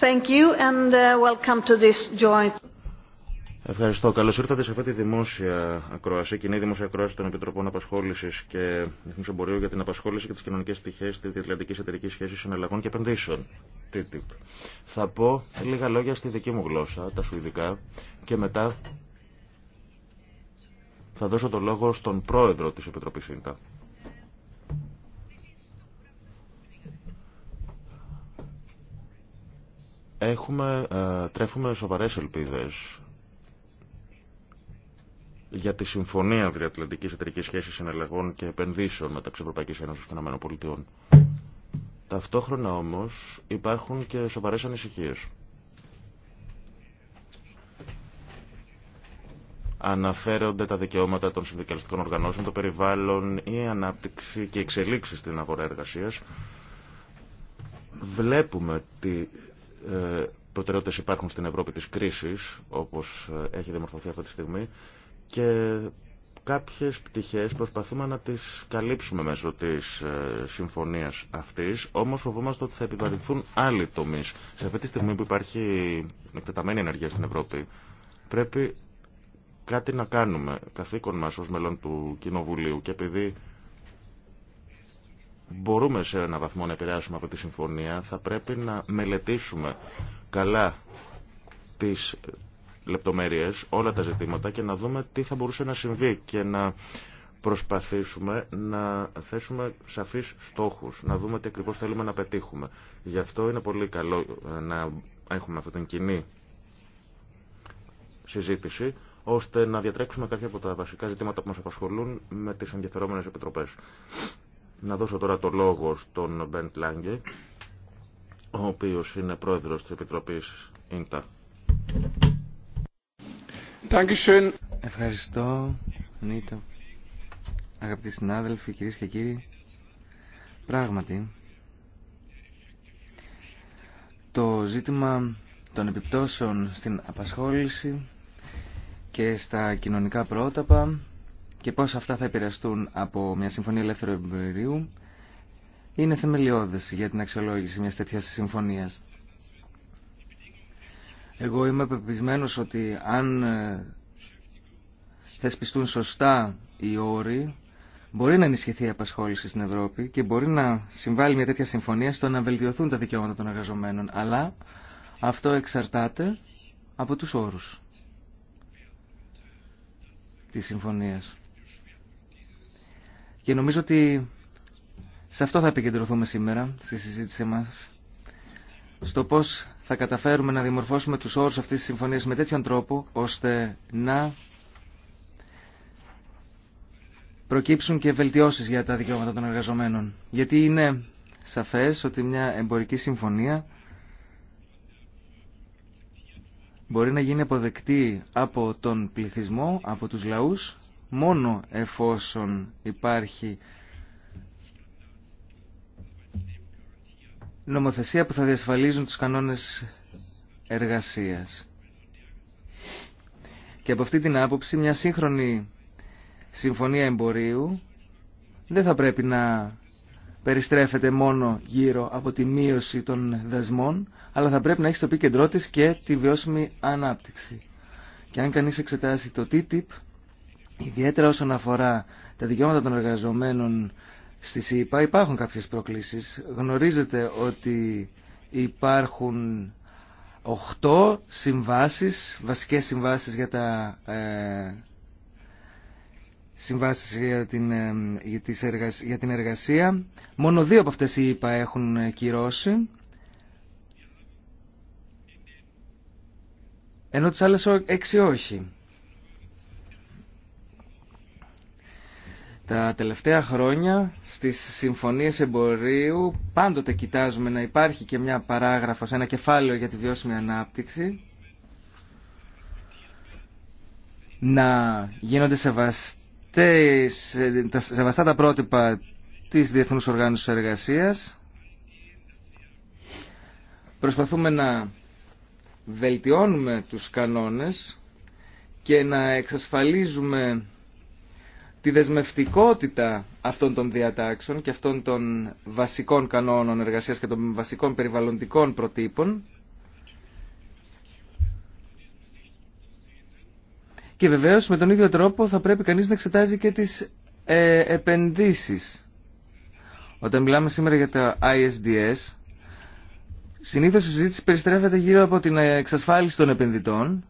Uh, Ευχαριστώ. Καλώ ήρθατε σε αυτή τη δημόσια ακρόαση, κοινή δημόσια ακρόαση των Επιτροπών Απασχόληση και Διεθνού Εμπορίου για την απασχόληση και τι κοινωνικέ πτυχέ τη Διατλαντική Εταιρική Σχέση Συναλλαγών και Επενδύσεων. TTIP. Θα πω λίγα λόγια στη δική μου γλώσσα, τα σουηδικά, και μετά θα δώσω το λόγο στον πρόεδρο τη Επιτροπή ΣΥΝΤΑ. Έχουμε, ε, τρέφουμε σοβαρές ελπίδες για τη Συμφωνία Διατλαντικής Εταιρικής Σχέσης συνελεγών και Επενδύσεων μεταξύ Ευρωπαϊκής Ένωσης και Πολιτειών. Ταυτόχρονα όμως υπάρχουν και σοβαρές ανησυχίες. Αναφέρονται τα δικαιώματα των συνδικαλιστικών οργανώσεων, το περιβάλλον, η ανάπτυξη και η εξελίξη στην αγορά εργασίας. Βλέπουμε τι ε, προτεραιότητες υπάρχουν στην Ευρώπη της κρίσης, όπως ε, έχει δημορφωθεί αυτή τη στιγμή, και κάποιες πτυχές προσπαθούμε να τις καλύψουμε μέσω της ε, συμφωνίας αυτής, όμως φοβόμαστε ότι θα επιβαρυνθούν άλλοι τομείς. Σε αυτή τη στιγμή που υπάρχει εκτεταμένη ενεργεία στην Ευρώπη, πρέπει κάτι να κάνουμε καθήκον μας ως μελών του Κοινοβουλίου και επειδή μπορούμε σε ένα βαθμό να επηρεάσουμε από τη συμφωνία, θα πρέπει να μελετήσουμε καλά τις λεπτομέρειες, όλα τα ζητήματα και να δούμε τι θα μπορούσε να συμβεί και να προσπαθήσουμε να θέσουμε σαφείς στόχους, να δούμε τι ακριβώ θέλουμε να πετύχουμε. Γι' αυτό είναι πολύ καλό ε, να έχουμε αυτή την κοινή συζήτηση, ώστε να διατρέξουμε κάποια από τα βασικά ζητήματα που μας απασχολούν με τις ενδιαφερόμενες επιτροπές. Να δώσω τώρα το λόγο στον Μπεντ Λάγκε, ο οποίος είναι πρόεδρος της Επιτροπής ΙΝΤΑ. Ευχαριστώ, Νίτο. Αγαπητοί συνάδελφοι, κυρίες και κύριοι, πράγματι, το ζήτημα των επιπτώσεων στην απασχόληση και στα κοινωνικά πρόταπα και πώς αυτά θα επηρεαστούν από μια συμφωνία ελεύθερου εμπειρίου είναι θεμελιώδες για την αξιολόγηση μιας τέτοιας συμφωνίας. Εγώ είμαι πεπισμένος ότι αν ε, θεσπιστούν σωστά οι όροι, μπορεί να ενισχυθεί η απασχόληση στην Ευρώπη και μπορεί να συμβάλλει μια τέτοια συμφωνία στο να βελτιωθούν τα δικαιώματα των εργαζομένων. Αλλά αυτό εξαρτάται από τους όρους της συμφωνίας. Και νομίζω ότι σε αυτό θα επικεντρωθούμε σήμερα στη συζήτησή μας. Στο πώς θα καταφέρουμε να δημορφώσουμε τους όρους αυτής της συμφωνίας με τέτοιον τρόπο, ώστε να προκύψουν και βελτιώσεις για τα δικαιώματα των εργαζομένων. Γιατί είναι σαφές ότι μια εμπορική συμφωνία μπορεί να γίνει αποδεκτή από τον πληθυσμό, από τους λαούς μόνο εφόσον υπάρχει νομοθεσία που θα διασφαλίζουν τους κανόνες εργασίας. Και από αυτή την άποψη μια σύγχρονη συμφωνία εμπορίου δεν θα πρέπει να περιστρέφεται μόνο γύρω από τη μείωση των δασμών, αλλά θα πρέπει να έχει στο επίκεντρό της και τη βιώσιμη ανάπτυξη. Και αν κανείς εξετάσει το TTIP, Ιδιαίτερα όσον αφορά τα δικαιώματα των εργαζομένων στη ΣΥΠΑ υπάρχουν κάποιες προκλήσεις. Γνωρίζετε ότι υπάρχουν 8 συμβάσεις, βασικές συμβάσεις για τα... Ε, συμβάσεις για την, ε, για, την εργασία. Μόνο δύο από αυτές οι ΙΠΑ έχουν κυρώσει. Ενώ τις άλλες έξι όχι. Τα τελευταία χρόνια στις συμφωνίες εμπορίου πάντοτε κοιτάζουμε να υπάρχει και μια παράγραφος, ένα κεφάλαιο για τη βιώσιμη ανάπτυξη. Να γίνονται σεβαστές, σεβαστά τα πρότυπα της Διεθνούς Οργάνωσης Εργασίας. Προσπαθούμε να βελτιώνουμε τους κανόνες και να εξασφαλίζουμε τη δεσμευτικότητα αυτών των διατάξεων και αυτών των βασικών κανόνων εργασίας και των βασικών περιβαλλοντικών προτύπων και βεβαίως με τον ίδιο τρόπο θα πρέπει κανείς να εξετάζει και τις ε, επενδύσεις. Όταν μιλάμε σήμερα για τα ISDS, συνήθως η συζήτηση περιστρέφεται γύρω από την εξασφάλιση των επενδυτών,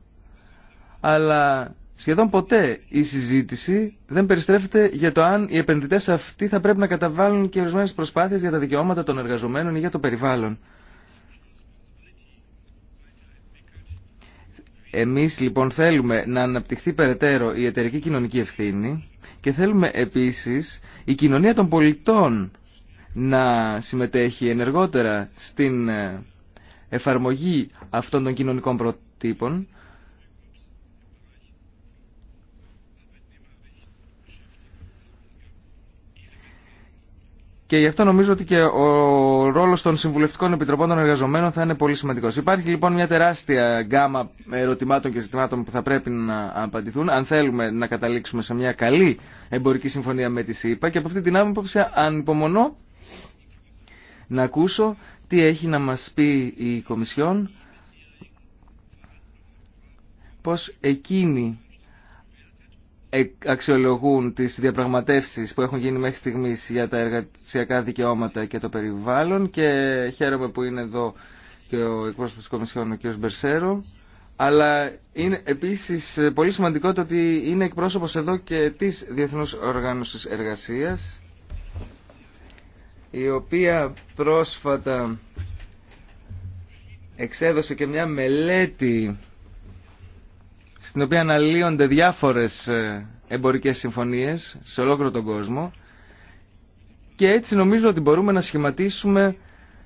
αλλά Σχεδόν ποτέ η συζήτηση δεν περιστρέφεται για το αν οι επενδυτέ αυτοί θα πρέπει να καταβάλουν και ορισμένε προσπάθειε για τα δικαιώματα των εργαζομένων ή για το περιβάλλον. Εμείς λοιπόν θέλουμε να αναπτυχθεί περαιτέρω η εταιρική κοινωνική ευθύνη και θέλουμε επίσης η κοινωνία των πολιτών να συμμετέχει ενεργότερα στην ε, εφαρμογή αυτών των κοινωνικών προτύπων Και γι' αυτό νομίζω ότι και ο ρόλος των συμβουλευτικών επιτροπών των εργαζομένων θα είναι πολύ σημαντικός. Υπάρχει λοιπόν μια τεράστια γκάμα ερωτημάτων και ζητημάτων που θα πρέπει να απαντηθούν αν θέλουμε να καταλήξουμε σε μια καλή εμπορική συμφωνία με τη ΣΥΠΑ και από αυτή την άποψη ανυπομονώ να ακούσω τι έχει να μας πει η Κομισιόν πως εκείνη ε, αξιολογούν τις διαπραγματεύσεις που έχουν γίνει μέχρι στιγμής για τα εργασιακά δικαιώματα και το περιβάλλον και χαίρομαι που είναι εδώ και ο εκπρόσωπος της Κομισιόν ο κ. Μπερσέρο αλλά είναι επίσης πολύ σημαντικό το ότι είναι εκπρόσωπος εδώ και της Διεθνούς Οργάνωσης Εργασίας η οποία πρόσφατα εξέδωσε και μια μελέτη στην οποία αναλύονται διάφορες ε, εμπορικές συμφωνίες σε ολόκληρο τον κόσμο και έτσι νομίζω ότι μπορούμε να σχηματίσουμε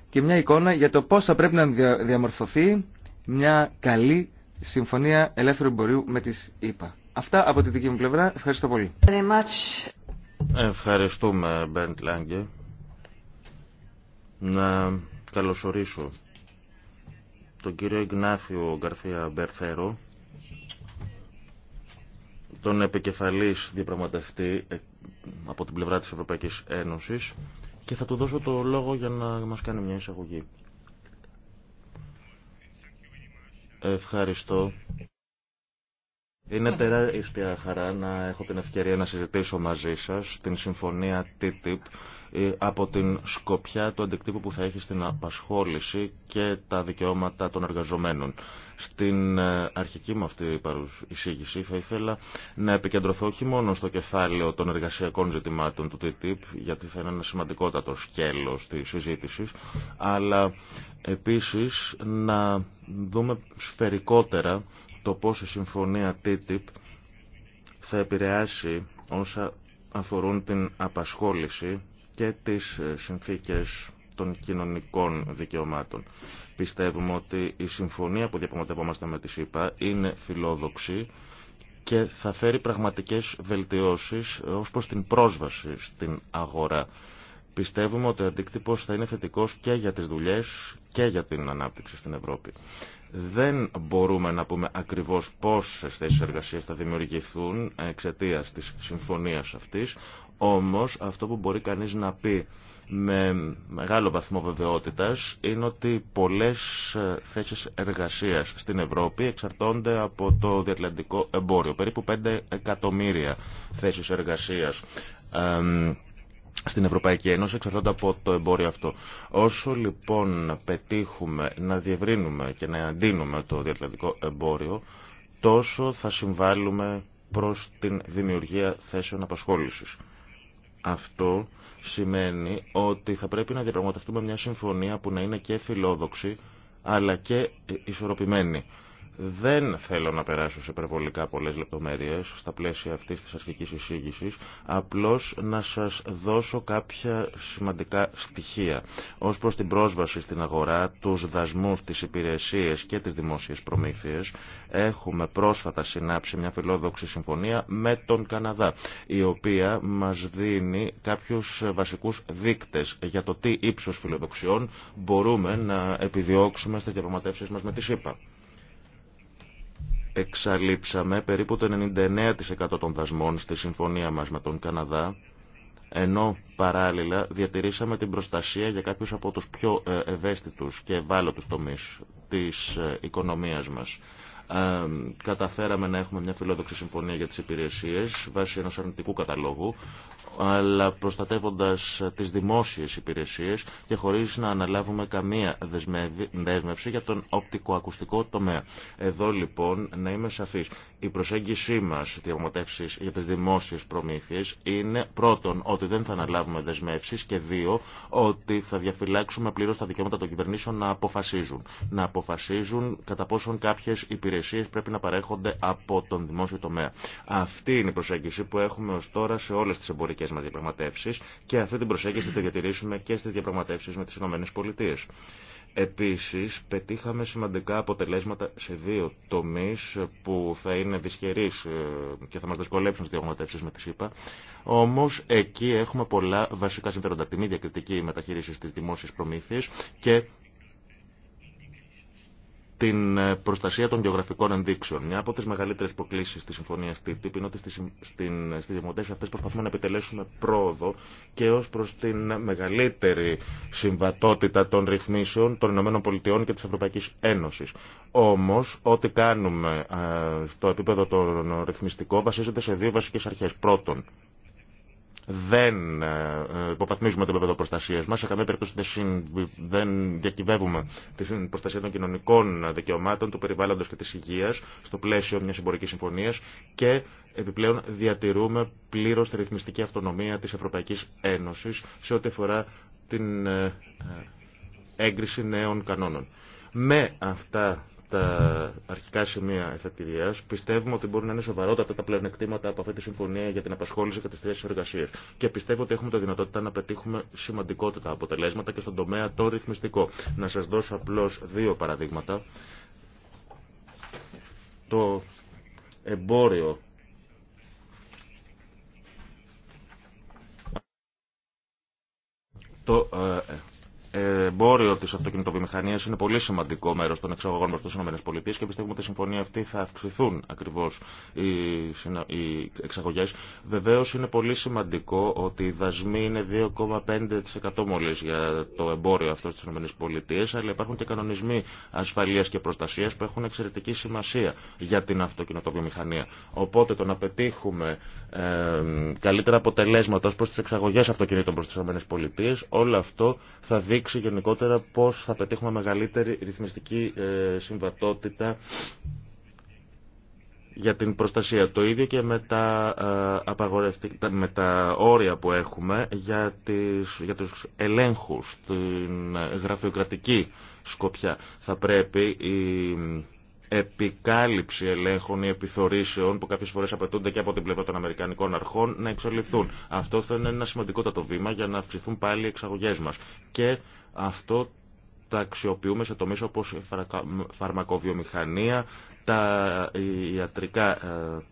και μια εικόνα για το πώς θα πρέπει να διαμορφωθεί μια καλή συμφωνία ελεύθερου εμπορίου με τις ΗΠΑ. Αυτά από τη δική μου πλευρά. Ευχαριστώ πολύ. Ευχαριστούμε, Μπέντ Λάγκε. Να καλωσορίσω τον κύριο Ιγνάφιο Γκαρθία Μπερθέρο, τον επικεφαλής διαπραγματευτή ε, από την πλευρά της Ευρωπαϊκής Ένωσης και θα του δώσω το λόγο για να μας κάνει μια εισαγωγή. Ευχαριστώ. Είναι τεράστια χαρά να έχω την ευκαιρία να συζητήσω μαζί σας την συμφωνία TTIP ε, από την σκοπιά του αντικτύπου που θα έχει στην απασχόληση και τα δικαιώματα των εργαζομένων. Στην ε, αρχική μου αυτή εισήγηση θα ήθελα να επικεντρωθώ όχι μόνο στο κεφάλαιο των εργασιακών ζητημάτων του TTIP, γιατί θα είναι ένα σημαντικότατο σκέλος της συζήτησης, αλλά επίσης να δούμε σφαιρικότερα το πώς η συμφωνία TTIP θα επηρεάσει όσα αφορούν την απασχόληση και τις ε, συνθήκες των κοινωνικών δικαιωμάτων. Πιστεύουμε ότι η συμφωνία που διαπραγματευόμαστε με τη ΣΥΠΑ είναι φιλόδοξη και θα φέρει πραγματικές βελτιώσεις ως προς την πρόσβαση στην αγορά Πιστεύουμε ότι ο αντίκτυπος θα είναι θετικός και για τις δουλειές και για την ανάπτυξη στην Ευρώπη. Δεν μπορούμε να πούμε ακριβώς πόσες θέσεις εργασίας θα δημιουργηθούν εξαιτία της συμφωνίας αυτής, όμως αυτό που μπορεί κανείς να πει με μεγάλο βαθμό βεβαιότητας είναι ότι πολλές ε, θέσεις εργασίας στην Ευρώπη εξαρτώνται από το διατλαντικό εμπόριο. Περίπου 5 εκατομμύρια θέσεις εργασίας στην Ευρωπαϊκή Ένωση εξαρτώνται από το εμπόριο αυτό. Όσο λοιπόν πετύχουμε να διευρύνουμε και να αντίνουμε το διατλαντικό εμπόριο, τόσο θα συμβάλλουμε προς την δημιουργία θέσεων απασχόλησης. Αυτό σημαίνει ότι θα πρέπει να διαπραγματευτούμε μια συμφωνία που να είναι και φιλόδοξη αλλά και ισορροπημένη. Δεν θέλω να περάσω σε υπερβολικά πολλές λεπτομέρειες στα πλαίσια αυτής της αρχικής εισήγησης, απλώς να σας δώσω κάποια σημαντικά στοιχεία ως προς την πρόσβαση στην αγορά, τους δασμούς, τις υπηρεσίες και τις δημόσιες προμήθειες. Έχουμε πρόσφατα συνάψει μια φιλόδοξη συμφωνία με τον Καναδά, η οποία μας δίνει κάποιους βασικούς δείκτες για το τι ύψος φιλοδοξιών μπορούμε να επιδιώξουμε στις διαπραγματεύσεις μας με τη ΣΥΠΑ εξαλείψαμε περίπου το 99% των δασμών στη συμφωνία μας με τον Καναδά, ενώ παράλληλα διατηρήσαμε την προστασία για κάποιους από τους πιο ε, ευαίσθητους και ευάλωτους τομείς της ε, οικονομίας μας καταφέραμε να έχουμε μια φιλόδοξη συμφωνία για τις υπηρεσίες βάσει ενός αρνητικού καταλόγου αλλά προστατεύοντας τις δημόσιες υπηρεσίες και χωρίς να αναλάβουμε καμία δέσμευση για τον οπτικοακουστικό τομέα. Εδώ λοιπόν να είμαι σαφής. Η προσέγγιση μας για τις δημόσιες προμήθειες είναι πρώτον ότι δεν θα αναλάβουμε δεσμεύσεις και δύο ότι θα διαφυλάξουμε πλήρως τα δικαιώματα των κυβερνήσεων να αποφασίζουν. Να αποφασίζουν κατά πόσον κάποιες υπηρεσίες πρέπει να παρέχονται από τον δημόσιο τομέα. Αυτή είναι η προσέγγιση που έχουμε ως τώρα σε όλες τις εμπορικές μας διαπραγματεύσεις και αυτή την προσέγγιση θα διατηρήσουμε και στις διαπραγματεύσεις με τις ΗΠΑ. Επίσης, πετύχαμε σημαντικά αποτελέσματα σε δύο τομείς που θα είναι δυσχερείς ε, και θα μας δυσκολέψουν στις διαπραγματεύσεις με τη ΣΥΠΑ. Όμως, εκεί έχουμε πολλά βασικά συμφέροντα. Τη μη διακριτική μεταχείριση στις δημόσιες προμήθειες και την ε, προστασία των γεωγραφικών ενδείξεων. Μια από τι μεγαλύτερε προκλήσει τη συμφωνία TTIP είναι ότι στι δημοτέ αυτέ προσπαθούμε να επιτελέσουμε πρόοδο και ω προ την μεγαλύτερη συμβατότητα των ρυθμίσεων των ΗΠΑ και τη Ευρωπαϊκή Ένωση. Όμω, ό,τι κάνουμε ε, στο επίπεδο των ρυθμιστικό βασίζεται σε δύο βασικέ αρχέ. Πρώτον, δεν ε, ε, υποβαθμίζουμε το επίπεδο προστασία μα, σε καμία περίπτωση δεν διακυβεύουμε την προστασία των κοινωνικών δικαιωμάτων, του περιβάλλοντο και τη υγεία στο πλαίσιο μια εμπορική συμφωνία και επιπλέον διατηρούμε πλήρω τη ρυθμιστική αυτονομία τη Ευρωπαϊκή Ένωση σε ό,τι αφορά την ε, έγκριση νέων κανόνων. Με αυτά τα αρχικά σημεία εφετηρία, πιστεύουμε ότι μπορούν να είναι σοβαρότατα τα πλεονεκτήματα από αυτή τη συμφωνία για την απασχόληση και τι θέσει εργασία. Και πιστεύω ότι έχουμε τη δυνατότητα να πετύχουμε σημαντικότητα αποτελέσματα και στον τομέα το ρυθμιστικό. Να σα δώσω απλώ δύο παραδείγματα. Το εμπόριο το ε, ε, εμπόριο τη αυτοκινητοβιομηχανία είναι πολύ σημαντικό μέρο των εξαγωγών προ τι ΗΠΑ και πιστεύουμε ότι η συμφωνία αυτή θα αυξηθούν ακριβώ οι εξαγωγέ. Βεβαίω είναι πολύ σημαντικό ότι οι δασμοί είναι 2,5% μόλι για το εμπόριο αυτό στι ΗΠΑ, αλλά υπάρχουν και κανονισμοί ασφαλεία και προστασία που έχουν εξαιρετική σημασία για την αυτοκινητοβιομηχανία. Οπότε το να πετύχουμε ε, καλύτερα αποτελέσματα ω προ τι εξαγωγέ αυτοκινήτων προ τι ΗΠΑ, όλο αυτό θα δείξει γενικότερα πώς θα πετύχουμε μεγαλύτερη ρυθμιστική ε, συμβατότητα για την προστασία. Το ίδιο και με ε, τα, με τα όρια που έχουμε για, τις, για τους ελέγχους, την γραφειοκρατική σκοπιά. Θα πρέπει η επικάλυψη ελέγχων ή επιθωρήσεων που κάποιες φορές απαιτούνται και από την πλευρά των Αμερικανικών αρχών να εξελιχθούν. Αυτό θα είναι ένα σημαντικότατο βήμα για να αυξηθούν πάλι οι εξαγωγές μας. Και αυτό τα αξιοποιούμε σε τομείς όπως η φαρμακοβιομηχανία, τα ιατρικά ε,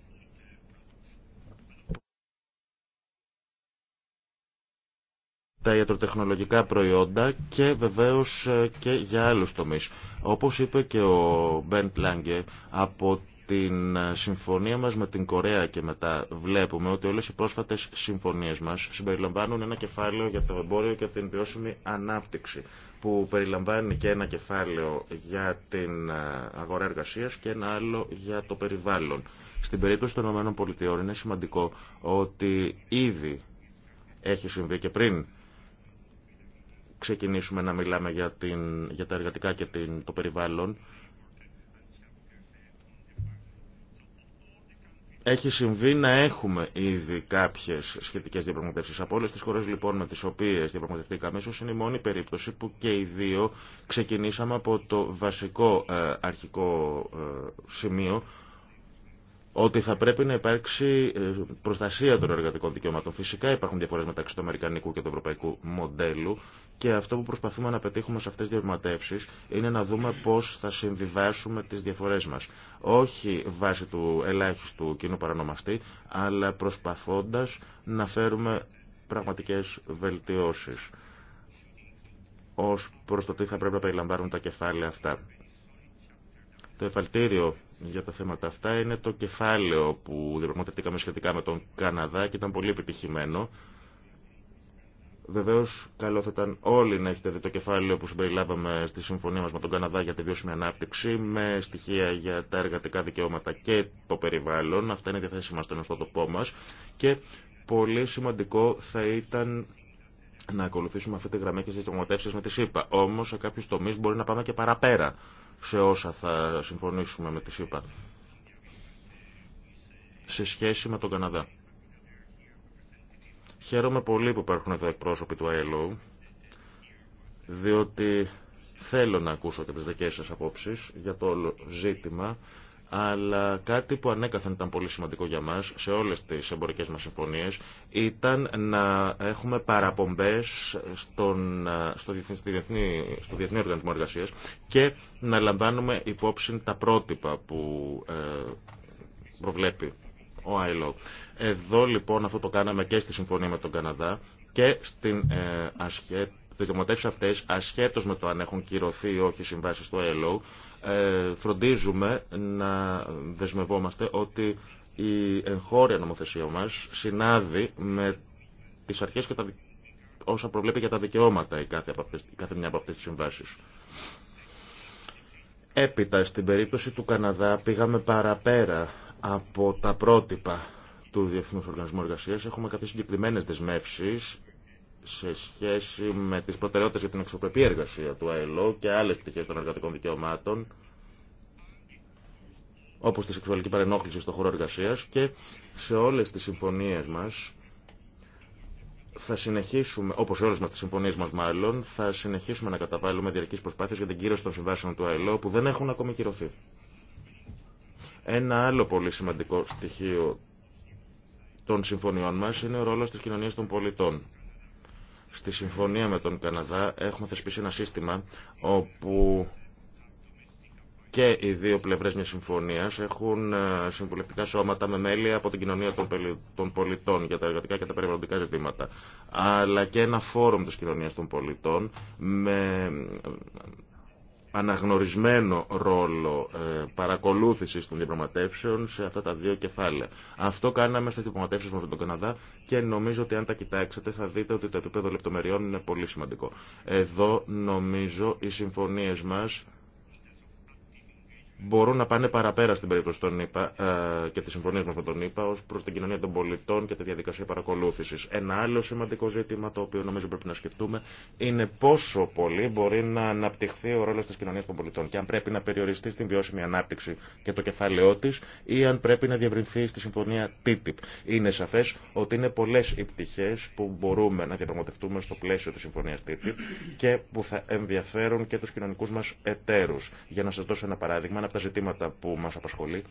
τα ιατροτεχνολογικά προϊόντα και βεβαίως ε, και για άλλους τομείς. Όπως είπε και ο Μπεν Πλάνγκε, από την ε, συμφωνία μας με την Κορέα και μετά βλέπουμε ότι όλες οι πρόσφατες συμφωνίες μας συμπεριλαμβάνουν ένα κεφάλαιο για το εμπόριο και την βιώσιμη ανάπτυξη που περιλαμβάνει και ένα κεφάλαιο για την ε, αγορά εργασίας και ένα άλλο για το περιβάλλον. Στην περίπτωση των ΗΠΑ είναι σημαντικό ότι ήδη έχει συμβεί και πριν ξεκινήσουμε να μιλάμε για, την, για τα εργατικά και την, το περιβάλλον Έχει συμβεί να έχουμε ήδη κάποιε σχετικέ διαπραγματεύσει. Από όλε τι χώρε λοιπόν με τι οποίε διαπραγματευτήκαμε, ίσω είναι η μόνη περίπτωση που και οι δύο ξεκινήσαμε από το βασικό ε, αρχικό ε, σημείο ότι θα πρέπει να υπάρξει ε, προστασία των εργατικών δικαιωμάτων. Φυσικά υπάρχουν διαφορέ μεταξύ του αμερικανικού και του ευρωπαϊκού μοντέλου και αυτό που προσπαθούμε να πετύχουμε σε αυτέ τι διαπραγματεύσει είναι να δούμε πώ θα συμβιβάσουμε τι διαφορέ μα. Όχι βάσει του ελάχιστου κοινού παρανομαστή, αλλά προσπαθώντα να φέρουμε πραγματικέ βελτιώσει ω προ το τι θα πρέπει να περιλαμβάνουν τα κεφάλαια αυτά. Το εφαλτήριο για τα θέματα αυτά είναι το κεφάλαιο που διαπραγματευτήκαμε σχετικά με τον Καναδά και ήταν πολύ επιτυχημένο. Βεβαίω, καλό θα ήταν όλοι να έχετε δει το κεφάλαιο που συμπεριλάβαμε στη συμφωνία μα με τον Καναδά για τη βιώσιμη ανάπτυξη, με στοιχεία για τα εργατικά δικαιώματα και το περιβάλλον. Αυτά είναι διαθέσιμα στον τόπο μα. Και πολύ σημαντικό θα ήταν να ακολουθήσουμε αυτή τη γραμμή και στι διαπραγματεύσει με τη ΣΥΠΑ. Όμω, σε κάποιου τομεί μπορεί να πάμε και παραπέρα σε όσα θα συμφωνήσουμε με τη ΣΥΠΑ σε σχέση με τον Καναδά. Χαίρομαι πολύ που υπάρχουν εδώ εκπρόσωποι του ILO, διότι θέλω να ακούσω και τις δικές σας απόψεις για το όλο ζήτημα αλλά κάτι που ανέκαθεν ήταν πολύ σημαντικό για μας σε όλες τις εμπορικές μας συμφωνίες ήταν να έχουμε παραπομπές στον, στο, διεθνή, στο Διεθνή Οργανισμό Εργασίας και να λαμβάνουμε υπόψη τα πρότυπα που ε, προβλέπει ο ILO. Εδώ λοιπόν αυτό το κάναμε και στη συμφωνία με τον Καναδά και στην ε, τι δημοτεύσει αυτέ, ασχέτω με το αν έχουν κυρωθεί ή όχι οι συμβάσει του ΕΛΟ, ε, φροντίζουμε να δεσμευόμαστε ότι η εγχώρια νομοθεσία μα συνάδει με τι αρχέ και όσα προβλέπει για τα δικαιώματα η κάθε, κάθε μια από αυτές τις συμβάσεις. Έπειτα, στην περίπτωση του Καναδά, πήγαμε παραπέρα από τα πρότυπα του Διεθνούς Οργανισμού Εργασίας. Έχουμε κάποιες συγκεκριμένες δεσμεύσεις σε σχέση με τις προτεραιότητες για την εξωπρεπή εργασία του ΑΕΛΟ και άλλες πτυχές των εργατικών δικαιωμάτων, όπως τη σεξουαλική παρενόχληση στον χώρο εργασίας και σε όλες τις συμφωνίες μας θα συνεχίσουμε, όπω όλε μα τι συμφωνίε μα μάλλον, θα συνεχίσουμε να καταβάλουμε διαρκεί προσπάθειε για την κύρωση των συμβάσεων του ΑΕΛΟ που δεν έχουν ακόμη κυρωθεί. Ένα άλλο πολύ σημαντικό στοιχείο των συμφωνιών μα είναι ο ρόλο τη κοινωνία των πολιτών. Στη συμφωνία με τον Καναδά έχουμε θεσπίσει ένα σύστημα όπου και οι δύο πλευρές μιας συμφωνίας έχουν ε, συμβουλευτικά σώματα με μέλη από την κοινωνία των πολιτών για τα εργατικά και τα περιβαλλοντικά ζητήματα, αλλά και ένα φόρουμ της κοινωνίας των πολιτών με αναγνωρισμένο ρόλο ε, παρακολούθησης των διαπραγματεύσεων σε αυτά τα δύο κεφάλαια. Αυτό κάναμε στις διαπραγματεύσεις μας με τον Καναδά και νομίζω ότι αν τα κοιτάξετε θα δείτε ότι το επίπεδο λεπτομεριών είναι πολύ σημαντικό. Εδώ νομίζω οι συμφωνίες μας μπορούν να πάνε παραπέρα στην περίπτωση των ΗΠΑ ε, και τη συμφωνία μα με τον ΗΠΑ ω προ την κοινωνία των πολιτών και τη διαδικασία παρακολούθηση. Ένα άλλο σημαντικό ζήτημα το οποίο νομίζω πρέπει να σκεφτούμε είναι πόσο πολύ μπορεί να αναπτυχθεί ο ρόλο τη κοινωνία των πολιτών και αν πρέπει να περιοριστεί στην βιώσιμη ανάπτυξη και το κεφάλαιό τη ή αν πρέπει να διευρυνθεί στη συμφωνία TTIP. Είναι σαφέ ότι είναι πολλέ οι πτυχέ που μπορούμε να διαπραγματευτούμε στο πλαίσιο τη συμφωνία TTIP και που θα ενδιαφέρουν και του κοινωνικού μα εταίρου. Για να σα δώσω ένα παράδειγμα, από τα ζητήματα που μας απασχολεί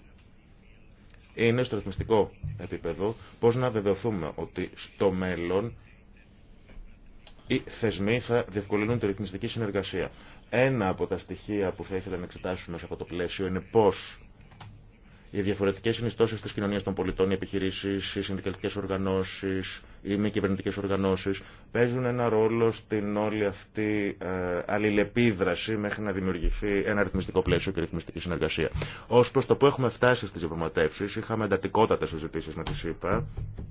είναι στο ρυθμιστικό επίπεδο πώς να βεβαιωθούμε ότι στο μέλλον οι θεσμοί θα διευκολύνουν τη ρυθμιστική συνεργασία. Ένα από τα στοιχεία που θα ήθελα να εξετάσουμε σε αυτό το πλαίσιο είναι πώς οι διαφορετικές συνιστώσεις της κοινωνίας των πολιτών, οι επιχειρήσεις, οι συνδικαλιστικές οργανώσεις, οι μη κυβερνητικέ οργανώσει παίζουν ένα ρόλο στην όλη αυτή ε, αλληλεπίδραση μέχρι να δημιουργηθεί ένα ρυθμιστικό πλαίσιο και ρυθμιστική συνεργασία. Ω προ το που έχουμε φτάσει στι διαπραγματεύσει, είχαμε εντατικότατε συζητήσει με τη ΣΥΠΑ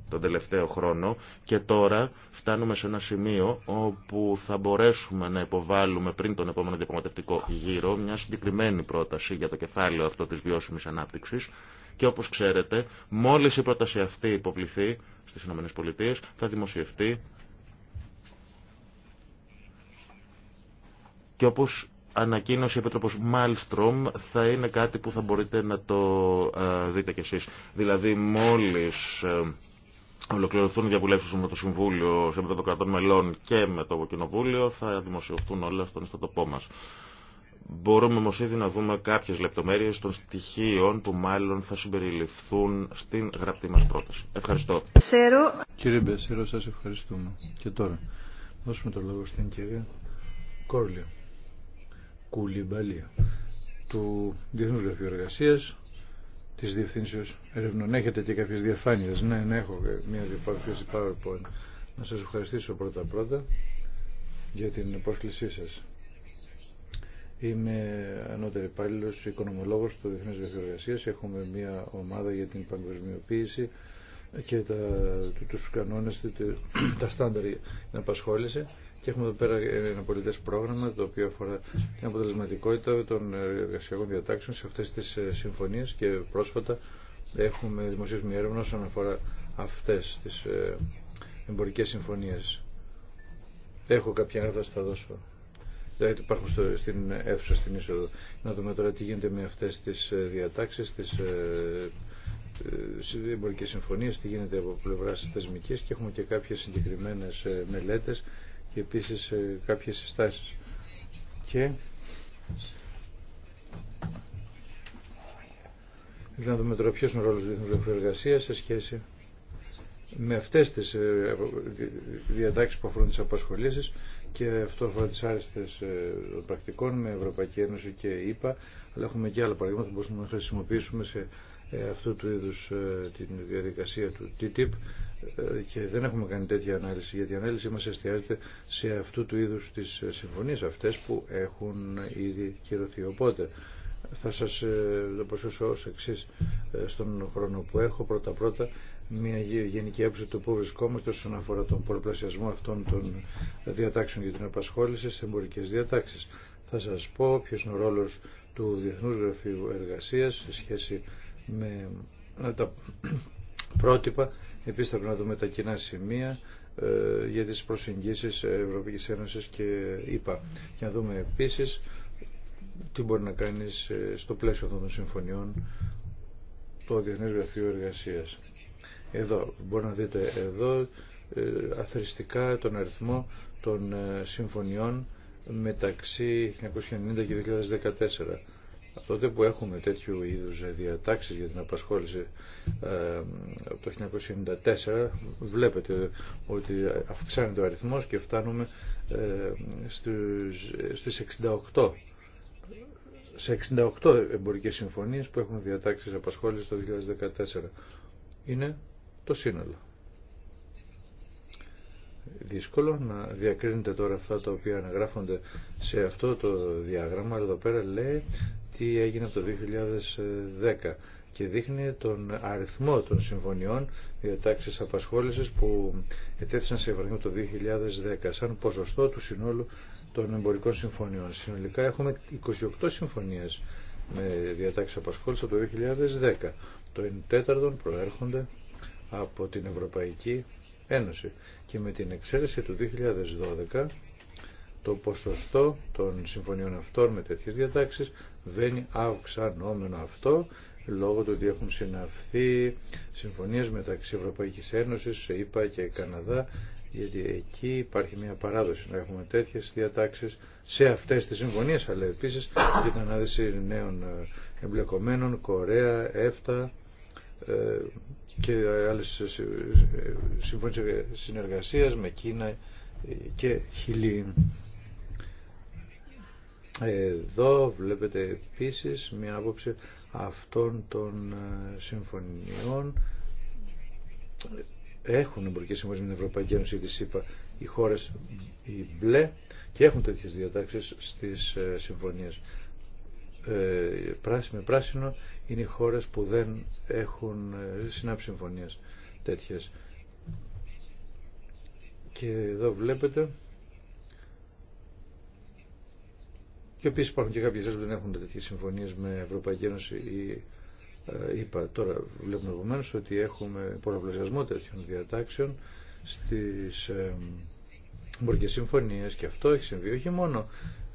τον τελευταίο χρόνο και τώρα φτάνουμε σε ένα σημείο όπου θα μπορέσουμε να υποβάλουμε πριν τον επόμενο διαπραγματευτικό γύρο μια συγκεκριμένη πρόταση για το κεφάλαιο αυτό τη βιώσιμη ανάπτυξη. Και όπως ξέρετε, μόλις η πρόταση αυτή υποβληθεί, στις ΗΠΑ θα δημοσιευτεί και όπως ανακοίνωσε η Επίτροπος Μάλστρομ θα είναι κάτι που θα μπορείτε να το ε, δείτε κι εσείς. Δηλαδή μόλις ε, ολοκληρωθούν οι διαβουλεύσεις με το Συμβούλιο σε επίπεδο κρατών μελών και με το Κοινοβούλιο θα δημοσιευτούν όλα στον ιστοτοπό μας. Μπορούμε όμως ήδη να δούμε κάποιες λεπτομέρειες των στοιχείων που μάλλον θα συμπεριληφθούν στην γραπτή μας πρόταση. Ευχαριστώ. Κύριε Μπεσέρο, σας ευχαριστούμε. Και τώρα δώσουμε το λόγο στην κυρία Κόρλια Κουλιμπαλία του Διεθνούς Γραφείου εργασία, της Διευθύνσεως Ερευνών. Έχετε και κάποιες διαφάνειες. Ναι, ναι, έχω μια διαφάνεια PowerPoint. Να σας ευχαριστήσω πρώτα-πρώτα για την πρόσκλησή σας Είμαι ανώτερη υπάλληλο, οικονομολόγο του Διεθνούς Γραφείου Έχουμε μια ομάδα για την παγκοσμιοποίηση και τα, τους κανόνες, τα στάνταρ για την απασχόληση και έχουμε εδώ πέρα ένα πολιτέ πρόγραμμα το οποίο αφορά την αποτελεσματικότητα των εργασιακών διατάξεων σε αυτές τις ε, συμφωνίες και πρόσφατα έχουμε δημοσίευσει μια έρευνα όσον αφορά αυτέ τι ε, εμπορικέ συμφωνίε. Έχω κάποια έγραφα θα δώσω. Ε, υπάρχουν στο, στην αίθουσα στην είσοδο. Να δούμε τώρα τι γίνεται με αυτές τις ε, διατάξεις, τις ε, εμπορικέ συμφωνίες, τι γίνεται από πλευράς θεσμικής και έχουμε και κάποιες συγκεκριμένες μελέτες και επίσης κάποιες συστάσεις. Και να δούμε τώρα ποιος είναι ο ρόλος της σε σχέση με αυτές τις διατάξεις που αφορούν τις απασχολήσεις και αυτό αφορά τι άριστε ε, πρακτικών με Ευρωπαϊκή Ένωση και ΕΠΑ, αλλά έχουμε και άλλα παραδείγματα που μπορούμε να χρησιμοποιήσουμε σε ε, αυτού του είδου ε, την διαδικασία του TTIP και δεν έχουμε κάνει τέτοια ανάλυση, γιατί η ανάλυση μα εστιάζεται σε αυτού του είδου τι συμφωνίε, αυτέ που έχουν ήδη κυρωθεί. Οπότε, θα σα το προσθέσω εξή στον χρόνο που έχω πρώτα πρώτα μια γενική άποψη του πού βρισκόμαστε όσον αφορά τον πολλαπλασιασμό αυτών των διατάξεων για την απασχόληση σε εμπορικέ διατάξει. Θα σα πω ποιο είναι ο ρόλο του Διεθνού Γραφείου Εργασία σε σχέση με τα πρότυπα. Επίση θα πρέπει να δούμε τα κοινά σημεία ε, για τι προσεγγίσει Ευρωπαϊκή Ένωση και ΕΠΑ. Και να δούμε επίση τι μπορεί να κάνει ε, στο πλαίσιο αυτών των συμφωνιών το Διεθνές Γραφείο Εργασίας. Εδώ, μπορεί να δείτε εδώ ε, αθρηστικά τον αριθμό των ε, συμφωνιών μεταξύ 1990 και 2014. Από τότε που έχουμε τέτοιου είδους διατάξεις για την απασχόληση ε, από το 1994 βλέπετε ότι αυξάνεται ο αριθμός και φτάνουμε στις 68 σε 68 εμπορικές συμφωνίες που έχουν διατάξεις απασχόλησης το 2014. Είναι το σύνολο. Δύσκολο να διακρίνετε τώρα αυτά τα οποία αναγράφονται σε αυτό το διάγραμμα, αλλά εδώ πέρα λέει τι έγινε από το 2010 και δείχνει τον αριθμό των συμφωνιών διατάξεις απασχόλησης που ετέθησαν σε εφαρμογή το 2010 σαν ποσοστό του συνόλου των εμπορικών συμφωνιών. Συνολικά έχουμε 28 συμφωνίες με διατάξεις απασχόλησης από το 2010. Το 1 τέταρτον προέρχονται από την Ευρωπαϊκή Ένωση και με την εξαίρεση του 2012 το ποσοστό των συμφωνιών αυτών με τέτοιες διατάξεις βαίνει αυξανόμενο αυτό λόγω του ότι έχουν συναυθεί συμφωνίες μεταξύ Ευρωπαϊκής Ένωσης, ΕΙΠΑ και Καναδά γιατί εκεί υπάρχει μια παράδοση να έχουμε τέτοιες διατάξεις σε αυτές τις συμφωνίες αλλά επίσης και την νέων εμπλεκομένων, Κορέα, ΕΦΤΑ ε, και άλλες συμφωνίες συνεργασίας με Κίνα και Χιλή. Εδώ βλέπετε επίσης μια άποψη αυτών των ε, συμφωνιών. Έχουν εμπορικές συμφωνίες με την Ευρωπαϊκή Ένωση τη ΣΥΠΑ οι χώρες οι μπλε και έχουν τέτοιες διατάξεις στις ε, συμφωνίες. Ε, πράσινο, πράσινο είναι οι χώρες που δεν έχουν ε, συνάψει συμφωνίες τέτοιες. Και εδώ βλέπετε και επίσης υπάρχουν και κάποιες που δεν έχουν τέτοιες συμφωνίες με Ευρωπαϊκή Ένωση ή είπα τώρα βλέπουμε επομένως ότι έχουμε πολλαπλασιασμό τέτοιων διατάξεων στις ε, εμπορικές συμφωνίες και αυτό έχει συμβεί όχι μόνο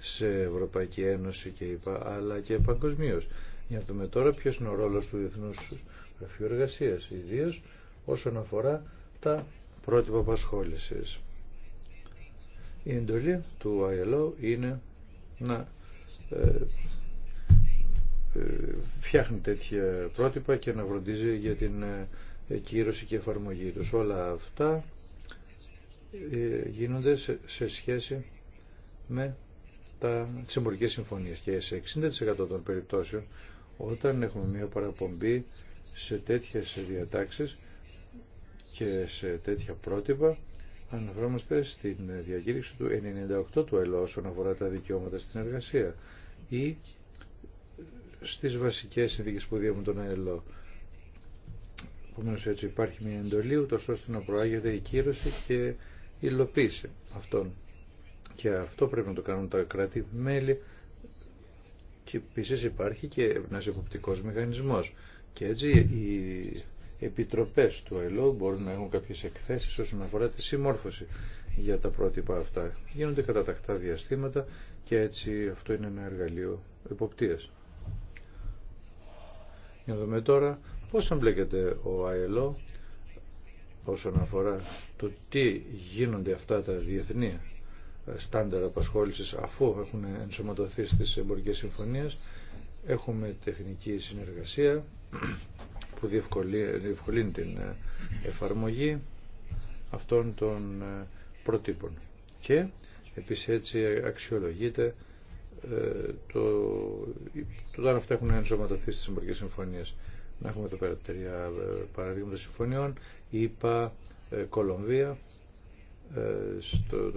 σε Ευρωπαϊκή Ένωση και είπα, αλλά και παγκοσμίω. Για να δούμε τώρα ποιο είναι ο ρόλο του Διεθνού Γραφείου Εργασία, ιδίω όσον αφορά τα πρότυπα απασχόληση. Η εντολή του ILO είναι να ε, ε, φτιάχνει τέτοια πρότυπα και να βροντίζει για την ε, κύρωση και εφαρμογή τους. Όλα αυτά γίνονται σε σχέση με τα εμπορικές συμφωνίες και σε 60% των περιπτώσεων όταν έχουμε μία παραπομπή σε τέτοιες διατάξεις και σε τέτοια πρότυπα αναφερόμαστε στην διακήρυξη του 98 του ΕΛΟ όσον αφορά τα δικαιώματα στην εργασία ή στις βασικές συνθήκες που διέμουν τον ΕΛΟ. Επομένω έτσι υπάρχει μια εντολή ούτως ώστε να προάγεται η κύρωση και η υλοποίηση αυτών και αυτό πρέπει να το κάνουν τα κράτη-μέλη. Και επίση υπάρχει και ένα εποπτικό μηχανισμό. Και έτσι οι επιτροπέ του ΑΕΛΟ μπορούν να έχουν κάποιε εκθέσει όσον αφορά τη συμμόρφωση για τα πρότυπα αυτά. Γίνονται κατά διαστήματα και έτσι αυτό είναι ένα εργαλείο εποπτεία. Για να δούμε τώρα πώς εμπλέκεται ο ΑΕΛΟ όσον αφορά το τι γίνονται αυτά τα διεθνή στάνταρ απασχόληση αφού έχουν ενσωματωθεί στις εμπορικέ συμφωνίε. Έχουμε τεχνική συνεργασία που διευκολύνει την ε, εφαρμογή αυτών των ε, προτύπων. Και επίσης έτσι αξιολογείται ε, το, το αν αυτά έχουν ενσωματωθεί στις εμπορικέ συμφωνίε. Να έχουμε εδώ πέρα τρία παραδείγματα συμφωνιών. ΙΠΑ, Κολομβία, στο,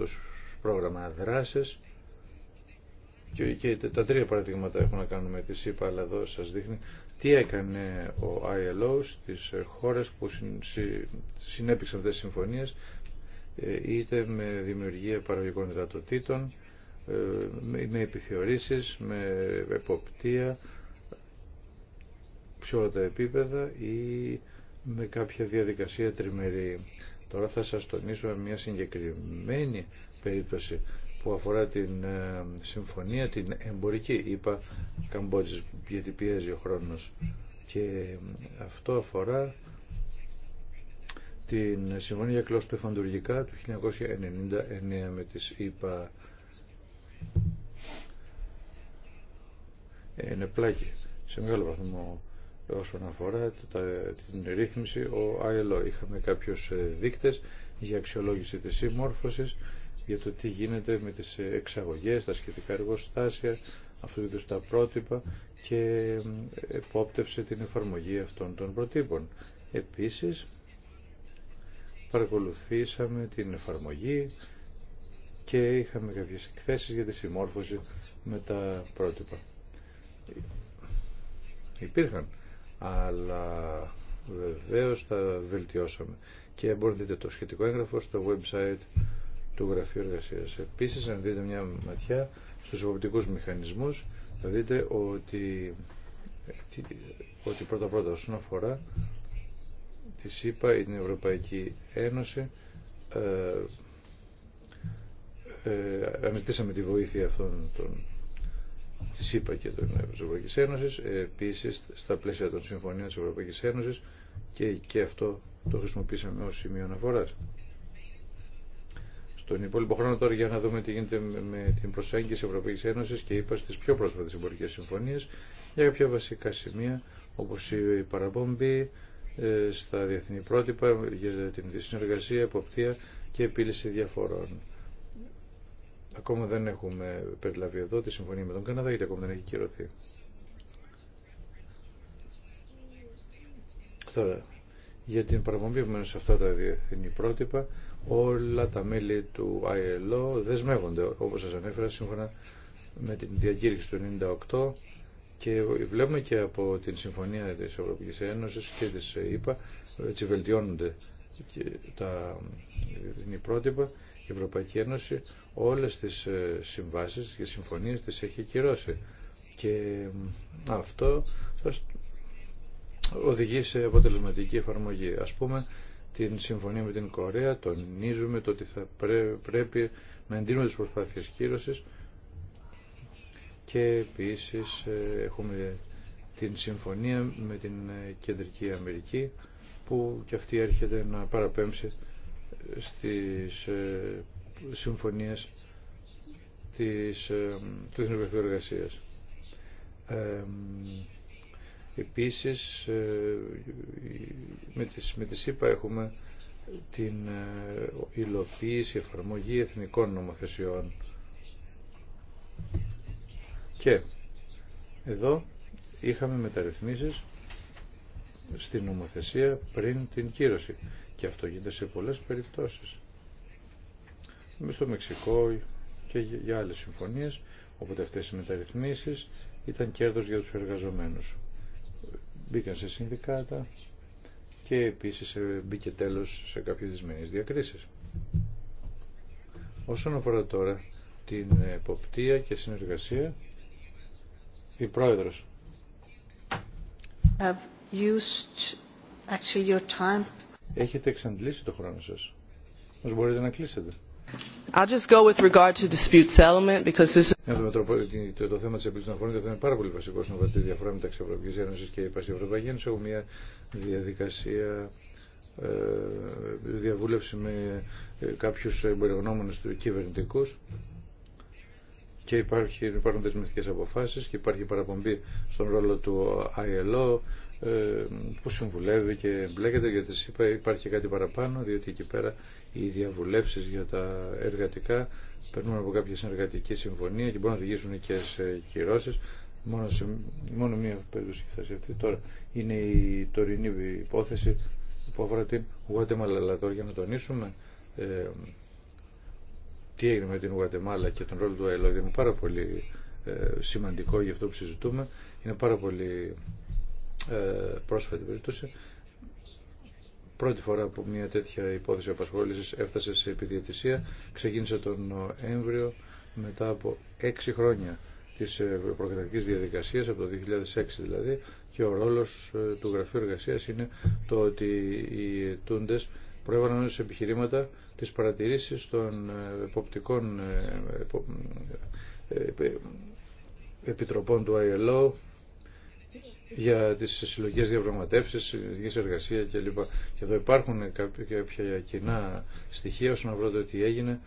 πρόγραμμα δράση και, τα τρία παραδείγματα έχουν να κάνουν με τη ΣΥΠΑ, αλλά εδώ σας δείχνει τι έκανε ο ILO στις χώρες που συνέπηξαν αυτές τις συμφωνίες, ε, είτε με δημιουργία παραγωγικών δυνατοτήτων, ε, με επιθεωρήσεις, με εποπτεία, σε όλα τα επίπεδα ή με κάποια διαδικασία τριμερή. Τώρα θα σας τονίσω μια συγκεκριμένη περίπτωση που αφορά την ε, συμφωνία, την εμπορική, είπα, Καμπότζης, γιατί πιέζει ο χρόνος. Και ε, αυτό αφορά την συμφωνία κλώστου εφαντουργικά του 1999 με τις είπα είναι πλάκη σε μεγάλο βαθμό όσον αφορά την ρύθμιση ο ILO. Είχαμε κάποιους ε, δείκτες για αξιολόγηση της συμμόρφωσης για το τι γίνεται με τις εξαγωγές, τα σχετικά εργοστάσια, αυτού του τα πρότυπα και επόπτευσε την εφαρμογή αυτών των προτύπων. Επίσης, παρακολουθήσαμε την εφαρμογή και είχαμε κάποιες εκθέσεις για τη συμμόρφωση με τα πρότυπα. Υπήρχαν, αλλά βεβαίως τα βελτιώσαμε. Και μπορείτε να δείτε το σχετικό έγγραφο στο website του Γραφείου εργασία. Επίσης, αν δείτε μια ματιά στους εποπτικούς μηχανισμούς, θα δείτε ότι, ότι πρώτα-πρώτα όσον αφορά τη ΣΥΠΑ ή την Ευρωπαϊκή Ένωση, ε, ε, τη βοήθεια αυτών των της ΕΠΑ και των Ευρωπαϊκής Ένωσης, επίσης στα πλαίσια των συμφωνίων της Ευρωπαϊκής Ένωσης και, και αυτό το χρησιμοποίησαμε ως σημείο αναφοράς στον υπόλοιπο χρόνο τώρα για να δούμε τι γίνεται με την προσέγγιση Ευρωπαϊκής Ένωσης και είπα στις πιο πρόσφατες εμπορικές συμφωνίες για κάποια βασικά σημεία όπως η παραπομπή ε, στα διεθνή πρότυπα για την συνεργασία, εποπτεία και επίλυση διαφορών. Ακόμα δεν έχουμε περιλαβεί εδώ τη συμφωνία με τον Καναδά γιατί ακόμα δεν έχει κυρωθεί. Τώρα, για την παραπομπή σε αυτά τα διεθνή πρότυπα όλα τα μέλη του ILO δεσμεύονται, όπως σας ανέφερα, σύμφωνα με την διακήρυξη του 98 και βλέπουμε και από την Συμφωνία της Ευρωπαϊκής Ένωσης και της ΕΥΠΑ, ΕΕ, έτσι βελτιώνονται και τα διεθνή πρότυπα η Ευρωπαϊκή Ένωση όλες τις ε, συμβάσεις και συμφωνίες τις έχει κυρώσει και αυτό οδηγεί σε αποτελεσματική εφαρμογή. Ας πούμε την συμφωνία με την Κορέα, τονίζουμε το ότι θα πρέπει να εντείνουμε τις προσπάθειες κύρωσης και επίσης ε, έχουμε την συμφωνία με την ε, Κεντρική Αμερική που και αυτή έρχεται να παραπέμψει στις ε, συμφωνίες της, του Εθνικού Εργασίας. Επίσης ε, με τις, με τις έχουμε την ε, υλοποίηση, εφαρμογή εθνικών νομοθεσιών. Και εδώ είχαμε μεταρρυθμίσεις στην νομοθεσία πριν την κύρωση. Και αυτό γίνεται σε πολλές περιπτώσεις. Με στο Μεξικό και για άλλες συμφωνίες, οπότε αυτές οι μεταρρυθμίσεις ήταν κέρδος για τους εργαζομένους μπήκαν σε συνδικάτα και επίσης μπήκε τέλος σε κάποιες δυσμενείς διακρίσεις. Όσον αφορά τώρα την εποπτεία και συνεργασία, η πρόεδρος. used your time. Έχετε εξαντλήσει το χρόνο σας. Μας μπορείτε να κλείσετε το, θέμα της επίλυσης των θα είναι πάρα πολύ βασικό στον τη διαφορά μεταξύ Ευρωπαϊκής Ένωσης και η Ευρωπαϊκή Ένωση. Έχω μια διαδικασία ε, διαβούλευση με ε, κάποιους κυβερνητικού του κυβερνητικούς και υπάρχει, υπάρχουν δεσμευτικές αποφάσεις και υπάρχει παραπομπή στον ρόλο του ILO ε, που συμβουλεύει και εμπλέκεται γιατί σας είπα υπάρχει κάτι παραπάνω διότι εκεί πέρα οι διαβουλεύσεις για τα εργατικά περνούν από κάποια συνεργατική συμφωνία και μπορούν να οδηγήσουν και σε κυρώσεις μόνο, μόνο μία περίπτωση θα σε αυτή τώρα είναι η τωρινή υπόθεση που αφορά την Γουατεμάλα τώρα για να τονίσουμε ε, τι έγινε με την Γουατεμάλα και τον ρόλο του ΑΕΛΟ είναι πάρα πολύ ε, σημαντικό για αυτό που συζητούμε είναι πάρα πολύ ε, πρόσφατη περίπτωση, πρώτη φορά που μια τέτοια υπόθεση απασχόλησης έφτασε σε επιδιαιτησία, ξεκίνησε τον Νοέμβριο μετά από έξι χρόνια της προκριτικής διαδικασίας, από το 2006 δηλαδή, και ο ρόλος ε, του Γραφείου Εργασίας είναι το ότι οι τούντες προέβαλαν σε επιχειρήματα τις παρατηρήσεις των ε, εποπτικών επιτροπών του ILO, για τις συλλογικές διαπραγματεύσεις, συλλογικές εργασία κλπ. Και εδώ υπάρχουν κάποια κοινά στοιχεία όσον αφορά το τι έγινε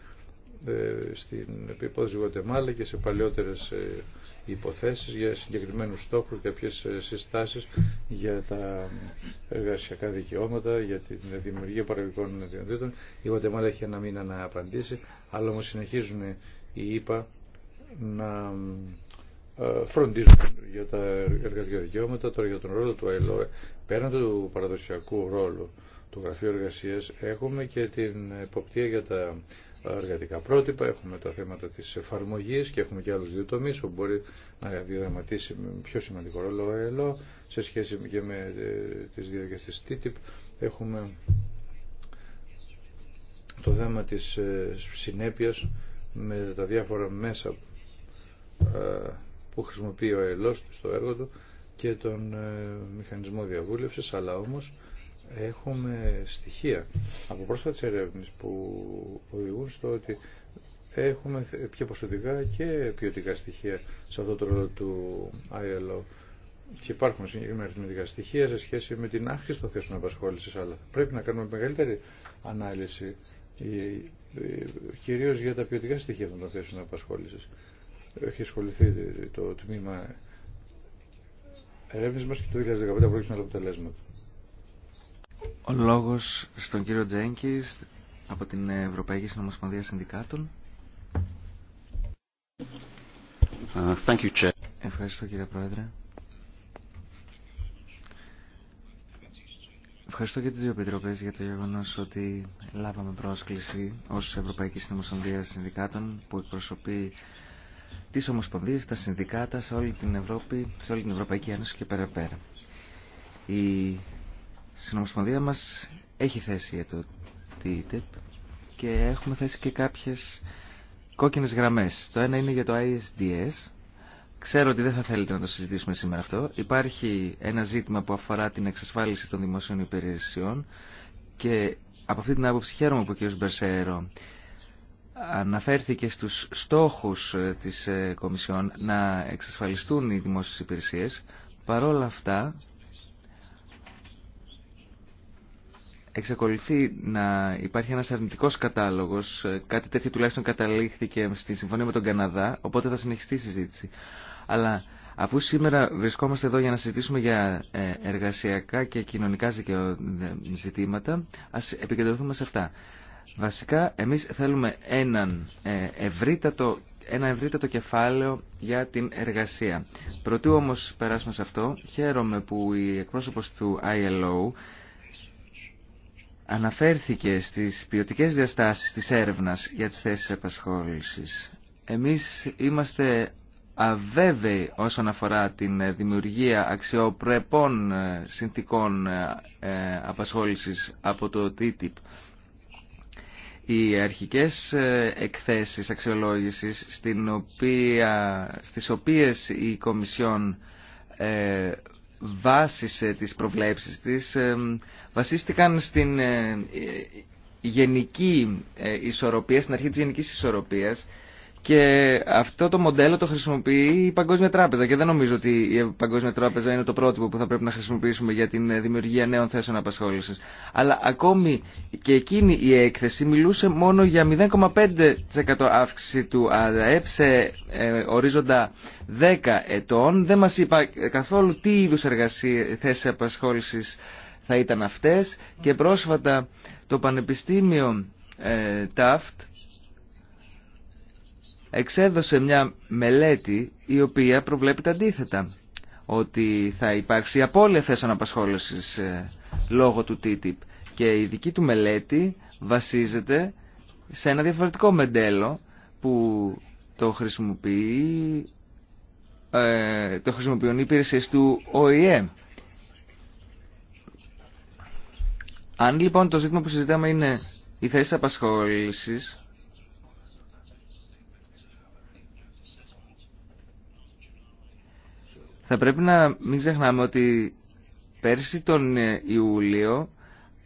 ε, στην τη Γοτεμάλα και σε παλαιότερες ε, υποθέσεις για συγκεκριμένους στόχους, κάποιες ε, συστάσεις για τα εργασιακά δικαιώματα, για τη δημιουργία παραγωγικών δυνατήτων. Η Γοτεμάλα έχει ένα μήνα να απαντήσει, αλλά όμως συνεχίζουν οι ΙΠΑ να φροντίζουν για τα εργατικά δικαιώματα, τώρα για τον ρόλο του ΑΕΛΟ. Πέραν του παραδοσιακού ρόλου του Γραφείου Εργασία έχουμε και την εποπτεία για τα εργατικά πρότυπα, έχουμε τα θέματα της εφαρμογή και έχουμε και άλλους δύο τομείς που μπορεί να διαδραματίσει με πιο σημαντικό ρόλο ο ΑΕΛΟ σε σχέση και με ε, τις διάρκειες της TTIP. Έχουμε το θέμα της ε, συνέπειας με τα διάφορα μέσα ε, που χρησιμοποιεί ο ΕΛΟΣ στο έργο του και τον ε, μηχανισμό διαβούλευσης, αλλά όμως έχουμε στοιχεία από πρόσφατες ερεύνες που οδηγούν στο ότι έχουμε πιο ποσοτικά και ποιοτικά στοιχεία σε αυτό το ρόλο του ILO και υπάρχουν συγκεκριμένα αριθμητικά στοιχεία σε σχέση με την άχρηση των θέσεων απασχόλησης αλλά πρέπει να κάνουμε μεγαλύτερη ανάλυση ε, ε, κυρίως για τα ποιοτικά στοιχεία των θέσεων απασχόλησης έχει ασχοληθεί το τμήμα ερεύνης μας και το 2015 πρόκειται να αποτελέσματα. Ο λόγος στον κύριο Τζένκις από την Ευρωπαϊκή Συνομοσπονδία Συνδικάτων. Uh, Ευχαριστώ κύριε Πρόεδρε. Ευχαριστώ και τις δύο επιτροπές για το γεγονός ότι λάβαμε πρόσκληση ως Ευρωπαϊκή Συνομοσπονδία Συνδικάτων που εκπροσωπεί τι ομοσπονδίες, τα συνδικάτα σε όλη την Ευρώπη, σε όλη την Ευρωπαϊκή Ένωση και πέρα πέρα. Η συνομοσπονδία μας έχει θέση για το TTIP και έχουμε θέσει και κάποιες κόκκινες γραμμές. Το ένα είναι για το ISDS. Ξέρω ότι δεν θα θέλετε να το συζητήσουμε σήμερα αυτό. Υπάρχει ένα ζήτημα που αφορά την εξασφάλιση των δημοσίων υπηρεσιών και από αυτή την άποψη χαίρομαι που ο κ. Μπερσέρο αναφέρθηκε στους στόχους ε, της ε, Κομισιόν να εξασφαλιστούν οι δημόσιες υπηρεσίες. Παρόλα αυτά, εξακολουθεί να υπάρχει ένας αρνητικός κατάλογος. Ε, κάτι τέτοιο τουλάχιστον καταλήχθηκε στη συμφωνία με τον Καναδά, οπότε θα συνεχιστεί η συζήτηση. Αλλά αφού σήμερα βρισκόμαστε εδώ για να συζητήσουμε για εργασιακά και κοινωνικά ζητήματα, ας επικεντρωθούμε σε αυτά. Βασικά, εμείς θέλουμε έναν ε, ευρύτατο, ένα ευρύτατο κεφάλαιο για την εργασία. Προτού όμως περάσουμε σε αυτό, χαίρομαι που η εκπρόσωπος του ILO αναφέρθηκε στις ποιοτικέ διαστάσεις της έρευνας για τις θέσεις επασχόλησης. Εμείς είμαστε αβέβαιοι όσον αφορά την δημιουργία αξιοπρεπών ε, συνθήκων ε, απασχόλησης από το TTIP οι αρχικές ε, εκθέσεις αξιολόγησης στην οποία, στις οποίες η Κομισιόν ε, βάσισε τις προβλέψεις της ε, βασίστηκαν στην ε, γενική ισορροπία, στην αρχή της γενικής ισορροπίας και αυτό το μοντέλο το χρησιμοποιεί η Παγκόσμια Τράπεζα και δεν νομίζω ότι η Παγκόσμια Τράπεζα είναι το πρότυπο που θα πρέπει να χρησιμοποιήσουμε για την ε, δημιουργία νέων θέσεων απασχόληση. Αλλά ακόμη και εκείνη η έκθεση μιλούσε μόνο για 0,5% αύξηση του ΑΔΕΠ σε ε, ορίζοντα 10 ετών. Δεν μας είπα καθόλου τι είδου θέσει θέσεις θα ήταν αυτές και πρόσφατα το Πανεπιστήμιο ε, εξέδωσε μια μελέτη η οποία προβλέπει τα αντίθετα. Ότι θα υπάρξει απώλεια θέσεων απασχόλησης ε, λόγω του TTIP. Και η δική του μελέτη βασίζεται σε ένα διαφορετικό μεντέλο που το χρησιμοποιεί ε, το χρησιμοποιούν οι υπηρεσίε του ΟΗΕ. Αν λοιπόν το ζήτημα που συζητάμε είναι η θέσει απασχόλησης Θα πρέπει να μην ξεχνάμε ότι πέρσι τον ε, Ιούλιο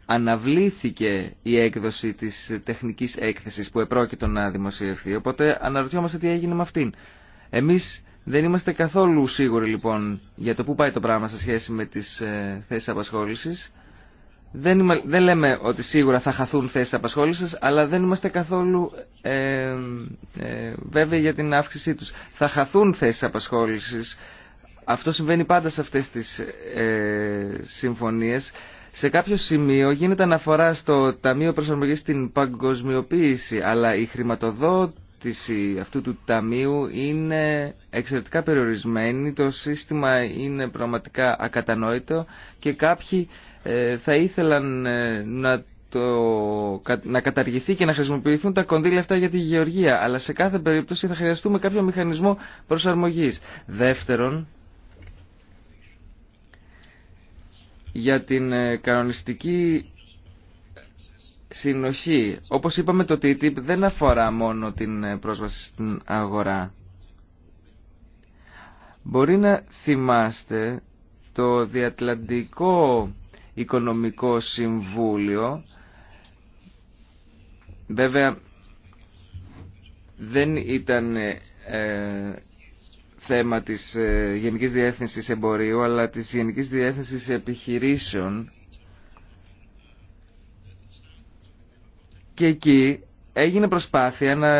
αναβλήθηκε η έκδοση της τεχνικής έκθεσης που επρόκειτο να δημοσιευθεί. Οπότε αναρωτιόμαστε τι έγινε με αυτήν. Εμείς δεν είμαστε καθόλου σίγουροι λοιπόν για το πού πάει το πράγμα σε σχέση με τις ε, θέσεις απασχόλησης. Δεν, δεν λέμε ότι σίγουρα θα χαθούν θέσεις απασχόλησης, αλλά δεν είμαστε καθόλου ε, ε βέβαιοι για την αύξησή τους. Θα χαθούν θέσεις απασχόλησης αυτό συμβαίνει πάντα σε αυτές τις ε, συμφωνίες. Σε κάποιο σημείο γίνεται αναφορά στο Ταμείο Προσαρμογής στην Παγκοσμιοποίηση, αλλά η χρηματοδότηση αυτού του Ταμείου είναι εξαιρετικά περιορισμένη, το σύστημα είναι πραγματικά ακατανόητο και κάποιοι ε, θα ήθελαν ε, να το, να καταργηθεί και να χρησιμοποιηθούν τα κονδύλια αυτά για τη γεωργία. Αλλά σε κάθε περίπτωση θα χρειαστούμε κάποιο μηχανισμό προσαρμογής. Δεύτερον, για την ε, κανονιστική συνοχή. Όπως είπαμε το TTIP δεν αφορά μόνο την ε, πρόσβαση στην αγορά. Μπορεί να θυμάστε το Διατλαντικό Οικονομικό Συμβούλιο βέβαια δεν ήταν ε, θέμα της ε, Γενικής Διεύθυνσης Εμπορίου αλλά της Γενικής Διεύθυνσης Επιχειρήσεων και εκεί έγινε προσπάθεια να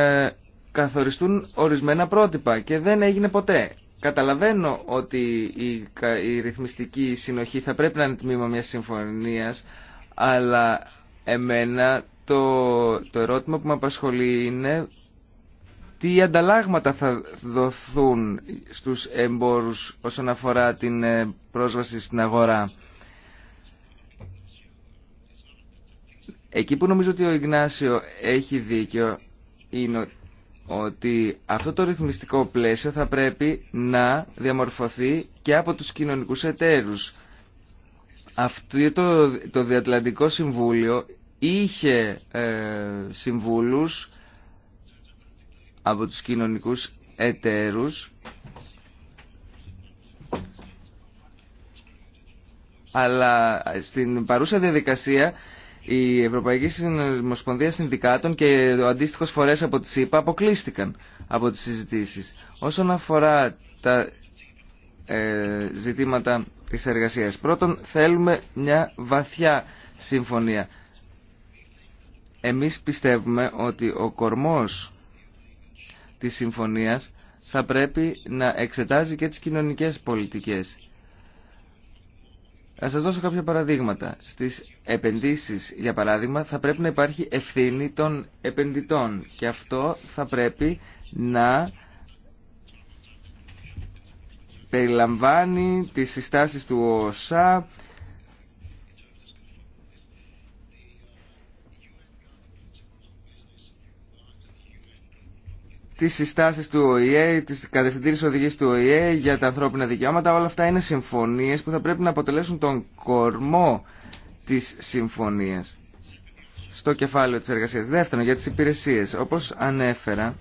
καθοριστούν ορισμένα πρότυπα και δεν έγινε ποτέ. Καταλαβαίνω ότι η, ρυθμιστική συνοχή θα πρέπει να είναι τμήμα μιας συμφωνίας αλλά εμένα το, το ερώτημα που με απασχολεί είναι τι ανταλλάγματα θα δοθούν στους εμπόρους όσον αφορά την ε, πρόσβαση στην αγορά. Εκεί που νομίζω ότι ο Ιγνάσιο έχει δίκιο είναι ότι αυτό το ρυθμιστικό πλαίσιο θα πρέπει να διαμορφωθεί και από τους κοινωνικούς εταίρους. Αυτό το, το Διατλαντικό Συμβούλιο είχε ε, συμβούλους από τους κοινωνικούς εταίρους αλλά στην παρούσα διαδικασία η Ευρωπαϊκή Συνομοσπονδία Συνδικάτων και ο αντίστοιχος φορέας από τη ΣΥΠΑ αποκλείστηκαν από τις συζητήσεις. Όσον αφορά τα ε, ζητήματα της εργασίας. Πρώτον, θέλουμε μια βαθιά συμφωνία. Εμείς πιστεύουμε ότι ο κορμός της συμφωνίας θα πρέπει να εξετάζει και τις κοινωνικές πολιτικές. Ας σας δώσω κάποια παραδείγματα. Στις επενδύσεις, για παράδειγμα, θα πρέπει να υπάρχει ευθύνη των επενδυτών και αυτό θα πρέπει να περιλαμβάνει τις συστάσεις του ΟΣΑ, τις συστάσεις του ΟΗΕ, τις κατευθυντήριες οδηγίες του ΟΗΕ για τα ανθρώπινα δικαιώματα, όλα αυτά είναι συμφωνίες που θα πρέπει να αποτελέσουν τον κορμό της συμφωνίας στο κεφάλαιο της εργασίας. Δεύτερον, για τις υπηρεσίες. Όπως ανέφερα,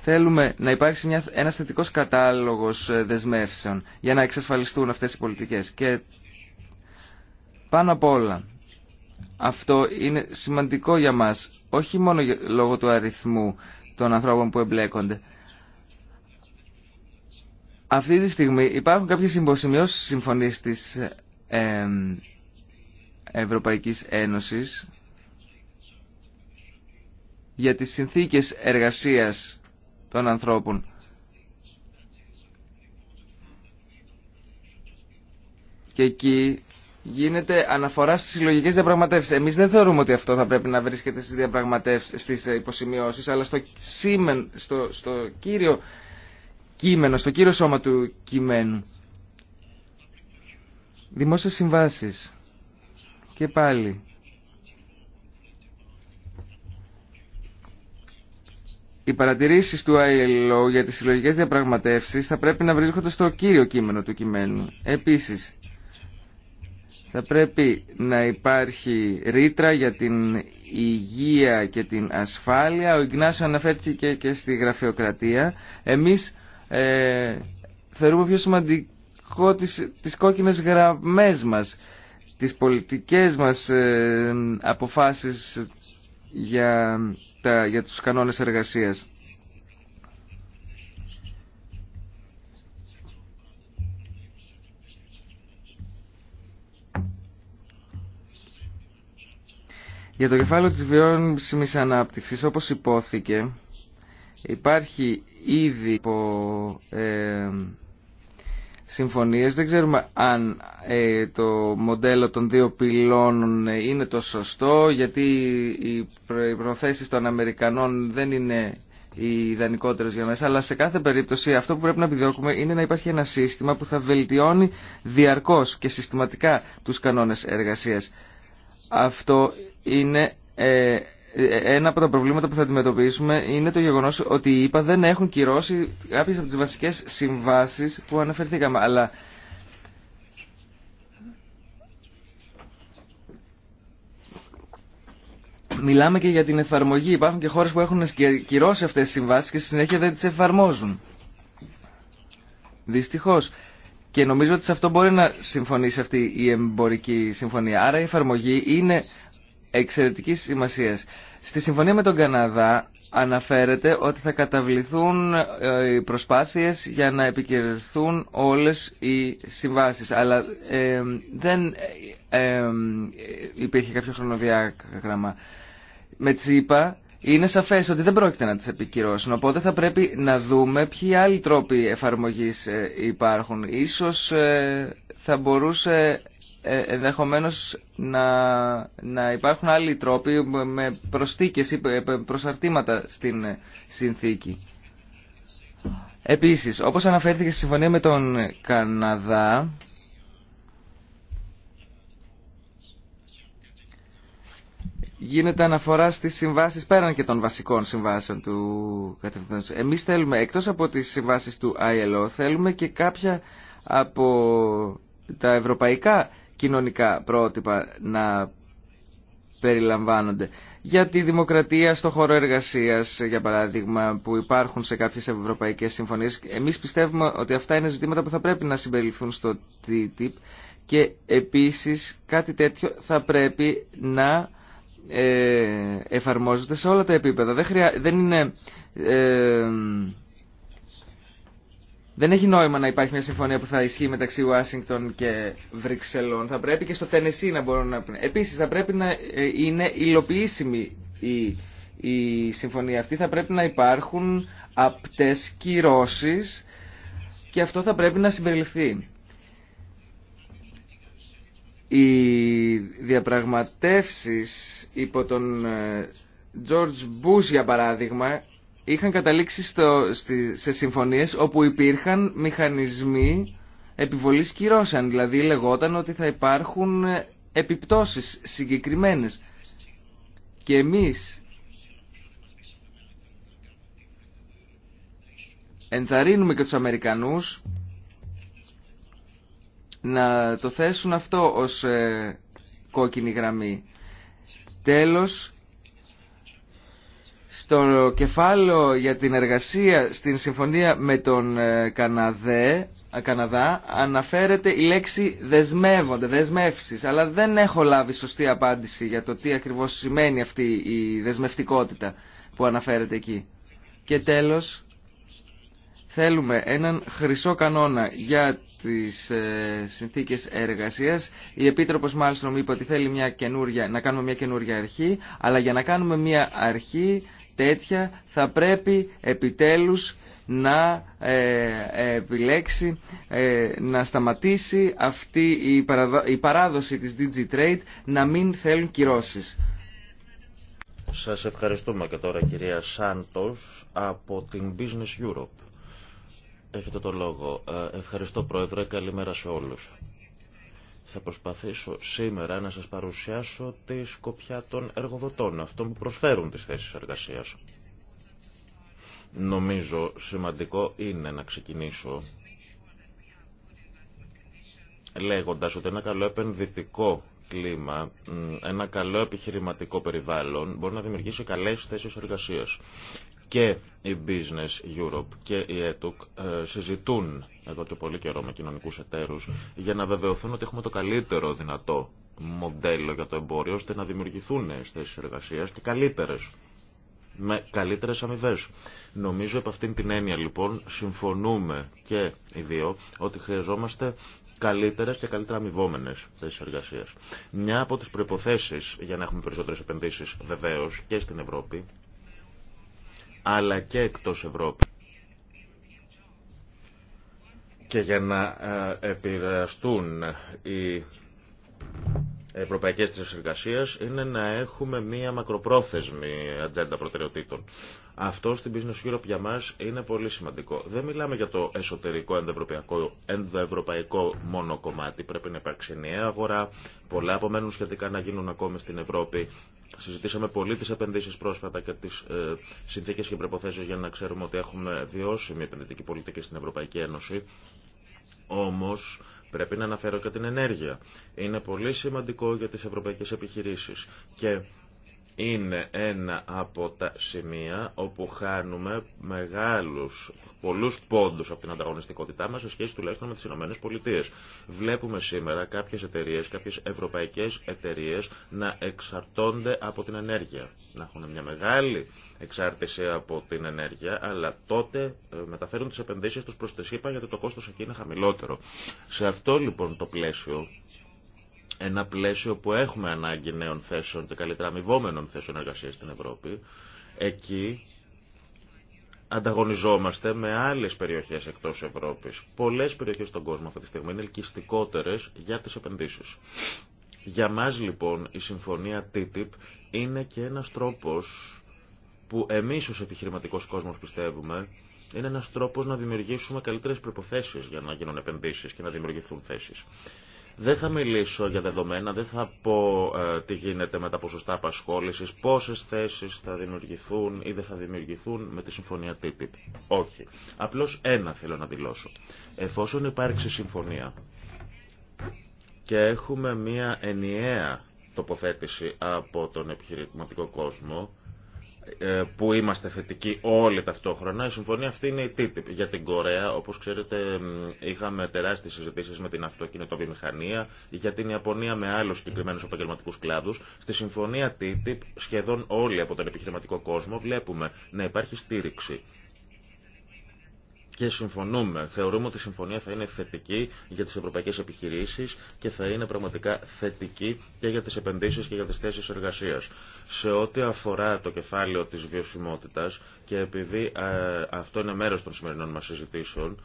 θέλουμε να υπάρξει ένα ένας θετικός κατάλογος ε, δεσμεύσεων για να εξασφαλιστούν αυτές οι πολιτικές. Και πάνω απ' όλα, αυτό είναι σημαντικό για μας, όχι μόνο λόγω του αριθμού των ανθρώπων που εμπλέκονται. Αυτή τη στιγμή υπάρχουν κάποιες συμποσημειώσεις συμφωνίες της ε, Ευρωπαϊκής Ένωσης για τις συνθήκες εργασίας των ανθρώπων. Και εκεί γίνεται αναφορά στις συλλογικέ διαπραγματεύσεις. Εμείς δεν θεωρούμε ότι αυτό θα πρέπει να βρίσκεται στις, διαπραγματεύσεις, ε, υποσημειώσεις, αλλά στο, σήμεν, στο, κύριο κείμενο, στο κύριο σώμα του κειμένου. Δημόσιες συμβάσει Και πάλι. Οι παρατηρήσει του ILO για τι συλλογικέ διαπραγματεύσει θα πρέπει να βρίσκονται στο κύριο κείμενο του κειμένου. Επίση, θα πρέπει να υπάρχει ρήτρα για την υγεία και την ασφάλεια. Ο Ιγνάσιο αναφέρθηκε και στη γραφειοκρατία. Εμείς ε, θεωρούμε πιο σημαντικό τις, τις κόκκινες γραμμές μας, τις πολιτικές μας ε, αποφάσεις για, τα, για τους κανόνες εργασίας. Για το κεφάλαιο της βιώσιμης ανάπτυξης, όπως υπόθηκε, υπάρχει ήδη από ε, συμφωνίες. Δεν ξέρουμε αν ε, το μοντέλο των δύο πυλώνων είναι το σωστό, γιατί οι προθέσεις των Αμερικανών δεν είναι οι ιδανικότερες για μέσα, αλλά σε κάθε περίπτωση αυτό που πρέπει να επιδιώκουμε είναι να υπάρχει ένα σύστημα που θα βελτιώνει διαρκώς και συστηματικά τους κανόνες εργασίας. Αυτό είναι ε, ένα από τα προβλήματα που θα αντιμετωπίσουμε είναι το γεγονός ότι οι ΙΠΑ δεν έχουν κυρώσει κάποιες από τις βασικές συμβάσεις που αναφερθήκαμε. Αλλά μιλάμε και για την εφαρμογή. Υπάρχουν και χώρες που έχουν κυρώσει αυτές τις συμβάσεις και στη συνέχεια δεν τις εφαρμόζουν. Δυστυχώς. Και νομίζω ότι σε αυτό μπορεί να συμφωνήσει αυτή η εμπορική συμφωνία. Άρα η εφαρμογή είναι Εξαιρετική σημασία. Στη συμφωνία με τον Καναδά αναφέρεται ότι θα καταβληθούν ε, οι προσπάθειες για να επικυρωθούν όλες οι συμβάσεις. Αλλά ε, δεν ε, υπήρχε κάποιο χρονοδιάγραμμα. Με τσίπα είναι σαφές ότι δεν πρόκειται να τις επικυρώσουν. Οπότε θα πρέπει να δούμε ποιοι άλλοι τρόποι εφαρμογής υπάρχουν. Ίσως θα μπορούσε ε, Ενδεχομένω να, να υπάρχουν άλλοι τρόποι με προστίκες ή προσαρτήματα στην ε, συνθήκη. Επίσης, όπως αναφέρθηκε στη συμφωνία με τον Καναδά, γίνεται αναφορά στις συμβάσεις πέραν και των βασικών συμβάσεων του κατευθυντών. Εμείς θέλουμε, εκτός από τις συμβάσεις του ILO, θέλουμε και κάποια από τα ευρωπαϊκά κοινωνικά πρότυπα να περιλαμβάνονται. Για τη δημοκρατία στο χώρο εργασίας, για παράδειγμα, που υπάρχουν σε κάποιες ευρωπαϊκές συμφωνίες, εμείς πιστεύουμε ότι αυτά είναι ζητήματα που θα πρέπει να συμπεριληφθούν στο TTIP και επίσης κάτι τέτοιο θα πρέπει να ε, εφαρμόζεται σε όλα τα επίπεδα. Δεν, χρειά, δεν είναι... Ε, δεν έχει νόημα να υπάρχει μια συμφωνία που θα ισχύει μεταξύ Ουάσιγκτον και Βρυξελών. Θα πρέπει και στο Τενεσί να μπορούν να πούνε. Επίση, θα πρέπει να ε, είναι υλοποιήσιμη η, η συμφωνία αυτή. Θα πρέπει να υπάρχουν απτέ κυρώσει και αυτό θα πρέπει να συμπεριληφθεί. Οι διαπραγματεύσεις υπό τον ε, George Bush για παράδειγμα είχαν καταλήξει στο, σε συμφωνίες όπου υπήρχαν μηχανισμοί επιβολής κυρώσεων. Δηλαδή λεγόταν ότι θα υπάρχουν επιπτώσεις συγκεκριμένες. Και εμείς ενθαρρύνουμε και τους Αμερικανούς να το θέσουν αυτό ως ε, κόκκινη γραμμή. Τέλος, στο κεφάλαιο για την εργασία στην συμφωνία με τον ε, ε, Καναδά αναφέρεται η λέξη δεσμεύονται, δεσμεύσεις, αλλά δεν έχω λάβει σωστή απάντηση για το τι ακριβώς σημαίνει αυτή η δεσμευτικότητα που αναφέρεται εκεί. Και τέλος, θέλουμε έναν χρυσό κανόνα για τις ε, συνθήκες εργασίας. Η Επίτροπος μου είπε ότι θέλει μια να κάνουμε μια καινούρια αρχή, αλλά για να κάνουμε μια αρχή τέτοια θα πρέπει επιτέλους να ε, ε, επιλέξει ε, να σταματήσει αυτή η παράδοση της DigiTrade να μην θέλουν κυρώσεις. Σας ευχαριστούμε και τώρα κυρία Σάντος από την Business Europe. Έχετε το λόγο. Ευχαριστώ πρόεδρε. Καλημέρα σε όλους. Θα προσπαθήσω σήμερα να σας παρουσιάσω τη σκοπιά των εργοδοτών, αυτών που προσφέρουν τις θέσεις εργασίας. Νομίζω σημαντικό είναι να ξεκινήσω λέγοντας ότι ένα καλό επενδυτικό κλίμα, ένα καλό επιχειρηματικό περιβάλλον μπορεί να δημιουργήσει καλές θέσεις εργασίας και η Business Europe και η ETUC ε, συζητούν εδώ και πολύ καιρό με κοινωνικούς εταίρους για να βεβαιωθούν ότι έχουμε το καλύτερο δυνατό μοντέλο για το εμπόριο ώστε να δημιουργηθούν στις θέσεις εργασίας και καλύτερες με καλύτερες αμοιβέ. Νομίζω από αυτήν την έννοια λοιπόν συμφωνούμε και οι δύο ότι χρειαζόμαστε καλύτερες και καλύτερα αμοιβόμενε θέσει εργασίας. Μια από τις προποθέσει για να έχουμε περισσότερες επενδύσει βεβαίως και στην Ευρώπη αλλά και εκτός Ευρώπη. Και για να ε, επηρεαστούν οι Ευρωπαϊκέ Τρει Εργασία είναι να έχουμε μία μακροπρόθεσμη ατζέντα προτεραιοτήτων. Αυτό στην Business Europe για μα είναι πολύ σημαντικό. Δεν μιλάμε για το εσωτερικό ενδοευρωπαϊκό, μόνο κομμάτι. Πρέπει να υπάρξει νέα αγορά. Πολλά απομένουν σχετικά να γίνουν ακόμη στην Ευρώπη. Συζητήσαμε πολύ τι επενδύσει πρόσφατα και τι ε, συνθήκε και προποθέσει για να ξέρουμε ότι έχουμε βιώσιμη επενδυτική πολιτική στην Ευρωπαϊκή Ένωση. Όμω. Πρέπει να αναφέρω και την ενέργεια. Είναι πολύ σημαντικό για τις ευρωπαϊκές επιχειρήσεις. Και είναι ένα από τα σημεία όπου χάνουμε μεγάλους, πολλούς πόντους από την ανταγωνιστικότητά μας σε σχέση τουλάχιστον με τις Ηνωμένες Πολιτείες. Βλέπουμε σήμερα κάποιες εταιρείες, κάποιες ευρωπαϊκές εταιρείες να εξαρτώνται από την ενέργεια. Να έχουν μια μεγάλη εξάρτηση από την ενέργεια, αλλά τότε ε, μεταφέρουν τις επενδύσεις τους προς τη ΣΥΠΑ γιατί το κόστος εκεί είναι χαμηλότερο. Σε αυτό λοιπόν το πλαίσιο ένα πλαίσιο που έχουμε ανάγκη νέων θέσεων και καλύτερα αμοιβόμενων θέσεων εργασίας στην Ευρώπη, εκεί ανταγωνιζόμαστε με άλλες περιοχές εκτός Ευρώπης. Πολλές περιοχές στον κόσμο αυτή τη στιγμή είναι ελκυστικότερες για τις επενδύσεις. Για μας λοιπόν η συμφωνία TTIP είναι και ένας τρόπος που εμείς ως επιχειρηματικός κόσμος πιστεύουμε είναι ένας τρόπος να δημιουργήσουμε καλύτερες προϋποθέσεις για να γίνουν επενδύσεις και να δημιουργηθούν θέσεις. Δεν θα μιλήσω για δεδομένα, δεν θα πω ε, τι γίνεται με τα ποσοστά απασχόληση. πόσες θέσεις θα δημιουργηθούν ή δεν θα δημιουργηθούν με τη συμφωνία TTIP. Όχι. Απλώς ένα θέλω να δηλώσω. Εφόσον υπάρξει συμφωνία και έχουμε μία ενιαία τοποθέτηση από τον επιχειρηματικό κόσμο, ε, που είμαστε θετικοί όλοι ταυτόχρονα. Η συμφωνία αυτή είναι η TTIP για την Κορέα. Όπως ξέρετε είχαμε τεράστιες συζητήσεις με την αυτοκινητοβιομηχανία, για την Ιαπωνία με άλλους συγκεκριμένους επαγγελματικού κλάδους. Στη συμφωνία TTIP σχεδόν όλοι από τον επιχειρηματικό κόσμο βλέπουμε να υπάρχει στήριξη και συμφωνούμε. Θεωρούμε ότι η συμφωνία θα είναι θετική για τι ευρωπαϊκέ επιχειρήσει και θα είναι πραγματικά θετική και για τι επενδύσει και για τις θέσει εργασία. Σε ό,τι αφορά το κεφάλαιο τη βιωσιμότητα, και επειδή αυτό είναι μέρο των σημερινών μα συζητήσεων,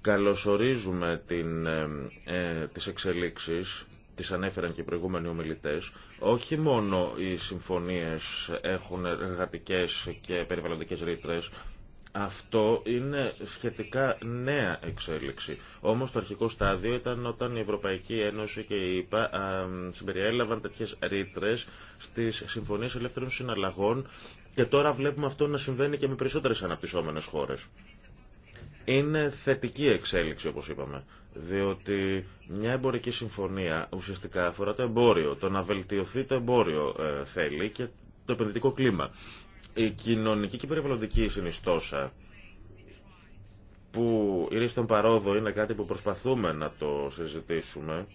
καλωσορίζουμε την, ε, ε, τις εξελίξεις τις ανέφεραν και οι προηγούμενοι ομιλητέ, όχι μόνο οι συμφωνίε έχουν εργατικέ και περιβαλλοντικέ ρήτρε. Αυτό είναι σχετικά νέα εξέλιξη. Όμω το αρχικό στάδιο ήταν όταν η Ευρωπαϊκή Ένωση και η ΕΠΑ συμπεριέλαβαν τέτοιε ρήτρε στι συμφωνίε ελεύθερων συναλλαγών και τώρα βλέπουμε αυτό να συμβαίνει και με περισσότερε αναπτυσσόμενε χώρε. Είναι θετική εξέλιξη όπως είπαμε, διότι μια εμπορική συμφωνία ουσιαστικά αφορά το εμπόριο, το να βελτιωθεί το εμπόριο ε, θέλει και το επενδυτικό κλίμα. Η κοινωνική και περιβαλλοντική συνιστόσα που είναι στον παρόδο είναι κάτι που προσπαθούμε να το συζητήσουμε.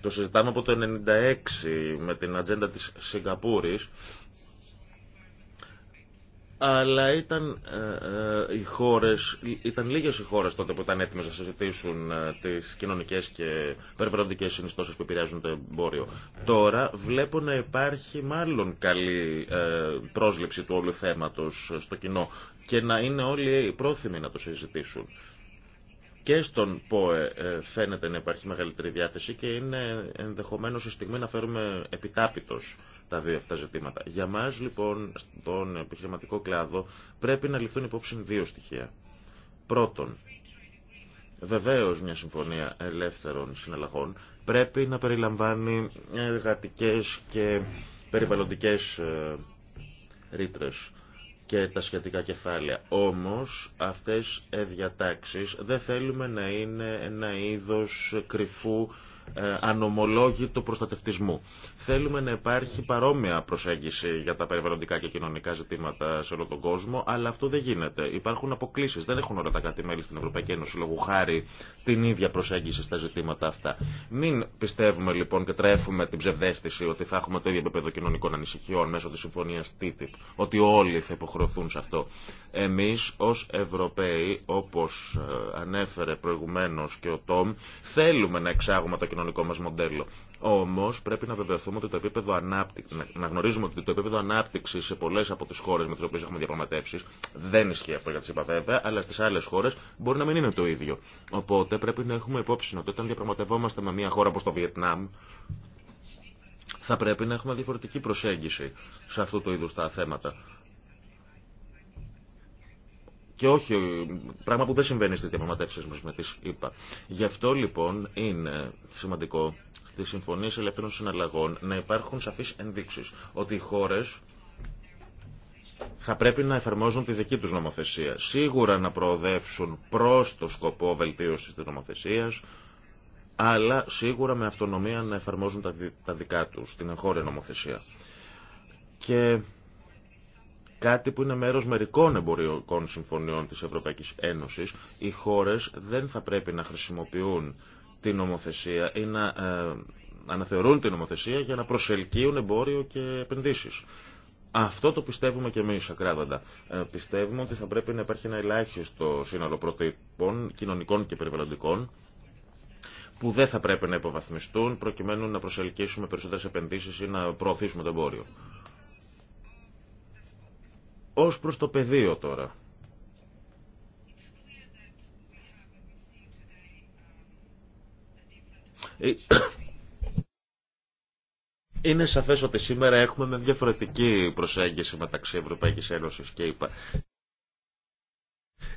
Το συζητάμε από το 1996 με την ατζέντα της Σιγκαπούρης αλλά ήταν, ε, ε, οι χώρες, ήταν λίγες οι χώρες τότε που ήταν έτοιμες να συζητήσουν ε, τις κοινωνικές και περιβαλλοντικές συνιστώσεις που επηρεάζουν το εμπόριο. Τώρα βλέπω να υπάρχει μάλλον καλή ε, πρόσληψη του όλου θέματος στο κοινό και να είναι όλοι πρόθυμοι να το συζητήσουν και στον ΠΟΕ ε, φαίνεται να υπάρχει μεγαλύτερη διάθεση και είναι ενδεχομένω η στιγμή να φέρουμε επιτάπητο τα δύο αυτά ζητήματα. Για μα, λοιπόν, στον επιχειρηματικό κλάδο πρέπει να ληφθούν υπόψη δύο στοιχεία. Πρώτον, βεβαίω μια συμφωνία ελεύθερων συναλλαγών πρέπει να περιλαμβάνει εργατικέ και περιβαλλοντικέ ε, ρήτρε και τα σχετικά κεφάλαια. Όμως αυτές οι διατάξεις δεν θέλουμε να είναι ένα είδος κρυφού ε, ανομολόγητο προστατευτισμού. Θέλουμε να υπάρχει παρόμοια προσέγγιση για τα περιβαλλοντικά και κοινωνικά ζητήματα σε όλο τον κόσμο, αλλά αυτό δεν γίνεται. Υπάρχουν αποκλήσει. Δεν έχουν όλα τα κράτη-μέλη στην Ευρωπαϊκή Ένωση λόγω χάρη την ίδια προσέγγιση στα ζητήματα αυτά. Μην πιστεύουμε λοιπόν και τρέφουμε την ψευδέστηση ότι θα έχουμε το ίδιο επίπεδο κοινωνικών ανησυχιών μέσω τη συμφωνία TTIP, ότι όλοι θα υποχρεωθούν σε αυτό. Εμεί ω Ευρωπαίοι, όπω ε, ανέφερε προηγουμένω και ο Τόμ, θέλουμε να εξάγουμε το κοινωνικό μα μοντέλο. Όμω πρέπει να βεβαιωθούμε ότι το επίπεδο ανάπτυξη, να γνωρίζουμε ότι το επίπεδο ανάπτυξη σε πολλέ από τι χώρε με τι οποίε έχουμε διαπραγματεύσει δεν ισχύει αυτό για τι είπα βέβαια, αλλά στι άλλε χώρε μπορεί να μην είναι το ίδιο. Οπότε πρέπει να έχουμε υπόψη ότι όταν διαπραγματευόμαστε με μια χώρα όπω το Βιετνάμ, θα πρέπει να έχουμε διαφορετική προσέγγιση σε αυτού του είδου τα θέματα και όχι πράγμα που δεν συμβαίνει στις διαπραγματεύσεις μας με τις ΗΠΑ. Γι' αυτό λοιπόν είναι σημαντικό στις συμφωνίες ελεύθερων συναλλαγών να υπάρχουν σαφείς ενδείξεις ότι οι χώρες θα πρέπει να εφαρμόζουν τη δική τους νομοθεσία. Σίγουρα να προοδεύσουν προς το σκοπό βελτίωσης της νομοθεσίας, αλλά σίγουρα με αυτονομία να εφαρμόζουν τα δικά τους, την εγχώρια νομοθεσία. Και κάτι που είναι μέρος μερικών εμπορικών συμφωνιών της Ευρωπαϊκής Ένωσης, οι χώρες δεν θα πρέπει να χρησιμοποιούν την νομοθεσία ή να ε, αναθεωρούν την νομοθεσία για να προσελκύουν εμπόριο και επενδύσεις. Αυτό το πιστεύουμε και εμεί ακράδαντα. Ε, πιστεύουμε ότι θα πρέπει να υπάρχει ένα ελάχιστο σύνολο προτύπων κοινωνικών και περιβαλλοντικών που δεν θα πρέπει να υποβαθμιστούν προκειμένου να προσελκύσουμε περισσότερες επενδύσεις ή να προωθήσουμε το εμπόριο. Ως προς το πεδίο τώρα. Ε, είναι σαφές ότι σήμερα έχουμε μια διαφορετική προσέγγιση μεταξύ Ευρωπαϊκής Ένωσης και ΕΠΑ.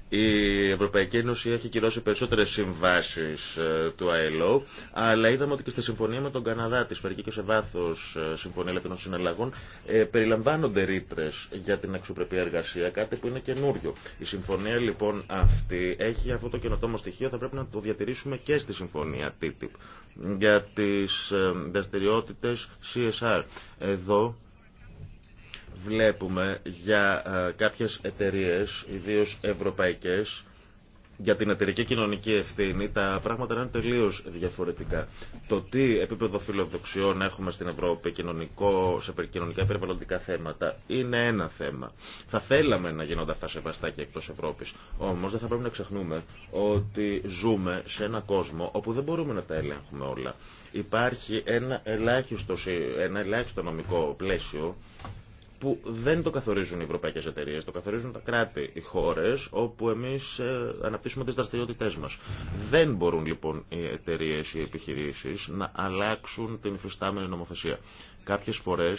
Η Ευρωπαϊκή Ένωση έχει κυρώσει περισσότερες συμβάσεις ε, του ΑΕΛΟ, αλλά είδαμε ότι και στη συμφωνία με τον Καναδά, τη σφαιρική και σε βάθος ε, συμφωνία ελεύθερων συναλλαγών, ε, περιλαμβάνονται ρήτρε για την αξιοπρεπή εργασία, κάτι που είναι καινούριο. Η συμφωνία λοιπόν αυτή έχει αυτό το καινοτόμο στοιχείο, θα πρέπει να το διατηρήσουμε και στη συμφωνία TTIP για τις δραστηριότητε CSR. Εδώ βλέπουμε για ε, κάποιες εταιρείες, ιδίως ευρωπαϊκές, για την εταιρική κοινωνική ευθύνη τα πράγματα είναι τελείω διαφορετικά. Το τι επίπεδο φιλοδοξιών έχουμε στην Ευρώπη κοινωνικό, σε κοινωνικά περιβαλλοντικά θέματα είναι ένα θέμα. Θα θέλαμε να γίνονται αυτά σεβαστά και εκτό Ευρώπη. Όμω δεν θα πρέπει να ξεχνούμε ότι ζούμε σε ένα κόσμο όπου δεν μπορούμε να τα ελέγχουμε όλα. Υπάρχει ένα ελάχιστο, ένα ελάχιστο νομικό πλαίσιο που δεν το καθορίζουν οι ευρωπαϊκέ εταιρείε, το καθορίζουν τα κράτη, οι χώρε όπου εμεί ε, αναπτύσσουμε τι δραστηριότητέ μα. Δεν μπορούν λοιπόν οι εταιρείε, οι επιχειρήσει να αλλάξουν την υφιστάμενη νομοθεσία. Κάποιε φορέ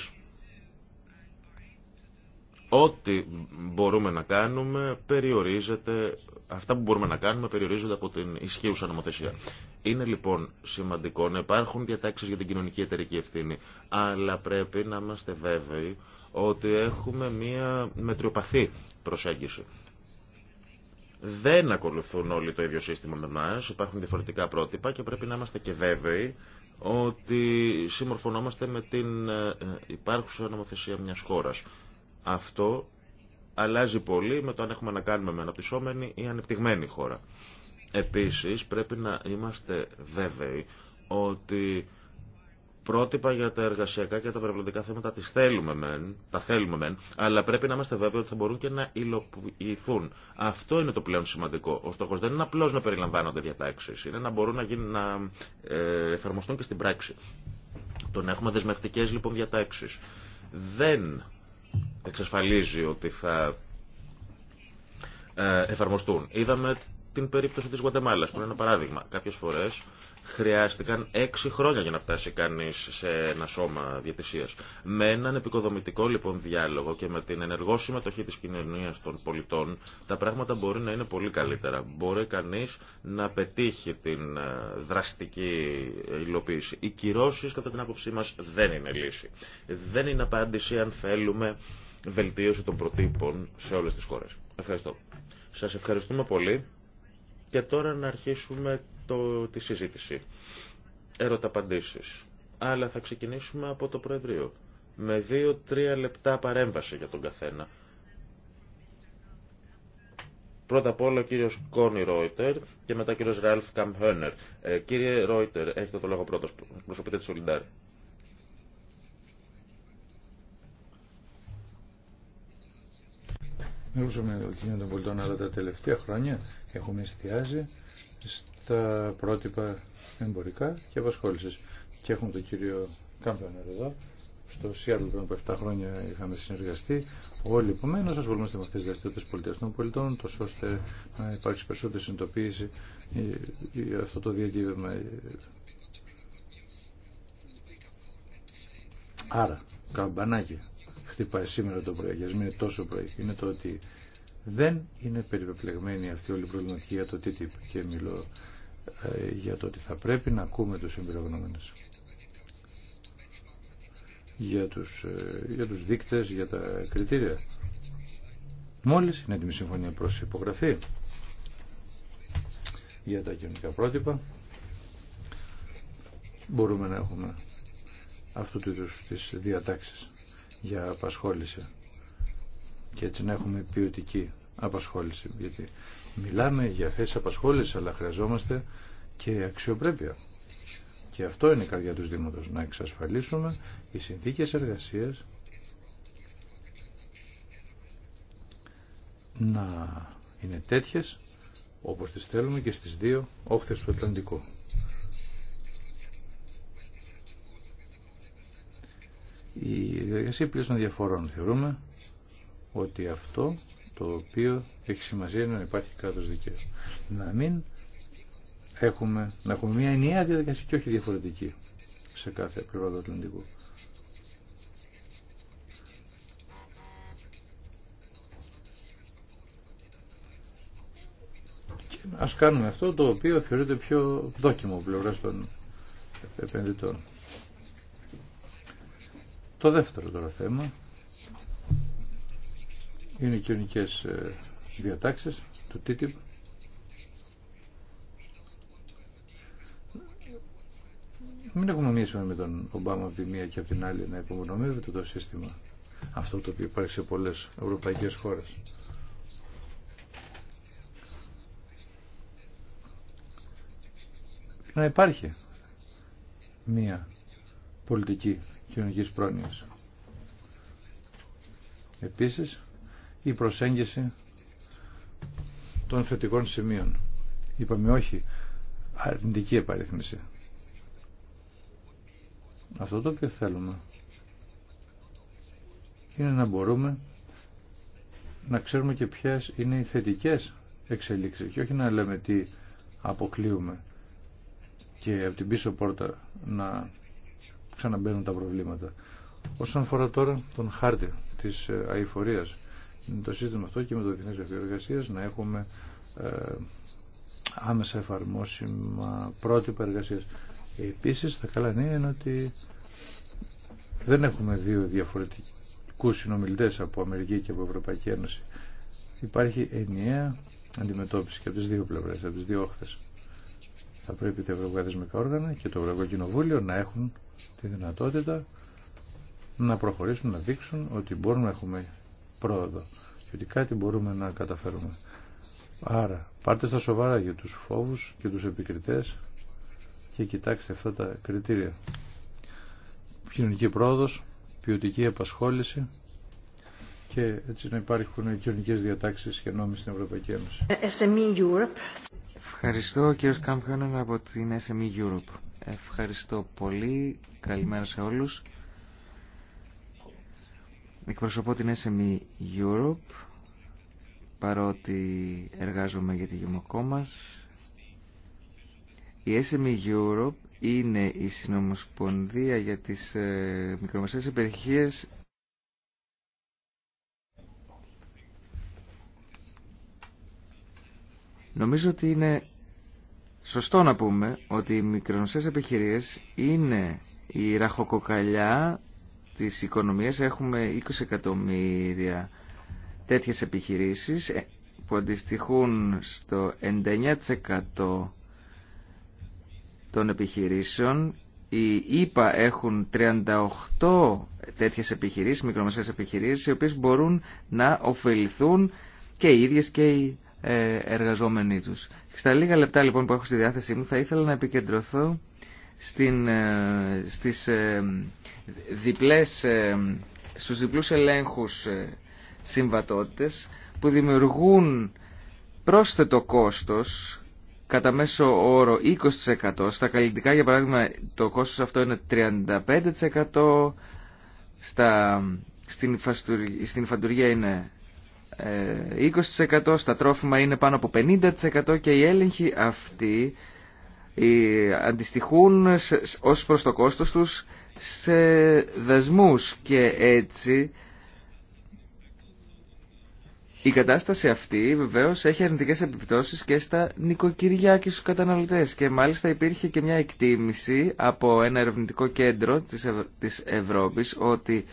Ό,τι μπορούμε να κάνουμε περιορίζεται, αυτά που μπορούμε να κάνουμε περιορίζονται από την ισχύουσα νομοθεσία. Είναι λοιπόν σημαντικό να υπάρχουν διατάξεις για την κοινωνική εταιρική ευθύνη, αλλά πρέπει να είμαστε βέβαιοι ότι έχουμε μία μετριοπαθή προσέγγιση. Δεν ακολουθούν όλοι το ίδιο σύστημα με εμάς. υπάρχουν διαφορετικά πρότυπα και πρέπει να είμαστε και βέβαιοι ότι συμμορφωνόμαστε με την ε, ε, υπάρχουσα νομοθεσία μιας χώρας. Αυτό αλλάζει πολύ με το αν έχουμε να κάνουμε με αναπτυσσόμενη ή ανεπτυγμένη χώρα. Επίσης πρέπει να είμαστε βέβαιοι ότι πρότυπα για τα εργασιακά και τα περιβαλλοντικά θέματα τις θέλουμε μεν, τα θέλουμε μεν, αλλά πρέπει να είμαστε βέβαιοι ότι θα μπορούν και να υλοποιηθούν. Αυτό είναι το πλέον σημαντικό. Ο στόχος δεν είναι απλώς να περιλαμβάνονται διατάξεις, είναι να μπορούν να, γίνουν, να ε, εφαρμοστούν και στην πράξη. Το να έχουμε δεσμευτικές λοιπόν διατάξεις. Δεν εξασφαλίζει ότι θα ε, εφαρμοστούν. Είδαμε την περίπτωση της Γουατεμάλας, που είναι ένα παράδειγμα. Κάποιες φορές χρειάστηκαν έξι χρόνια για να φτάσει κανεί σε ένα σώμα διατησία. Με έναν επικοδομητικό λοιπόν διάλογο και με την ενεργό συμμετοχή τη κοινωνία των πολιτών, τα πράγματα μπορεί να είναι πολύ καλύτερα. Μπορεί κανεί να πετύχει την ε, δραστική υλοποίηση. Οι κυρώσει, κατά την άποψή μα, δεν είναι λύση. Δεν είναι απάντηση αν θέλουμε βελτίωση των προτύπων σε όλε τι χώρε. Ευχαριστώ. Σας ευχαριστούμε πολύ. Και τώρα να αρχίσουμε το, τη συζήτηση. Ερωταπαντήσεις. Αλλά θα ξεκινήσουμε από το Προεδρείο. Με δύο-τρία λεπτά παρέμβαση για τον καθένα. Πρώτα απ' όλα ο κύριος Κόνι Ρόιτερ και μετά ο κύριος Ραλφ Καμπχένερ. Ε, κύριε Ρόιτερ, έχετε το λόγο πρώτος. Προσωπείτε τη Σολιντάρη. Νομίζω με το κοινό των πολιτών, αλλά τα τελευταία χρόνια έχουμε εστιάζει στα πρότυπα εμπορικά και απασχόληση. Και έχουμε τον κύριο Κάμπανερ εδώ. Στο Σιάτλ πριν από 7 χρόνια είχαμε συνεργαστεί. Όλοι επομένω ασχολούμαστε με αυτέ τι δραστηριότητε πολιτεία των πολιτών, τόσο ώστε να υπάρξει περισσότερη συνειδητοποίηση για ε, ε, αυτό το διακύβευμα. Άρα, καμπανάκι χτυπάει σήμερα το πρωί, γιατί είναι τόσο πρωί. Είναι το ότι δεν είναι περιπεπλεγμένη αυτή όλη η προβληματική για το TTIP και μιλώ ε, για το ότι θα πρέπει να ακούμε τους εμπειρογνώμενες για τους, ε, για τους δείκτες, για τα κριτήρια. Μόλις είναι έτοιμη συμφωνία προς υπογραφή για τα κοινωνικά πρότυπα μπορούμε να έχουμε αυτού του είδους τις διατάξεις για απασχόληση και έτσι να έχουμε ποιοτική απασχόληση. Γιατί μιλάμε για θέσεις απασχόληση, αλλά χρειαζόμαστε και αξιοπρέπεια. Και αυτό είναι η καρδιά του Δήματος, να εξασφαλίσουμε οι συνθήκες εργασίας να είναι τέτοιες όπως τις θέλουμε και στις δύο όχθες του Ατλαντικού. Η διαδικασία να διαφορών θεωρούμε ότι αυτό το οποίο έχει σημασία είναι να υπάρχει κράτος δικαίου. Να μην έχουμε, να έχουμε μια ενιαία διαδικασία και όχι διαφορετική σε κάθε πλευρά του Ατλαντικού. Και ας κάνουμε αυτό το οποίο θεωρείται πιο δόκιμο πλευρά των επενδυτών. Το δεύτερο τώρα θέμα είναι κοινωνικές ε, διατάξεις του TTIP Μην έχουμε μίσουμε με τον Ομπάμα από τη μία και από την άλλη να υπομονωμεύεται το σύστημα αυτό το οποίο υπάρχει σε πολλές ευρωπαϊκές χώρες. Να υπάρχει μία πολιτική κοινωνικής πρόνοιας. Επίσης, η προσέγγιση των θετικών σημείων. Είπαμε όχι αρνητική επαρρύθμιση. Αυτό το οποίο θέλουμε είναι να μπορούμε να ξέρουμε και ποιες είναι οι θετικές εξελίξεις και όχι να λέμε τι αποκλείουμε και από την πίσω πόρτα να ξαναμπαίνουν τα προβλήματα. Όσον αφορά τώρα τον χάρτη της ε, αηφορίας, το σύστημα αυτό και με το Διεθνές Γραφείο Εργασίας να έχουμε ε, άμεσα εφαρμόσιμα πρότυπα εργασίας. Επίσης, τα καλά νέα είναι ότι δεν έχουμε δύο διαφορετικού συνομιλητέ από Αμερική και από Ευρωπαϊκή Ένωση. Υπάρχει ενιαία αντιμετώπιση και από τι δύο πλευρέ, από τι δύο όχθε. Θα πρέπει τα Ευρωπαϊκά Όργανα και το Ευρωπαϊκό Κοινοβούλιο να έχουν τη δυνατότητα να προχωρήσουν, να δείξουν ότι μπορούμε να έχουμε πρόοδο. Γιατί κάτι μπορούμε να καταφέρουμε. Άρα, πάρτε στα σοβαρά για τους φόβους και τους επικριτές και κοιτάξτε αυτά τα κριτήρια. Κοινωνική πρόοδος, ποιοτική απασχόληση και έτσι να υπάρχουν κοινωνικέ διατάξεις και νόμοι στην Ευρωπαϊκή Ένωση. SME Europe. Ευχαριστώ κύριο Κάμπιονεν από την SME Europe. Ευχαριστώ πολύ. Καλημέρα σε όλους. Εκπροσωπώ την SME Europe, παρότι εργάζομαι για τη γυμνοκό μας. Η SME Europe είναι η συνομοσπονδία για τις ε, μικρομεσαίες Νομίζω ότι είναι σωστό να πούμε ότι οι μικρομεσαίες επιχειρήσεις είναι η ραχοκοκαλιά της οικονομίας έχουμε 20 εκατομμύρια τέτοιες επιχειρήσεις ε, που αντιστοιχούν στο 99% των επιχειρήσεων. Οι ΙΠΑ έχουν 38 τέτοιες επιχειρήσεις, μικρομεσαίες επιχειρήσεις, οι οποίες μπορούν να ωφεληθούν και οι ίδιες και οι ε, εργαζόμενοι τους. Στα λίγα λεπτά λοιπόν που έχω στη διάθεσή μου θα ήθελα να επικεντρωθώ στην, ε, στις ε, διπλές, ε, στους διπλούς ελέγχους συμβατότητες που δημιουργούν πρόσθετο κόστος κατά μέσο όρο 20%. Στα καλλιτικά για παράδειγμα το κόστος αυτό είναι 35%. Στα, στην, στην φαντουργία είναι 20%. Στα τρόφιμα είναι πάνω από 50% και η έλεγχοι αυτοί αντιστοιχούν ως προς το κόστος τους σε δασμούς και έτσι η κατάσταση αυτή βεβαίως έχει αρνητικές επιπτώσεις και στα νοικοκυριά και στους καταναλωτές και μάλιστα υπήρχε και μια εκτίμηση από ένα ερευνητικό κέντρο της, Ευρώπης ότι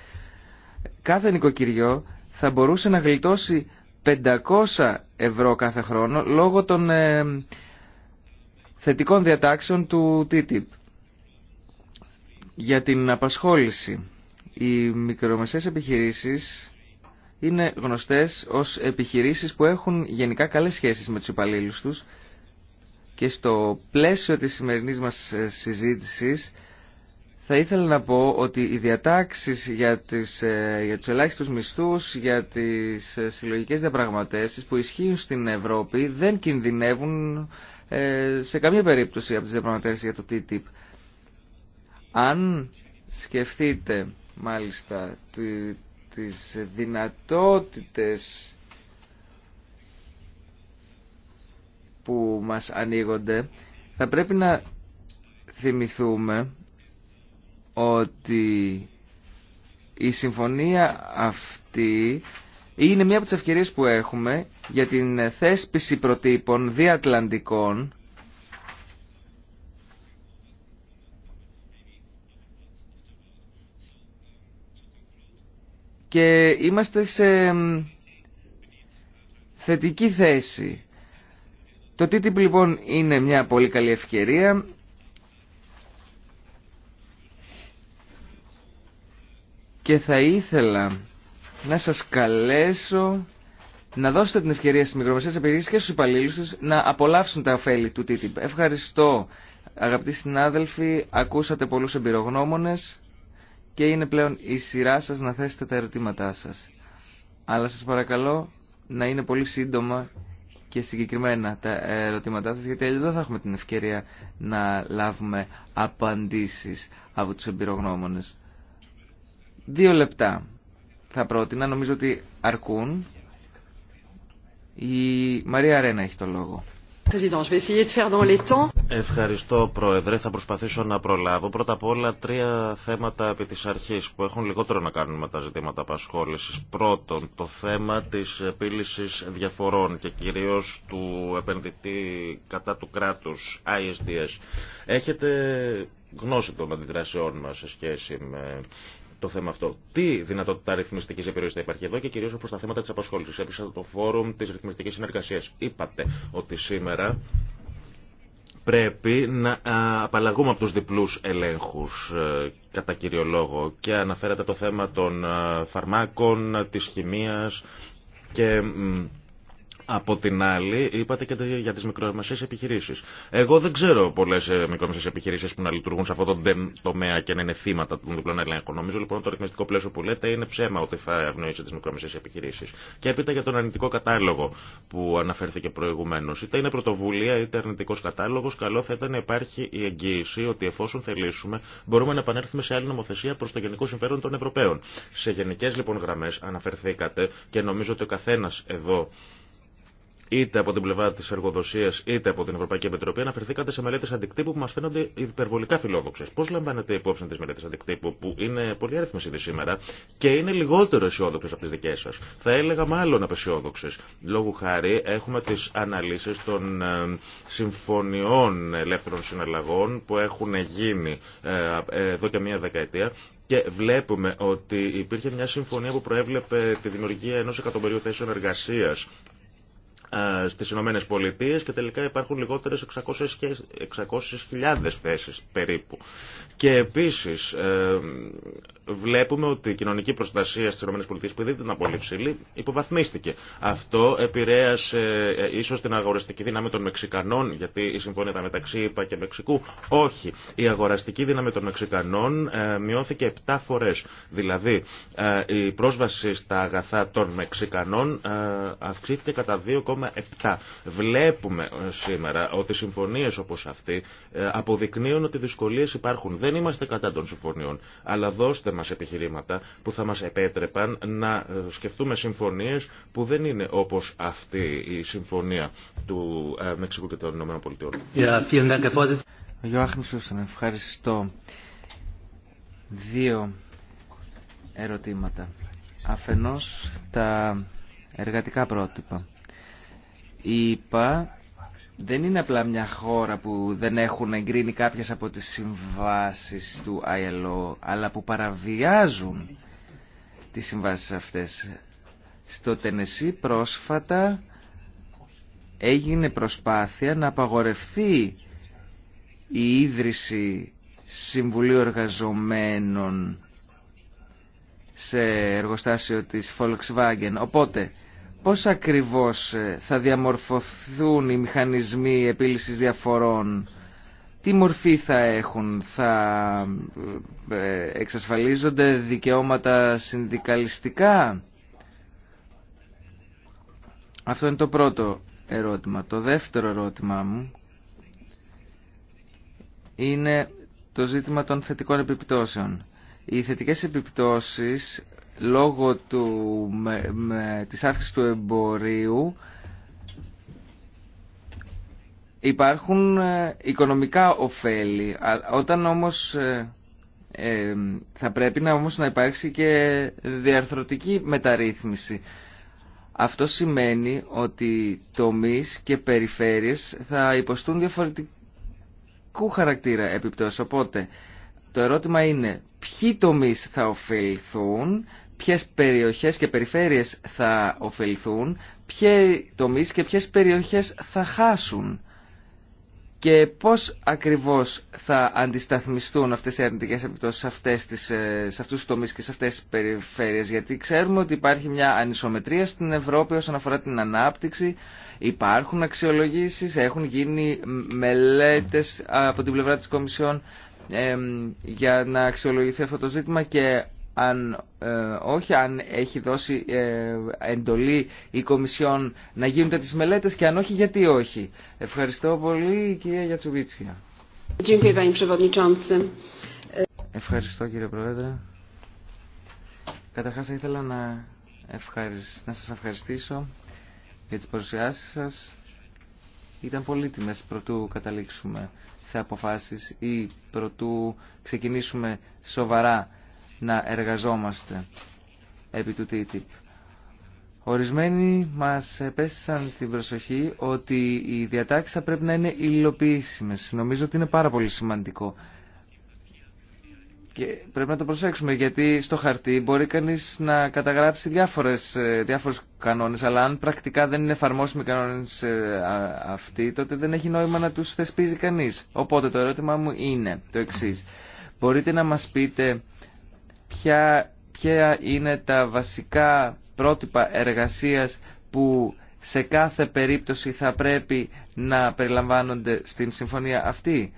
κάθε νοικοκυριό θα μπορούσε να γλιτώσει 500 ευρώ κάθε χρόνο λόγω των ε, θετικών διατάξεων του TTIP. Για την απασχόληση, οι μικρομεσαίες επιχειρήσεις είναι γνωστές ως επιχειρήσεις που έχουν γενικά καλές σχέσεις με τους υπαλλήλους τους και στο πλαίσιο της σημερινής μας ε, συζήτησης θα ήθελα να πω ότι οι διατάξεις για, τις, ε, για τους ελάχιστους μισθούς, για τις ε, συλλογικές διαπραγματεύσεις που ισχύουν στην Ευρώπη δεν κινδυνεύουν ε, σε καμία περίπτωση από τις διαπραγματεύσεις για το TTIP. Αν σκεφτείτε μάλιστα τις δυνατότητες που μας ανοίγονται θα πρέπει να θυμηθούμε ότι η συμφωνία αυτή είναι μία από τις ευκαιρίες που έχουμε για την θέσπιση προτύπων διατλαντικών και είμαστε σε θετική θέση. Το TTIP λοιπόν είναι μια πολύ καλή ευκαιρία. Και θα ήθελα να σας καλέσω να δώσετε την ευκαιρία στις μικροβασίες επιχειρήσεις και στους υπαλλήλους σας να απολαύσουν τα ωφέλη του TTIP. Ευχαριστώ αγαπητοί συνάδελφοι, ακούσατε πολλούς εμπειρογνώμονες και είναι πλέον η σειρά σας να θέσετε τα ερωτήματά σας. Αλλά σας παρακαλώ να είναι πολύ σύντομα και συγκεκριμένα τα ερωτήματά σας, γιατί αλλιώς δεν θα έχουμε την ευκαιρία να λάβουμε απαντήσεις από τους εμπειρογνώμονες. Δύο λεπτά θα πρότεινα, νομίζω ότι αρκούν. Η Μαρία Ρένα έχει το λόγο. Ευχαριστώ Πρόεδρε. Θα προσπαθήσω να προλάβω πρώτα απ' όλα τρία θέματα επί της αρχής που έχουν λιγότερο να κάνουν με τα ζητήματα απασχόλησης. Πρώτον, το θέμα της επίλυσης διαφορών και κυρίως του επενδυτή κατά του κράτους, ISDS. Έχετε γνώση των αντιδράσεών μας σε σχέση με το θέμα αυτό. Τι δυνατότητα ρυθμιστική επιρροή θα υπάρχει εδώ και κυρίω προ τα θέματα τη απασχόληση. Έπεισα το φόρουμ τη ρυθμιστική συνεργασία. Είπατε ότι σήμερα πρέπει να απαλλαγούμε από τους διπλούς ελέγχους ε, κατά κύριο λόγο και αναφέρατε το θέμα των ε, φαρμάκων, της χημία και από την άλλη, είπατε και για τι μικρομεσαίε επιχειρήσει. Εγώ δεν ξέρω πολλέ ε, μικρομεσαίε επιχειρήσει που να λειτουργούν σε αυτό το τομέα και να είναι θύματα των διπλών ελέγχων. Νομίζω λοιπόν το ρυθμιστικό πλαίσιο που λέτε είναι ψέμα ότι θα ευνοήσει τι μικρομεσαίε επιχειρήσει. Και έπειτα για τον αρνητικό κατάλογο που αναφέρθηκε προηγουμένω. Είτε είναι πρωτοβουλία είτε αρνητικό κατάλογο, καλό θα ήταν να υπάρχει η εγγύηση ότι εφόσον θελήσουμε μπορούμε να επανέλθουμε σε άλλη νομοθεσία προ το γενικό συμφέρον των Ευρωπαίων. Σε γενικέ λοιπόν γραμμέ αναφερθήκατε και νομίζω ότι ο καθένα εδώ είτε από την πλευρά τη εργοδοσία είτε από την Ευρωπαϊκή Επιτροπή, αναφερθήκατε σε μελέτε αντικτύπου που μα φαίνονται υπερβολικά φιλόδοξε. Πώ λαμβάνετε υπόψη τι μελέτε αντικτύπου, που είναι πολύ αριθμε σήμερα και είναι λιγότερο αισιόδοξε από τι δικέ σα. Θα έλεγα μάλλον απεσιόδοξε. Λόγου χάρη έχουμε τι αναλύσει των ε, συμφωνιών ελεύθερων συναλλαγών που έχουν γίνει ε, εδώ και μία δεκαετία και βλέπουμε ότι υπήρχε μια συμφωνία που προέβλεπε τη δημιουργία ενό εκατομμυρίου θέσεων εργασίας ε, στις Ηνωμένε Πολιτείε και τελικά υπάρχουν λιγότερες 600.000 θέσεις περίπου. Και επίσης ε, βλέπουμε ότι η κοινωνική προστασία στις Ηνωμένες Πολιτείες που δεν ήταν πολύ ψηλή υποβαθμίστηκε. Αυτό επηρέασε ε, ίσως την αγοραστική δύναμη των Μεξικανών γιατί η συμφωνία ήταν μεταξύ ΙΠΑ και Μεξικού. Όχι. Η αγοραστική δύναμη των Μεξικανών μειώθηκε 7 φορές. Δηλαδή η πρόσβαση στα αγαθά των Μεξικανών αυξήθηκε κατά 2,5 7. Βλέπουμε ε, σήμερα ότι συμφωνίε όπω αυτή ε, αποδεικνύουν ότι δυσκολίε υπάρχουν. Δεν είμαστε κατά των συμφωνιών. Αλλά δώστε μα επιχειρήματα που θα μα επέτρεπαν να ε, σκεφτούμε συμφωνίε που δεν είναι όπω αυτή η συμφωνία του Μεξικού και των Ηνωμένων Πολιτειών. ευχαριστώ. Δύο ερωτήματα. Αφενός τα εργατικά πρότυπα. Η δεν είναι απλά μια χώρα που δεν έχουν εγκρίνει κάποιες από τις συμβάσεις του ILO, αλλά που παραβιάζουν τις συμβάσεις αυτές. Στο Τενεσί πρόσφατα έγινε προσπάθεια να απαγορευτεί η ίδρυση Συμβουλίου Εργαζομένων σε εργοστάσιο της Volkswagen. Οπότε πώς ακριβώς ε, θα διαμορφωθούν οι μηχανισμοί επίλυσης διαφορών, τι μορφή θα έχουν, θα ε, ε, εξασφαλίζονται δικαιώματα συνδικαλιστικά. Αυτό είναι το πρώτο ερώτημα. Το δεύτερο ερώτημά μου είναι το ζήτημα των θετικών επιπτώσεων. Οι θετικές επιπτώσεις λόγω του, με, της αύξησης του εμπορίου υπάρχουν ε, οικονομικά ωφέλη. Όταν όμως ε, ε, θα πρέπει να, όμως να υπάρξει και διαρθρωτική μεταρρύθμιση. Αυτό σημαίνει ότι τομείς και περιφέρειες θα υποστούν διαφορετικού χαρακτήρα επιπτώσεις. Οπότε το ερώτημα είναι ποιοι τομείς θα ωφεληθούν ποιες περιοχές και περιφέρειες θα ωφεληθούν, ποιοι τομείς και ποιες περιοχές θα χάσουν και πώς ακριβώς θα αντισταθμιστούν αυτές οι αρνητικές επιπτώσεις σε, αυτές τις, ε, σε αυτούς τους τομείς και σε αυτές τις περιφέρειες γιατί ξέρουμε ότι υπάρχει μια ανισομετρία στην Ευρώπη όσον αφορά την ανάπτυξη υπάρχουν αξιολογήσεις, έχουν γίνει μελέτες από την πλευρά της Κομισιόν για να αξιολογηθεί αυτό το ζήτημα και αν ε, όχι αν έχει δώσει ε, εντολή η Κομισιόν να γίνονται τις μελέτες και αν όχι γιατί όχι. Ευχαριστώ πολύ κυρία Γιατσουβίτσια. Ευχαριστώ κύριε Πρόεδρε. Καταρχάς θα ήθελα να, ευχαρισ... να σας ευχαριστήσω για τις παρουσιάσεις σας. Ήταν πολύτιμες προτού καταλήξουμε σε αποφάσεις ή προτού ξεκινήσουμε σοβαρά να εργαζόμαστε επί του TTIP. Ορισμένοι μας επέστησαν την προσοχή ότι οι διατάξεις θα πρέπει να είναι υλοποιήσιμες. Νομίζω ότι είναι πάρα πολύ σημαντικό. Και πρέπει να το προσέξουμε γιατί στο χαρτί μπορεί κανείς να καταγράψει διάφορες, ε, διάφορους κανόνες αλλά αν πρακτικά δεν είναι εφαρμόσιμοι κανόνες ε, αυτοί τότε δεν έχει νόημα να τους θεσπίζει κανείς. Οπότε το ερώτημά μου είναι το εξής. Μπορείτε να μας πείτε ποια, ποια είναι τα βασικά πρότυπα εργασίας που σε κάθε περίπτωση θα πρέπει να περιλαμβάνονται στην συμφωνία αυτή.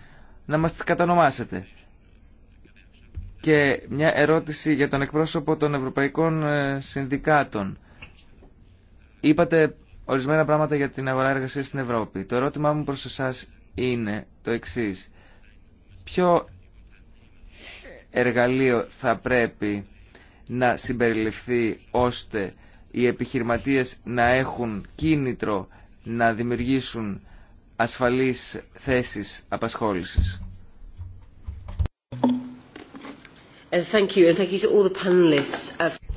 Να μας τις κατανομάσετε. Και μια ερώτηση για τον εκπρόσωπο των Ευρωπαϊκών ε, Συνδικάτων. Είπατε ορισμένα πράγματα για την αγορά εργασίας στην Ευρώπη. Το ερώτημά μου προς εσάς είναι το εξής. Ποιο εργαλείο θα πρέπει να συμπεριληφθεί ώστε οι επιχειρηματίες να έχουν κίνητρο να δημιουργήσουν ασφαλείς θέσεις απασχόλησης.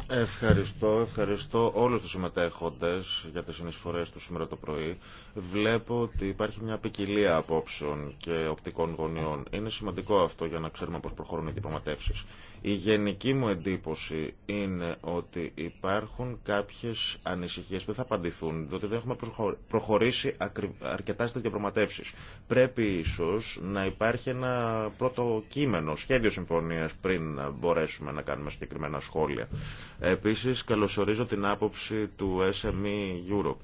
Ευχαριστώ, ευχαριστώ όλους τους συμμετέχοντες για τις συνεισφορές του σήμερα το πρωί. Βλέπω ότι υπάρχει μια ποικιλία απόψεων και οπτικών γωνιών. Είναι σημαντικό αυτό για να ξέρουμε πώς προχωρούν οι διπλωματεύσεις. Η γενική μου εντύπωση είναι ότι υπάρχουν κάποιες ανησυχίες που θα απαντηθούν, διότι δεν έχουμε προχωρήσει αρκετά στις διαπραγματεύσεις. Πρέπει ίσως να υπάρχει ένα πρώτο κείμενο, σχέδιο συμφωνίας πριν μπορέσουμε να κάνουμε συγκεκριμένα σχόλια. Επίσης, καλωσορίζω την άποψη του SME Europe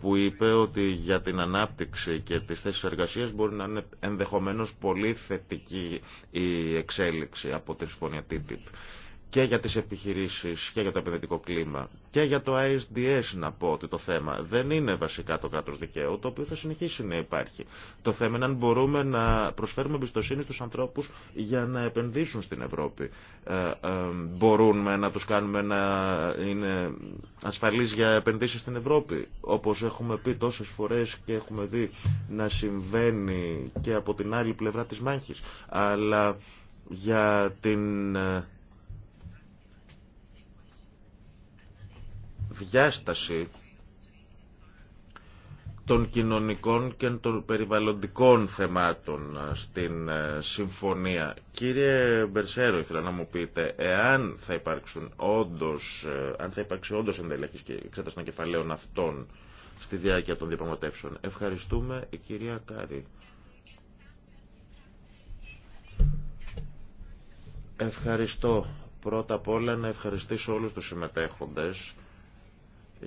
που είπε ότι για την ανάπτυξη και τις θέσεις εργασίας μπορεί να είναι ενδεχομένως πολύ θετική η εξέλιξη από τη συμφωνία TTIP και για τις επιχειρήσεις και για το επενδυτικό κλίμα και για το ISDS να πω ότι το θέμα δεν είναι βασικά το κράτος δικαίου το οποίο θα συνεχίσει να υπάρχει. Το θέμα είναι αν μπορούμε να προσφέρουμε εμπιστοσύνη στους ανθρώπους για να επενδύσουν στην Ευρώπη. Ε, ε μπορούμε να τους κάνουμε να είναι ασφαλείς για επενδύσεις στην Ευρώπη όπως έχουμε πει τόσες φορές και έχουμε δει να συμβαίνει και από την άλλη πλευρά της μάχης. Αλλά για την ε, διάσταση των κοινωνικών και των περιβαλλοντικών θεμάτων ε, στην ε, συμφωνία. Κύριε Μπερσέρο, ήθελα να μου πείτε, εάν θα υπάρξουν όντως, ε, αν θα υπάρξει όντως ενδελέχης και εξέταση των κεφαλαίων αυτών στη διάρκεια των διαπραγματεύσεων. Ευχαριστούμε, η κυρία Κάρη. Ευχαριστώ. Πρώτα απ' όλα να ευχαριστήσω όλους τους συμμετέχοντες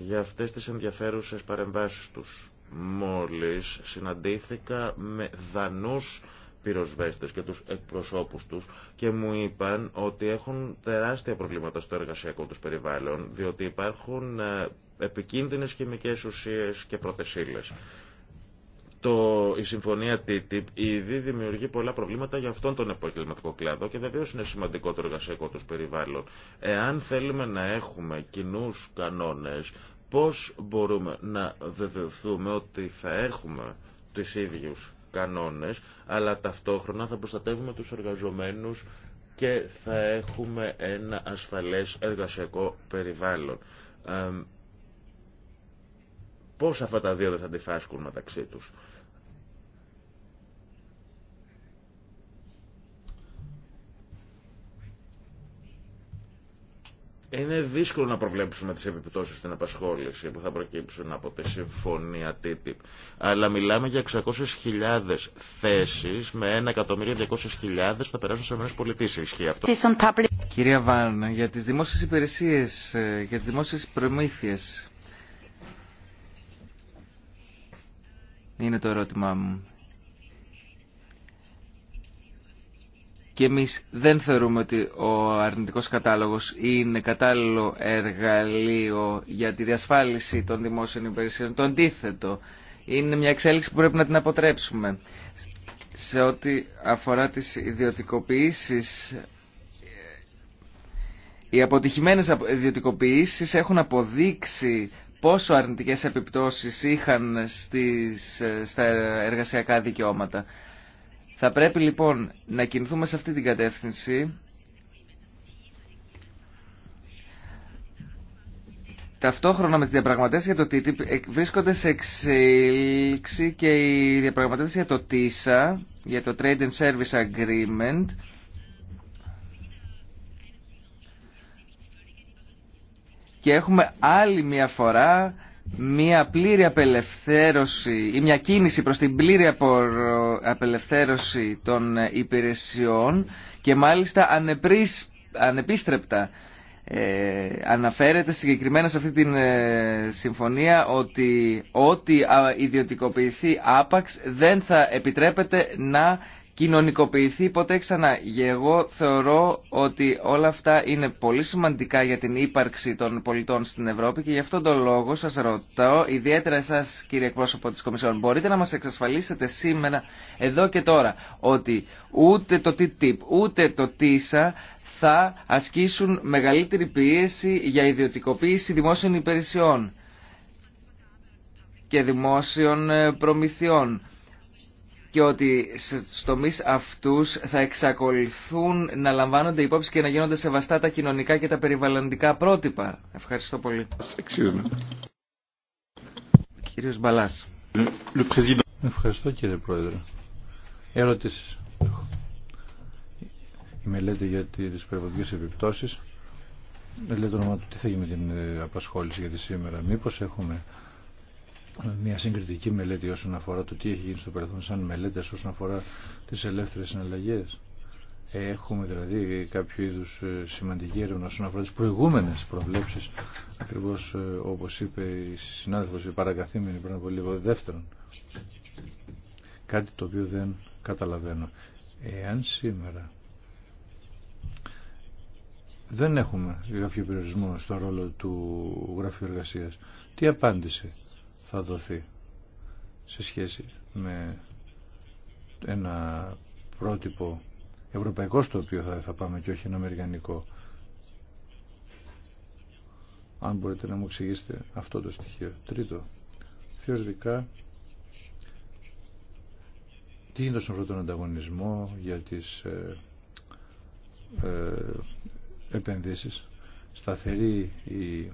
για αυτές τις ενδιαφέρουσες παρεμβάσεις τους. Μόλις συναντήθηκα με δανούς πυροσβέστες και τους εκπροσώπους τους και μου είπαν ότι έχουν τεράστια προβλήματα στο εργασιακό τους περιβάλλον, διότι υπάρχουν ε, επικίνδυνες χημικές ουσίες και πρωτεσίλες το, η συμφωνία TTIP ήδη δημιουργεί πολλά προβλήματα για αυτόν τον επαγγελματικό κλάδο και βεβαίω είναι σημαντικό το εργασιακό του περιβάλλον. Εάν θέλουμε να έχουμε κοινού κανόνε, πώ μπορούμε να βεβαιωθούμε ότι θα έχουμε του ίδιου κανόνε, αλλά ταυτόχρονα θα προστατεύουμε του εργαζομένου και θα έχουμε ένα ασφαλές εργασιακό περιβάλλον. Πώς αυτά τα δύο δεν θα αντιφάσκουν μεταξύ τους. Είναι δύσκολο να προβλέψουμε τις επιπτώσεις στην απασχόληση που θα προκύψουν από τη συμφωνία TTIP. Αλλά μιλάμε για 600.000 θέσεις με 1.200.000 θα περάσουν σε εμείς πολιτήσεις. Ισχύει αυτό. Κυρία Βάρνα, για τις δημόσιες υπηρεσίες, ε, για τις δημόσιες προμήθειες, είναι το ερώτημά μου. και εμείς δεν θεωρούμε ότι ο αρνητικός κατάλογος είναι κατάλληλο εργαλείο για τη διασφάλιση των δημόσιων υπηρεσιών. Το αντίθετο, είναι μια εξέλιξη που πρέπει να την αποτρέψουμε. Σε ό,τι αφορά τις ιδιωτικοποιήσεις, οι αποτυχημένες ιδιωτικοποιήσεις έχουν αποδείξει πόσο αρνητικές επιπτώσεις είχαν στις, στα εργασιακά δικαιώματα. Θα πρέπει λοιπόν να κινηθούμε σε αυτή την κατεύθυνση. Ταυτόχρονα με τις διαπραγματεύσεις για το TTIP βρίσκονται σε εξέλιξη και οι διαπραγματεύσεις για το TISA, για το Trade and Service Agreement, και έχουμε άλλη μια φορά μια πλήρη απελευθέρωση ή μια κίνηση προς την πλήρη απελευθέρωση των υπηρεσιών και μάλιστα ανεπρίσ, ανεπίστρεπτα. Ε, αναφέρεται συγκεκριμένα σε αυτή την ε, συμφωνία ότι ό,τι ιδιωτικοποιηθεί άπαξ δεν θα επιτρέπεται να κοινωνικοποιηθεί ποτέ ξανά. Εγώ θεωρώ ότι όλα αυτά είναι πολύ σημαντικά για την ύπαρξη των πολιτών στην Ευρώπη και γι' αυτόν τον λόγο σας ρωτάω, ιδιαίτερα εσάς κύριε εκπρόσωπο της Κομισιόν, μπορείτε να μας εξασφαλίσετε σήμερα, εδώ και τώρα, ότι ούτε το TTIP ούτε το TISA θα ασκήσουν μεγαλύτερη πίεση για ιδιωτικοποίηση δημόσιων υπηρεσιών και δημόσιων ε, προμηθειών και ότι στους τομείς αυτούς θα εξακολουθούν να λαμβάνονται υπόψη και να γίνονται σεβαστά τα κοινωνικά και τα περιβαλλοντικά πρότυπα. Ευχαριστώ πολύ. Κύριος Μπαλάς. Ευχαριστώ κύριε Πρόεδρε. Ερώτηση. Η μελέτη για τις περιβαλλοντικές επιπτώσεις. Δεν λέει το όνομα του τι θα γίνει με την ε, απασχόληση γιατί σήμερα. Μήπως έχουμε μια συγκριτική μελέτη όσον αφορά το τι έχει γίνει στο παρελθόν σαν μελέτε όσον αφορά τις ελεύθερες συναλλαγές. Έχουμε δηλαδή κάποιο είδους ε, σημαντική έρευνα όσον αφορά τις προηγούμενες προβλέψεις ακριβώς ε, όπως είπε η συνάδελφος η παρακαθήμενη πριν από λίγο δεύτερον. Κάτι το οποίο δεν καταλαβαίνω. Εάν σήμερα δεν έχουμε κάποιο περιορισμό στο ρόλο του γραφείου εργασίας, τι απάντηση θα δοθεί σε σχέση με ένα πρότυπο ευρωπαϊκό στο οποίο θα, πάμε και όχι ένα αμερικανικό. Αν μπορείτε να μου εξηγήσετε αυτό το στοιχείο. Τρίτο, θεωρητικά τι γίνεται στον πρώτο ανταγωνισμό για τις ε, ε επενδύσεις. Σταθερή η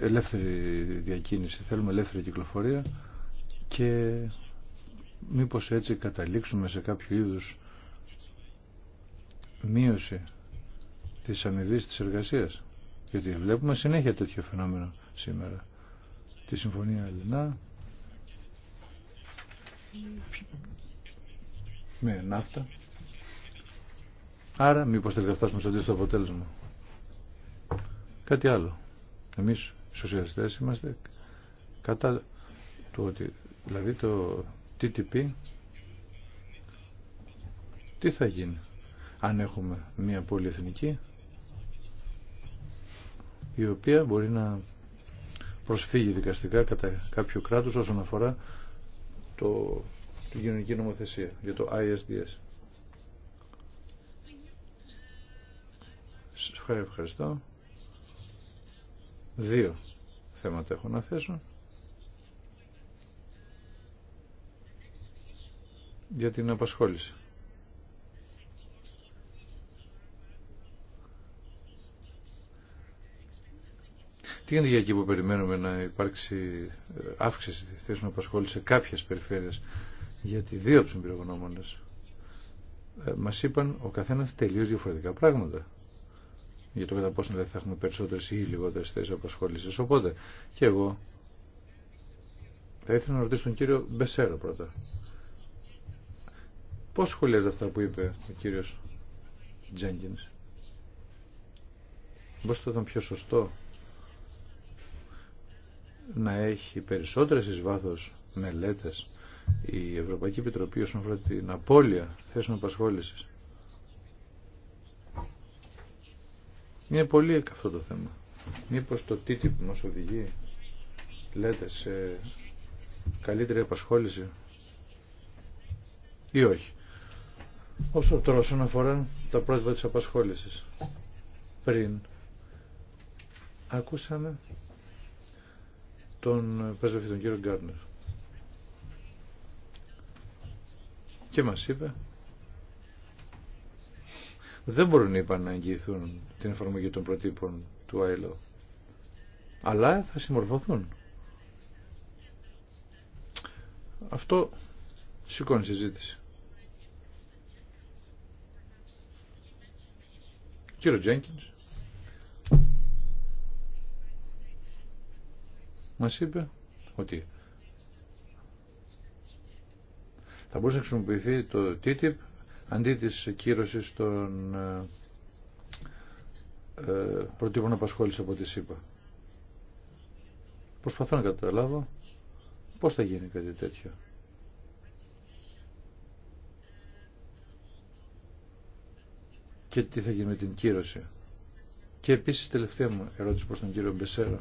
ελεύθερη διακίνηση, θέλουμε ελεύθερη κυκλοφορία και μήπως έτσι καταλήξουμε σε κάποιο είδους μείωση της αμοιβή της εργασίας. Γιατί βλέπουμε συνέχεια τέτοιο φαινόμενο σήμερα. Τη Συμφωνία Ελληνά με ναύτα. Άρα μήπως τελικά φτάσουμε στο αποτέλεσμα. Κάτι άλλο. Εμείς οι σοσιαλιστές είμαστε κατά το ότι δηλαδή το TTP τι θα γίνει αν έχουμε μια πολυεθνική η οποία μπορεί να προσφύγει δικαστικά κατά κάποιο κράτος όσον αφορά το, την κοινωνική νομοθεσία για το ISDS. Σας ευχαριστώ. Δύο θέματα έχω να θέσω. Για την απασχόληση. Τι είναι για εκεί που περιμένουμε να υπάρξει ε, αύξηση τη θέση απασχόληση σε κάποιες περιφέρειες γιατί δύο των τους ε, μας είπαν ο καθένας τελείως διαφορετικά πράγματα για το κατά πόσο δεν θα έχουμε περισσότερες ή λιγότερες θέσεις απασχόλησης. Οπότε και εγώ θα ήθελα να ρωτήσω τον κύριο Μπεσέρο πρώτα. Πώς Πώ σχολιάζε αυτά που είπε ο κύριο Τζένγκιν, πώ θα ήταν πιο σωστό να έχει περισσότερε εισβάθου μελέτε η λιγοτερε θεσει απασχοληση οποτε και εγω θα ηθελα να ρωτησω τον κυριο μπεσέρα πρωτα πω σχολιαζει αυτα που ειπε ο κυριο τζεγκιν πως θα ηταν πιο σωστο να εχει περισσοτερε ει βαθο μελετες η ευρωπαικη επιτροπη οσον αφορα την απώλεια θέσεων απασχόλησης Είναι πολύ αυτό το θέμα. Μήπως το που μας οδηγεί, λέτε, σε καλύτερη απασχόληση ή όχι. Όσο τώρα όσον αφορά τα πρότυπα της απασχόλησης. Πριν ακούσαμε τον πρέσβευτη τον κύριο Γκάρνερ και μας είπε δεν μπορούν είπα να εγγυηθούν την εφαρμογή των προτύπων του ΑΕΛΟ. Αλλά θα συμμορφωθούν. Αυτό σηκώνει συζήτηση. Κύριο Τζένκινς μας είπε ότι θα μπορούσε να χρησιμοποιηθεί το TTIP αντί της κύρωσης των ε, ε προτύπων απασχόληση από τη ΣΥΠΑ. Προσπαθώ να καταλάβω πώς θα γίνει κάτι τέτοιο. Και τι θα γίνει με την κύρωση. Και επίσης τελευταία μου ερώτηση προς τον κύριο Μπεσέρα.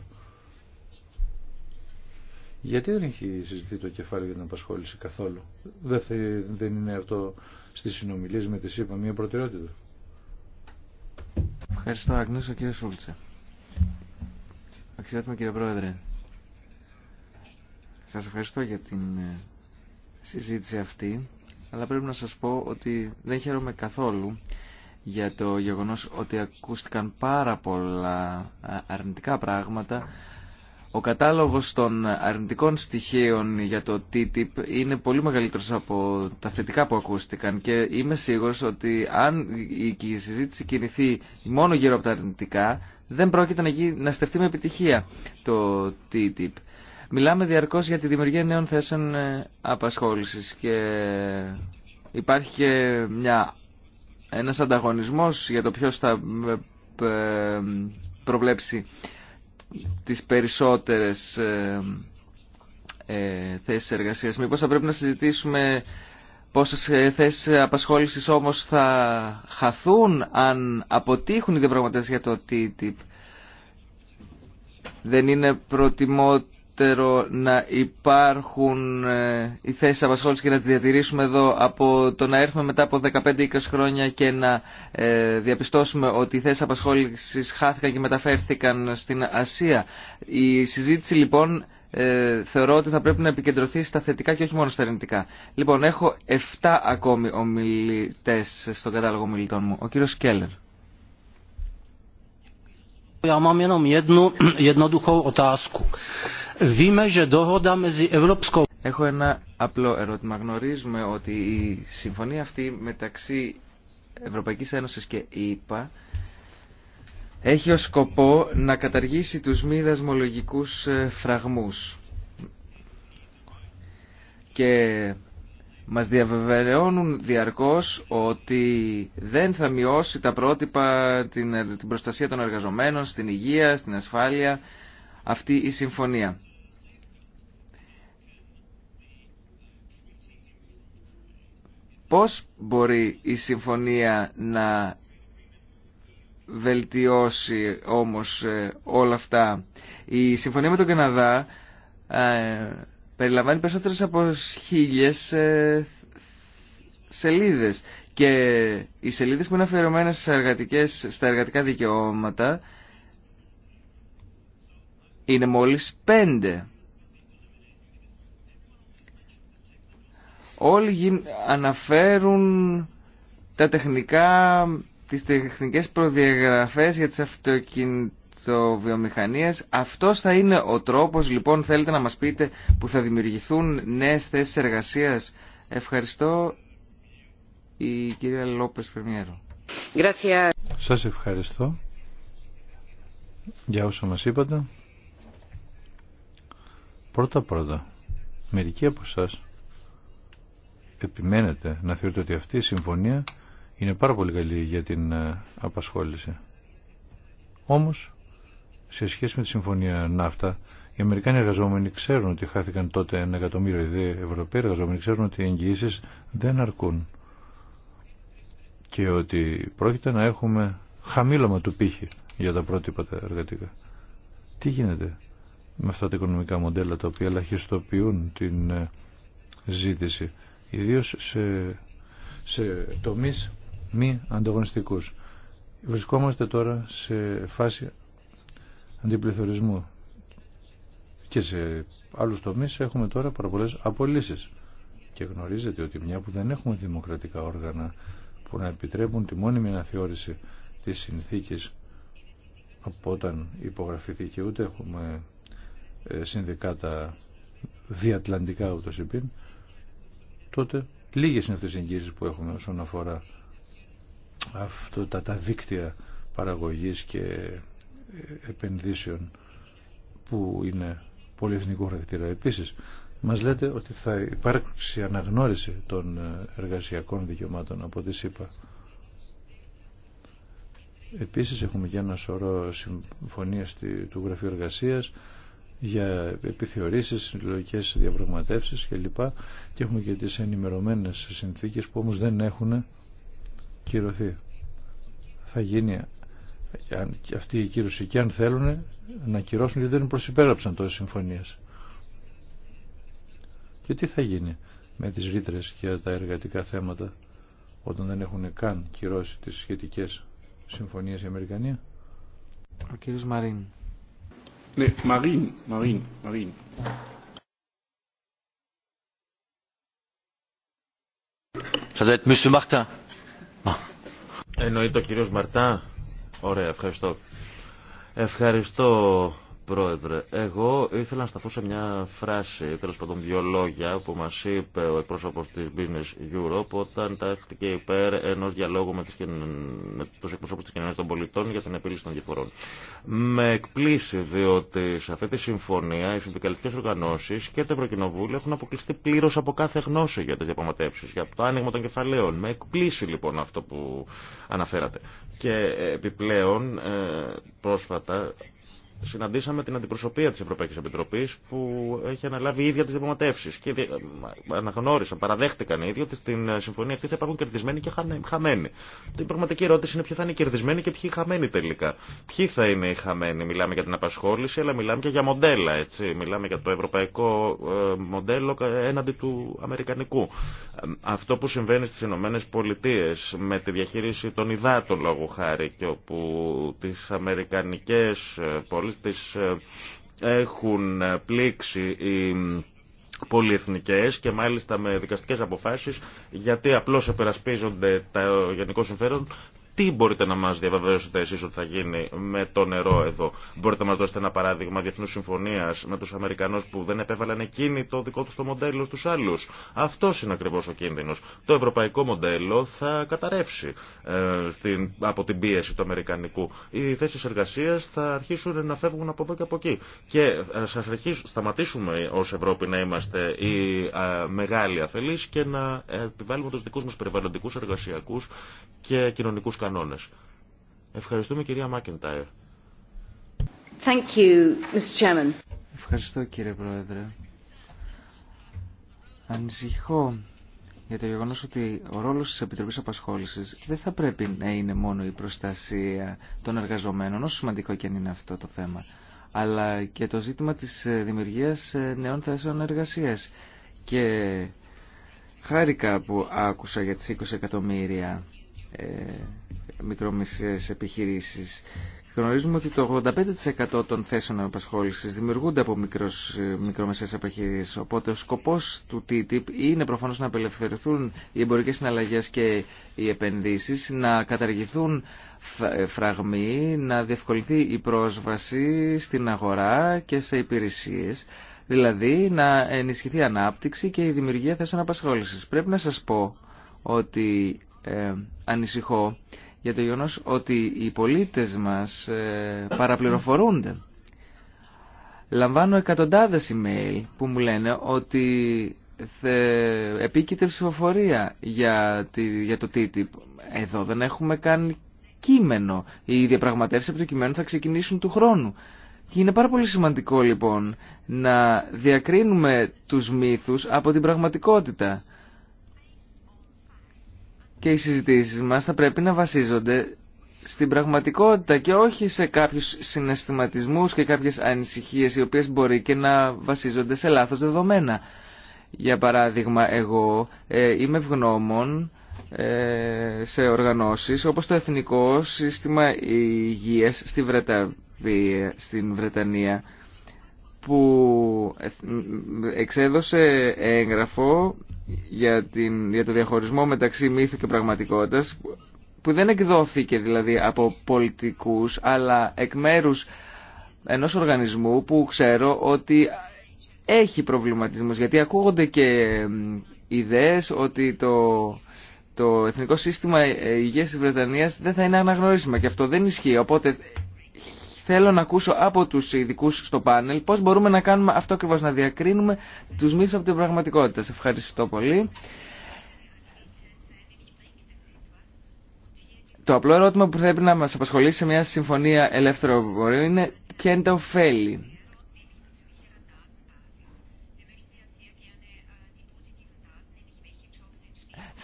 Γιατί δεν έχει συζητηθεί το κεφάλαιο για την απασχόληση καθόλου. δεν είναι αυτό Στι συνομιλίε με τη ΣΥΠΑ μια προτεραιότητα. Ευχαριστώ Αγνούς, ο Σούλτσε. Αξιότιμο κύριε Πρόεδρε, σας ευχαριστώ για την ε, συζήτηση αυτή, αλλά πρέπει να σας πω ότι δεν χαίρομαι καθόλου για το γεγονός ότι ακούστηκαν πάρα πολλά ε, αρνητικά πράγματα ο κατάλογος των αρνητικών στοιχείων για το TTIP είναι πολύ μεγαλύτερος από τα θετικά που ακούστηκαν και είμαι σίγουρος ότι αν η συζήτηση κινηθεί μόνο γύρω από τα αρνητικά δεν πρόκειται να, να στεφτεί με επιτυχία το TTIP. Μιλάμε διαρκώς για τη δημιουργία νέων θέσεων ε, απασχόλησης και υπάρχει και μια... ένας ανταγωνισμός για το ποιος θα ε, ε, προβλέψει τις περισσότερες ε, ε, θέσεις εργασίας. Μήπως θα πρέπει να συζητήσουμε πόσες ε, θέσεις απασχόλησης όμως θα χαθούν αν αποτύχουν οι διαπραγματεύσεις για το TTIP. Δεν είναι προτιμότερο περισσότερο να υπάρχουν ε, οι θέσεις απασχόλησης και να τις διατηρήσουμε εδώ από το να έρθουμε μετά από 15-20 χρόνια και να ε, διαπιστώσουμε ότι οι θέσεις απασχόλησης χάθηκαν και μεταφέρθηκαν στην Ασία. Η συζήτηση λοιπόν ε, θεωρώ ότι θα πρέπει να επικεντρωθεί στα θετικά και όχι μόνο στα αρνητικά. Λοιπόν, έχω 7 ακόμη ομιλητές στον κατάλογο ομιλητών μου. Ο κύριος Κέλλερ. Έχω ένα απλό ερώτημα. Γνωρίζουμε ότι η συμφωνία αυτή μεταξύ Ευρωπαϊκής Ένωσης και ΕΙΠΑ έχει ως σκοπό να καταργήσει τους μη δασμολογικούς ε, φραγμούς. Μας διαβεβαιώνουν διαρκώς ότι δεν θα μειώσει τα πρότυπα, την, την προστασία των εργαζομένων, στην υγεία, στην ασφάλεια, αυτή η συμφωνία. Πώς μπορεί η συμφωνία να βελτιώσει όμως ε, όλα αυτά. Η συμφωνία με τον Καναδά ε, περιλαμβάνει περισσότερες από χίλιες ε, σελίδες και οι σελίδες που είναι αφιερωμένες στα, εργατικά δικαιώματα είναι μόλις πέντε. Όλοι αναφέρουν τα τεχνικά, τις τεχνικές προδιαγραφές για τις αυτοκινητές βιομηχανίας Αυτός θα είναι ο τρόπος, λοιπόν, θέλετε να μας πείτε, που θα δημιουργηθούν νέες θέσεις εργασίας. Ευχαριστώ η κυρία Λόπες Φερμιέρο. Σας ευχαριστώ για όσα μας είπατε. Πρώτα-πρώτα, μερικοί από εσά επιμένετε να θεωρείτε ότι αυτή η συμφωνία είναι πάρα πολύ καλή για την ε, απασχόληση. Όμως, σε σχέση με τη συμφωνία ναύτα, οι Αμερικάνοι εργαζόμενοι ξέρουν ότι χάθηκαν τότε ένα εκατομμύριο ιδέε Ευρωπαίοι εργαζόμενοι, ξέρουν ότι οι εγγυήσει δεν αρκούν και ότι πρόκειται να έχουμε χαμήλωμα του πύχη για τα πρότυπα τα εργατικά. Τι γίνεται με αυτά τα οικονομικά μοντέλα τα οποία ελαχιστοποιούν την ε, ζήτηση, ιδίω σε, σε μη ανταγωνιστικού. Βρισκόμαστε τώρα σε φάση αντιπληθωρισμού. Και σε άλλους τομείς έχουμε τώρα πάρα πολλέ απολύσεις. Και γνωρίζετε ότι μια που δεν έχουμε δημοκρατικά όργανα που να επιτρέπουν τη μόνιμη αναθεώρηση της συνθήκης από όταν υπογραφηθεί και ούτε έχουμε ε, συνδικάτα διατλαντικά ούτως υπήν, τότε λίγες είναι αυτές οι που έχουμε όσον αφορά αυτό, τα, τα δίκτυα παραγωγής και επενδύσεων που είναι πολυεθνικού χαρακτήρα. Επίσης, μας λέτε ότι θα υπάρξει αναγνώριση των εργασιακών δικαιωμάτων από τη ΣΥΠΑ. Επίσης έχουμε και ένα σωρό συμφωνίες του Γραφείου Εργασίας για επιθεωρήσεις, συλλογικές διαπραγματεύσεις κλπ. Και έχουμε και τις ενημερωμένες συνθήκες που όμως δεν έχουν κυρωθεί. Θα γίνει και αυτοί οι κύρωση και αν θέλουν να κυρώσουν γιατί δεν προσυπέραψαν τόσες συμφωνίες. Και τι θα γίνει με τις ρήτρε και τα εργατικά θέματα όταν δεν έχουν καν κυρώσει τις σχετικές συμφωνίες η Αμερικανία. Ο κύριος Μαρίν. Ναι, Μαρίν, Μαρίν, Μαρίν. Ça doit être Monsieur Εννοείται ο κύριος Μαρτά. Ωραία, ευχαριστώ. Ευχαριστώ Πρόεδρε, εγώ ήθελα να σταθώ σε μια φράση, τέλο πάντων δύο λόγια, που μα είπε ο εκπρόσωπο τη Business Europe όταν τάχθηκε υπέρ ενό διαλόγου με, με του εκπροσώπου τη κοινωνία των πολιτών για την επίλυση των διαφορών. Με εκπλήσει, διότι σε αυτή τη συμφωνία οι συνδικαλιστικέ οργανώσει και το Ευρωκοινοβούλιο έχουν αποκλειστεί πλήρω από κάθε γνώση για τι διαπραγματεύσει, για το άνοιγμα των κεφαλαίων. Με εκπλήσει λοιπόν αυτό που αναφέρατε. Και ε, επιπλέον, ε, πρόσφατα, συναντήσαμε την αντιπροσωπεία τη Ευρωπαϊκή Επιτροπή που έχει αναλάβει ίδια τι διαπραγματεύσει. και ε, αναγνώρισαν, παραδέχτηκαν οι ίδιοι ότι στην συμφωνία αυτή θα υπάρχουν κερδισμένοι και χαμένοι. Η πραγματική ερώτηση είναι ποιοι θα είναι οι κερδισμένοι και ποιοι χαμένοι τελικά. Ποιοι θα είναι οι χαμένοι, μιλάμε για την απασχόληση αλλά μιλάμε και για μοντέλα, έτσι. Μιλάμε για το ευρωπαϊκό ε, μοντέλο έναντι του αμερικανικού. Αυτό που συμβαίνει στι Ηνωμένε με τη διαχείριση των υδάτων λόγω χάρη και όπου τι Αμερικανικέ ε, πόλει τις ε, έχουν ε, πλήξει οι πολυεθνικές και μάλιστα με δικαστικές αποφάσεις γιατί απλώς επερασπίζονται τα γενικό συμφέρον τι μπορείτε να μα διαβεβαιώσετε εσεί ότι θα γίνει με το νερό εδώ. Μπορείτε να μα δώσετε ένα παράδειγμα Διεθνού Συμφωνία με του Αμερικανούς που δεν επέβαλαν εκείνη το δικό του το μοντέλο στου άλλου. Αυτό είναι ακριβώ ο κίνδυνο. Το ευρωπαϊκό μοντέλο θα καταρρεύσει ε, στην, από την πίεση του Αμερικανικού. Οι θέσει εργασία θα αρχίσουν να φεύγουν από εδώ και από εκεί. Και θα ε, σταματήσουμε ω Ευρώπη να είμαστε οι μεγάλη μεγάλοι και να επιβάλλουμε του δικού μα περιβαλλοντικού εργασιακού και κοινωνικούς Ευχαριστούμε κυρία Μάκεντάιρ. Thank you, Ευχαριστώ κύριε Πρόεδρε. Ανησυχώ για το γεγονός ότι ο ρόλος της Επιτροπής Απασχόλησης δεν θα πρέπει να είναι μόνο η προστασία των εργαζομένων, όσο σημαντικό και αν είναι αυτό το θέμα, αλλά και το ζήτημα της ε, δημιουργίας ε, νέων θέσεων εργασίας. Και χάρηκα που άκουσα για τι 20 εκατομμύρια ε, μικρομεσαίες επιχειρήσεις. Γνωρίζουμε ότι το 85% των θέσεων απασχόληση δημιουργούνται από μικρός, ε, μικρομεσαίες επιχειρήσεις. Οπότε ο σκοπός του TTIP είναι προφανώς να απελευθερωθούν οι εμπορικές συναλλαγές και οι επενδύσεις, να καταργηθούν ε, φραγμοί, να διευκολυνθεί η πρόσβαση στην αγορά και σε υπηρεσίες. Δηλαδή να ενισχυθεί η ανάπτυξη και η δημιουργία θέσεων απασχόλησης. Πρέπει να σας πω ότι ε, ανησυχώ για το γεγονό ότι οι πολίτες μας ε, παραπληροφορούνται. Λαμβάνω εκατοντάδες email που μου λένε ότι θε, επίκειται ψηφοφορία για, τη, για το TTIP. Εδώ δεν έχουμε καν κείμενο. Οι διαπραγματεύσεις από το κείμενο θα ξεκινήσουν του χρόνου. Και είναι πάρα πολύ σημαντικό λοιπόν να διακρίνουμε τους μύθους από την πραγματικότητα και οι συζητήσεις μας θα πρέπει να βασίζονται στην πραγματικότητα και όχι σε κάποιους συναισθηματισμούς και κάποιες ανησυχίες οι οποίες μπορεί και να βασίζονται σε λάθος δεδομένα. Για παράδειγμα, εγώ ε, είμαι ευγνώμων ε, σε οργανώσεις όπως το Εθνικό Σύστημα Υγείας στη στην Βρετανία που εξέδωσε έγγραφο για, την, για το διαχωρισμό μεταξύ μύθου και πραγματικότητας που δεν εκδόθηκε δηλαδή από πολιτικούς αλλά εκ μέρους ενός οργανισμού που ξέρω ότι έχει προβληματισμούς γιατί ακούγονται και ιδέες ότι το, το εθνικό σύστημα υγείας της Βρετανίας δεν θα είναι αναγνωρίσιμο και αυτό δεν ισχύει οπότε θέλω να ακούσω από τους ειδικού στο πάνελ πώς μπορούμε να κάνουμε αυτό ακριβώ, να διακρίνουμε τους μύθου από την πραγματικότητα. Σε ευχαριστώ πολύ. Το απλό ερώτημα που πρέπει να μας απασχολήσει σε μια συμφωνία ελεύθερου εμπορίου είναι ποια είναι τα ωφέλη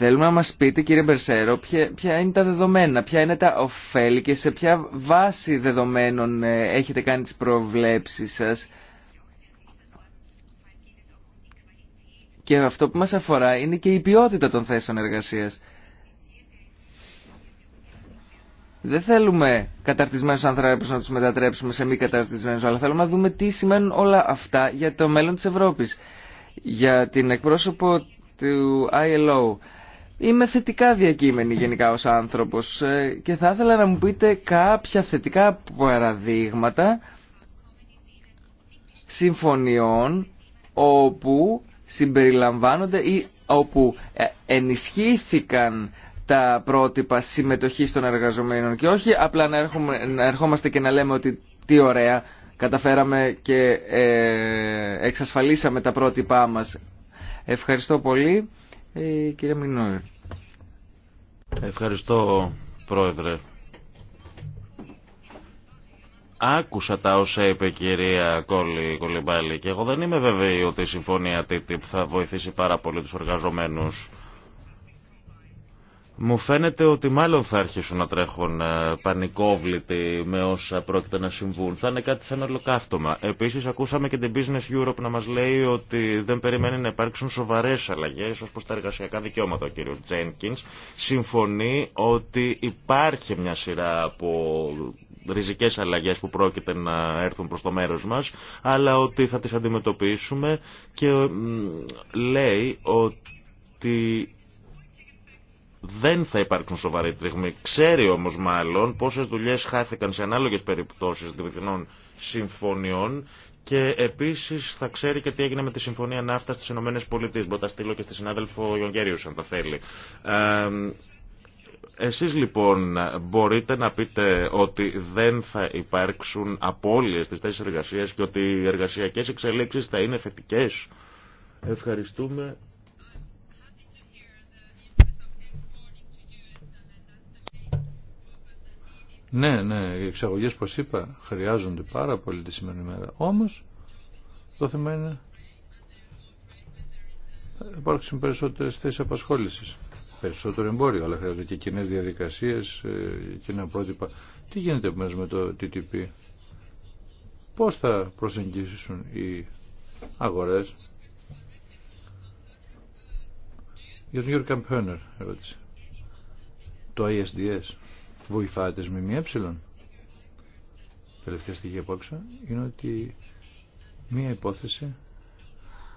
Θέλουμε να μας πείτε κύριε Μπερσέρο ποια, είναι τα δεδομένα, ποια είναι τα ωφέλη και σε ποια βάση δεδομένων ε, έχετε κάνει τις προβλέψεις σας. Και αυτό που μας αφορά είναι και η ποιότητα των θέσεων εργασίας. Δεν θέλουμε καταρτισμένους ανθρώπους να τους μετατρέψουμε σε μη καταρτισμένους, αλλά θέλουμε να δούμε τι σημαίνουν όλα αυτά για το μέλλον της Ευρώπης. Για την εκπρόσωπο του ILO Είμαι θετικά διακείμενη γενικά ως άνθρωπος ε, και θα ήθελα να μου πείτε κάποια θετικά παραδείγματα συμφωνιών όπου συμπεριλαμβάνονται ή όπου ε, ενισχύθηκαν τα πρότυπα συμμετοχής των εργαζομένων και όχι απλά να, ερχόμαστε και να λέμε ότι τι ωραία καταφέραμε και ε, εξασφαλίσαμε τα πρότυπά μας. Ευχαριστώ πολύ. Ε, Μινόε. Ευχαριστώ, Πρόεδρε. Άκουσα τα όσα είπε η κυρία Κόλλη Κολυμπάλη και εγώ δεν είμαι βέβαιη ότι η συμφωνία TTIP θα βοηθήσει πάρα πολύ τους εργαζομένους μου φαίνεται ότι μάλλον θα αρχίσουν να τρέχουν ε, πανικόβλητοι με όσα πρόκειται να συμβούν. Θα είναι κάτι σαν ολοκαύτωμα. Επίσης ακούσαμε και την Business Europe να μας λέει ότι δεν περιμένει να υπάρξουν σοβαρές αλλαγές ως προς τα εργασιακά δικαιώματα. Ο κύριος Τζένκινς συμφωνεί ότι υπάρχει μια σειρά από ριζικές αλλαγές που πρόκειται να έρθουν προς το μέρος μας, αλλά ότι θα τις αντιμετωπίσουμε και λέει ότι δεν θα υπάρξουν σοβαροί τριγμοί. Ξέρει όμως μάλλον πόσες δουλειές χάθηκαν σε ανάλογες περιπτώσεις διεθνών συμφωνιών και επίσης θα ξέρει και τι έγινε με τη Συμφωνία Ναύτα στις ΗΠΑ. Πολιτείες. Μπορώ να στείλω και στη συνάδελφο Ιονγκέριους αν τα θέλει. Εσείς λοιπόν μπορείτε να πείτε ότι δεν θα υπάρξουν απώλειες στις τέσσερις εργασίες και ότι οι εργασιακές εξελίξεις θα είναι θετικές. Ευχαριστούμε. Ναι, ναι, οι εξαγωγές, όπως είπα, χρειάζονται πάρα πολύ τη σημερινή μέρα. Όμως, το θέμα είναι θα υπάρξουν περισσότερες θέσεις απασχόλησης, περισσότερο εμπόριο, αλλά χρειάζονται και κοινέ διαδικασίες, ε, κοινά πρότυπα. Τι γίνεται μέσα με το TTP, πώς θα προσεγγίσουν οι αγορές. Για τον Γιώργο Καμπιόνερ, ερώτηση. Το ISDS με τις ΜΜΕ. Τελευταία στοιχεία που άκουσα είναι ότι μία υπόθεση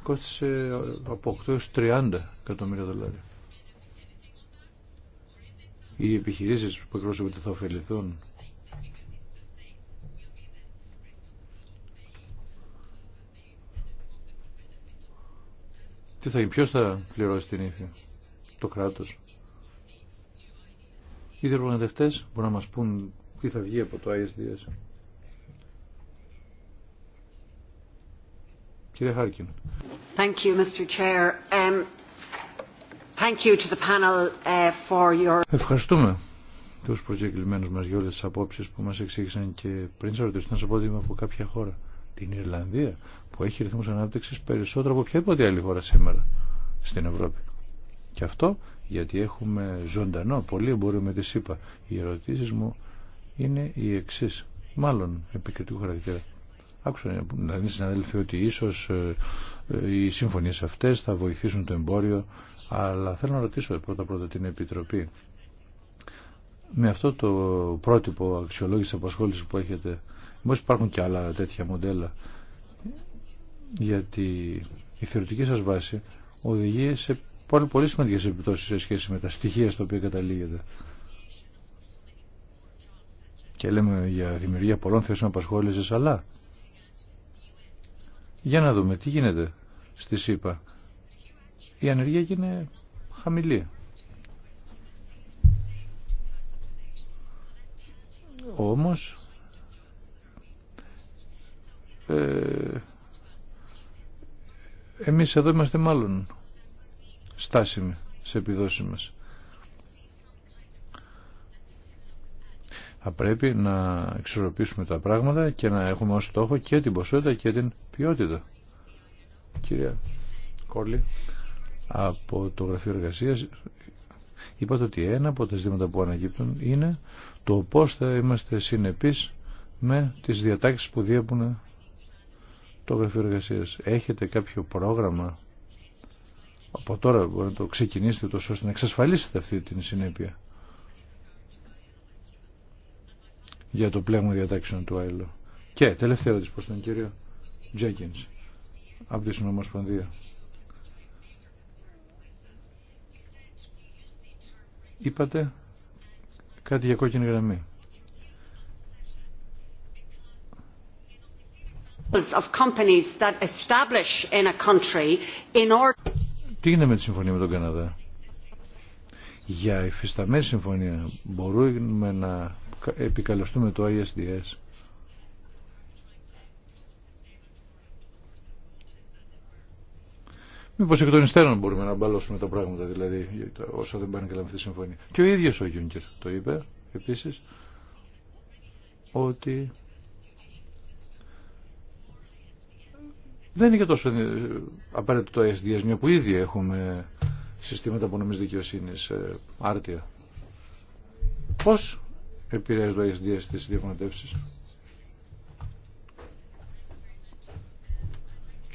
κόστησε από 8 έως 30 εκατομμύρια δολάρια. Οι επιχειρήσεις που εκπρόσωποι θα ωφεληθούν Τι θα γίνει, ποιος θα πληρώσει την ύφη, το κράτος οι διαπραγματευτέ μπορούν να μα πούν τι θα βγει από το ISDS. Κύριε Χάρκιν. Ευχαριστούμε του προσκεκλημένου μας για όλε τι απόψει που μα εξήγησαν και πριν σα ρωτήσω να σα πω ότι είμαι από κάποια χώρα. Την Ιρλανδία που έχει ρυθμού ανάπτυξη περισσότερο από οποιαδήποτε άλλη χώρα σήμερα στην Ευρώπη. Και αυτό γιατί έχουμε ζωντανό πολύ εμπόριο με τη ΣΥΠΑ. Οι ερωτήσει μου είναι οι εξή. Μάλλον επικριτικού χαρακτήρα. Άκουσα να δει συναδέλφοι ότι ίσω ε, ε, οι συμφωνίε αυτέ θα βοηθήσουν το εμπόριο, αλλά θέλω να ρωτήσω πρώτα-πρώτα την Επιτροπή. Με αυτό το πρότυπο αξιολόγηση απασχόληση που έχετε, μήπω υπάρχουν και άλλα τέτοια μοντέλα, γιατί η θεωρητική σας βάση οδηγεί σε Πολύ πολύ σημαντικέ επιπτώσει σε σχέση με τα στοιχεία στο οποίο καταλήγεται. Και λέμε για δημιουργία πολλών θέσεων απασχόληση, αλλά για να δούμε τι γίνεται στη ΣΥΠΑ. Η ανεργία είναι χαμηλή. Όμως ε, εμείς εδώ είμαστε μάλλον στάσιμη σε επιδόσεις μας. Θα πρέπει να εξορροπήσουμε τα πράγματα και να έχουμε ως στόχο και την ποσότητα και την ποιότητα. Κυρία Κόλλη, από το Γραφείο Εργασίας είπατε ότι ένα από τα ζητήματα που ανακύπτουν είναι το πώς θα είμαστε συνεπείς με τις διατάξεις που διέπουν το Γραφείο Εργασίας. Έχετε κάποιο πρόγραμμα από τώρα μπορείτε να το ξεκινήσετε τόσο ώστε να εξασφαλίσετε αυτή την συνέπεια για το πλέγμα διατάξεων του ΑΕΛΟ. Και τελευταία ερώτηση προς τον κύριο Τζέκινς από τη Συνομοσπονδία. Είπατε κάτι για κόκκινη γραμμή. Of τι γίνεται με τη συμφωνία με τον Καναδά. Για εφισταμένη συμφωνία μπορούμε να επικαλεστούμε το ISDS. Μήπως εκ των υστέρων μπορούμε να μπαλώσουμε τα πράγματα, δηλαδή όσο δεν πάνε καλά με αυτή τη συμφωνία. Και ο ίδιος ο Γιούνκερ το είπε επίσης ότι Δεν είναι και τόσο ε, απαραίτητο το SDS, μια που ήδη έχουμε συστήματα απονομή δικαιοσύνη ε, άρτια. Πώς επηρεάζει το SDS τι διαφωνητεύσεις.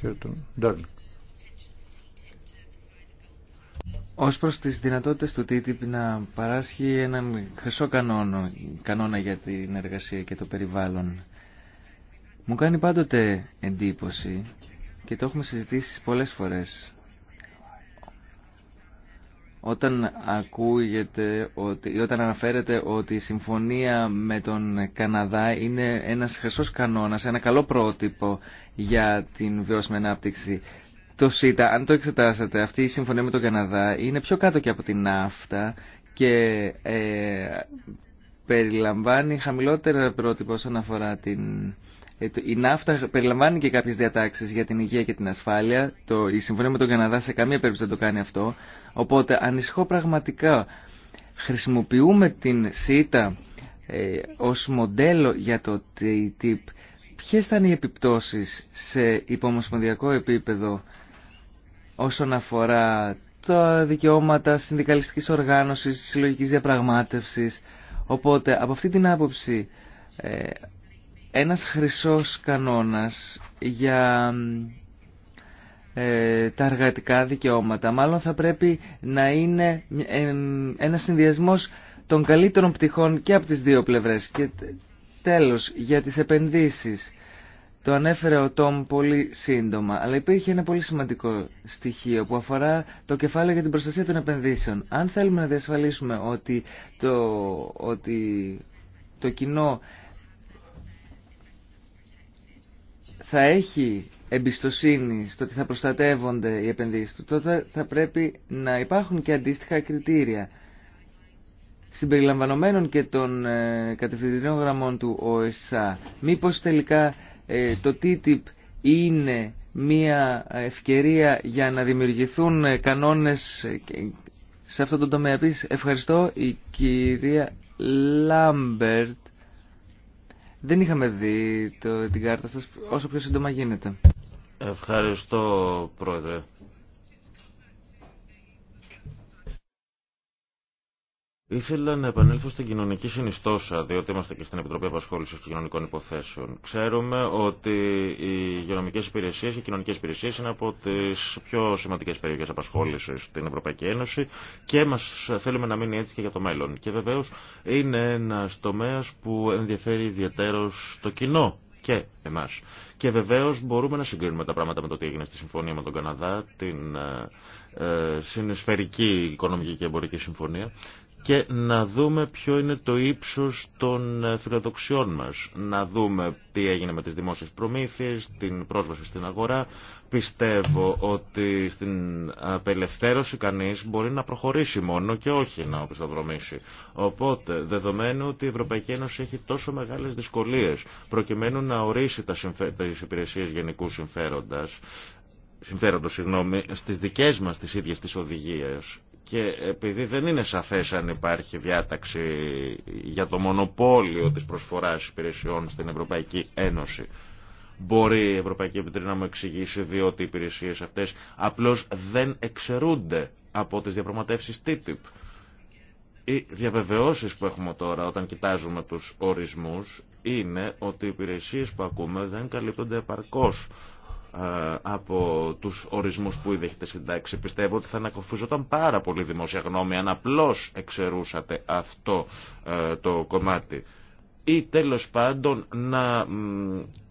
Ω προ Ως προς τις δυνατότητες του TTIP να παράσχει έναν χρυσό κανόνο κανόνα για την εργασία και το περιβάλλον. Μου κάνει πάντοτε εντύπωση και το έχουμε συζητήσει πολλές φορές. Όταν ακούγεται ότι, όταν αναφέρεται ότι η συμφωνία με τον Καναδά είναι ένας χρυσός κανόνας, ένα καλό πρότυπο για την βιώσιμη ανάπτυξη, το ΣΥΤΑ, αν το εξετάσατε, αυτή η συμφωνία με τον Καναδά είναι πιο κάτω και από την ΝΑΦΤΑ και ε, περιλαμβάνει χαμηλότερα πρότυπο όσον αφορά την ε, η ναύτα περιλαμβάνει και κάποιες διατάξεις για την υγεία και την ασφάλεια. Το, η συμφωνία με τον Καναδά σε καμία περίπτωση δεν το κάνει αυτό. Οπότε ανησυχώ πραγματικά. Χρησιμοποιούμε την ΣΥΤΑ ε, ως μοντέλο για το TTIP. Ποιες θα είναι οι επιπτώσεις σε υπομοσπονδιακό επίπεδο όσον αφορά τα δικαιώματα συνδικαλιστικής οργάνωσης, συλλογική διαπραγμάτευσης. Οπότε από αυτή την άποψη ε, ένας χρυσός κανόνας για ε, τα εργατικά δικαιώματα. Μάλλον θα πρέπει να είναι ε, ένας συνδυασμός των καλύτερων πτυχών και από τις δύο πλευρές. Και τέλος, για τις επενδύσεις. Το ανέφερε ο Τόμ πολύ σύντομα, αλλά υπήρχε ένα πολύ σημαντικό στοιχείο που αφορά το κεφάλαιο για την προστασία των επενδύσεων. Αν θέλουμε να διασφαλίσουμε ότι ότι το κοινό θα έχει εμπιστοσύνη στο ότι θα προστατεύονται οι επενδύσεις του, τότε θα πρέπει να υπάρχουν και αντίστοιχα κριτήρια συμπεριλαμβανομένων και των ε, γραμμών του ΟΕΣΑ. Μήπως τελικά ε, το TTIP είναι μια ευκαιρία για να δημιουργηθούν ε, κανόνες σε αυτό το τομέα. Επίσης, ευχαριστώ η κυρία Λάμπερτ δεν είχαμε δει το, την κάρτα σας όσο πιο σύντομα γίνεται. Ευχαριστώ, Πρόεδρε. Ήθελα να επανέλθω στην κοινωνική συνιστόσα, διότι είμαστε και στην Επιτροπή Απασχόληση και Κοινωνικών Υποθέσεων. Ξέρουμε ότι οι υγειονομικέ υπηρεσίε και οι κοινωνικέ υπηρεσίε είναι από τι πιο σημαντικέ περιοχέ απασχόληση στην Ευρωπαϊκή Ένωση και μα θέλουμε να μείνει έτσι και για το μέλλον. Και βεβαίω είναι ένα τομέα που ενδιαφέρει ιδιαίτερω το κοινό και εμά. Και βεβαίω μπορούμε να συγκρίνουμε τα πράγματα με το τι έγινε στη συμφωνία με τον Καναδά, την ε, ε οικονομική και εμπορική συμφωνία και να δούμε ποιο είναι το ύψος των ε, φιλοδοξιών μας. Να δούμε τι έγινε με τις δημόσιες προμήθειες, την πρόσβαση στην αγορά. Πιστεύω ότι στην απελευθέρωση κανείς μπορεί να προχωρήσει μόνο και όχι να οπισθοδρομήσει. Οπότε, δεδομένου ότι η Ευρωπαϊκή Ένωση έχει τόσο μεγάλες δυσκολίες προκειμένου να ορίσει τα τις υπηρεσίες γενικού συμφέροντας, συμφέροντος συγγνώμη, στις δικές μας τις ίδιες τις οδηγίες και επειδή δεν είναι σαφές αν υπάρχει διάταξη για το μονοπόλιο της προσφοράς υπηρεσιών στην Ευρωπαϊκή Ένωση, μπορεί η Ευρωπαϊκή Επιτροπή να μου εξηγήσει διότι οι υπηρεσίες αυτές απλώς δεν εξαιρούνται από τις διαπραγματεύσεις TTIP. Οι διαβεβαιώσεις που έχουμε τώρα όταν κοιτάζουμε τους ορισμούς είναι ότι οι υπηρεσίες που ακούμε δεν καλύπτονται επαρκώς ε, από τους ορισμούς που ήδη έχετε συντάξει. Πιστεύω ότι θα ανακοφίζονταν πάρα πολύ δημόσια γνώμη αν απλώς εξαιρούσατε αυτό ε, το κομμάτι. Ή τέλος πάντων να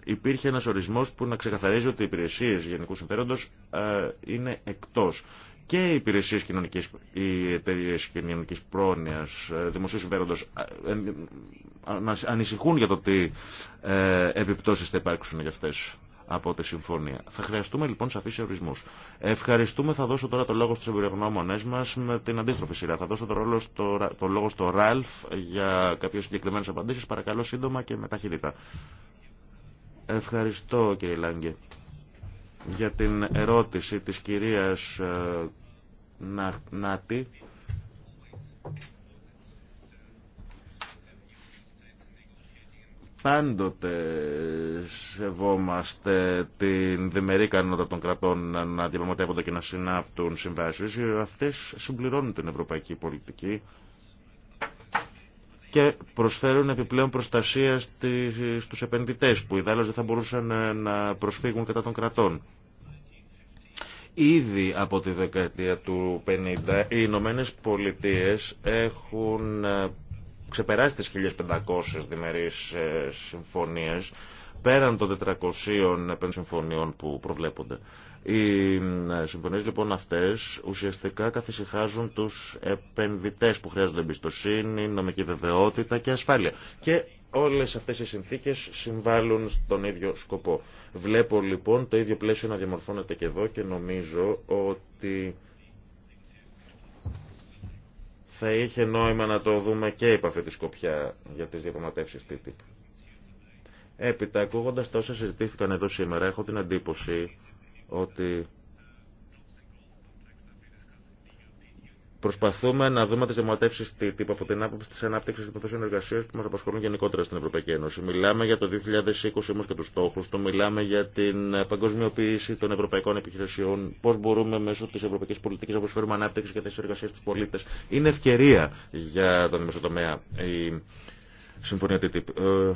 υπήρχε ένας ορισμός που να ξεκαθαρίζει ότι οι υπηρεσίες γενικού συμφέροντος ε, είναι εκτός και οι υπηρεσίε κοινωνική, οι εταιρείε κοινωνική πρόνοια, δημοσίου συμφέροντο, ανησυχούν για το τι επιπτώσεις θα υπάρξουν για αυτέ από τη συμφωνία. Θα χρειαστούμε λοιπόν σαφεί ορισμού. Ευχαριστούμε. Θα δώσω τώρα το λόγο στου εμπειρογνώμονέ μα με την αντίστροφη σειρά. Θα δώσω το, ρόλο το λόγο στο Ραλφ για κάποιε συγκεκριμένε απαντήσει. Παρακαλώ σύντομα και με ταχύτητα. Ευχαριστώ κύριε Λάγκε για την ερώτηση της κυρίας ε, Νάτι. πάντοτε σεβόμαστε την διμερή κανότητα των κρατών να διαπραγματεύονται και να συνάπτουν συμβάσεις. Αυτές συμπληρώνουν την ευρωπαϊκή πολιτική και προσφέρουν επιπλέον προστασία στους επενδυτές που ιδάλλως δεν θα μπορούσαν να προσφύγουν κατά των κρατών. Ήδη από τη δεκαετία του 50 οι Ηνωμένε Πολιτείε έχουν ξεπεράσει τις 1500 διμερείς ε, συμφωνίες πέραν των 400 συμφωνιών που προβλέπονται. Οι ε, συμφωνίες λοιπόν αυτές ουσιαστικά καθησυχάζουν τους επενδυτές που χρειάζονται εμπιστοσύνη, νομική βεβαιότητα και ασφάλεια. Και όλες αυτές οι συνθήκες συμβάλλουν στον ίδιο σκοπό. Βλέπω λοιπόν το ίδιο πλαίσιο να διαμορφώνεται και εδώ και νομίζω ότι θα είχε νόημα να το δούμε και η αυτή τη σκοπιά για τις διαπραγματεύσεις TTIP. Έπειτα, ακούγοντα τα όσα συζητήθηκαν εδώ σήμερα, έχω την εντύπωση ότι Προσπαθούμε να δούμε τι δημοτεύσει τύπου από την άποψη τη ανάπτυξη και των θέσεων εργασία που μα απασχολούν γενικότερα στην Ευρωπαϊκή Ένωση. Μιλάμε για το 2020 όμω και του στόχου του, μιλάμε για την ε, παγκοσμιοποίηση των ευρωπαϊκών επιχειρησιών, πώ μπορούμε μέσω τη ευρωπαϊκή πολιτική να προσφέρουμε ανάπτυξη και θέσει εργασία στου πολίτε. Είναι ευκαιρία για τον δημοσιοτομέα η συμφωνία TTIP. Ε,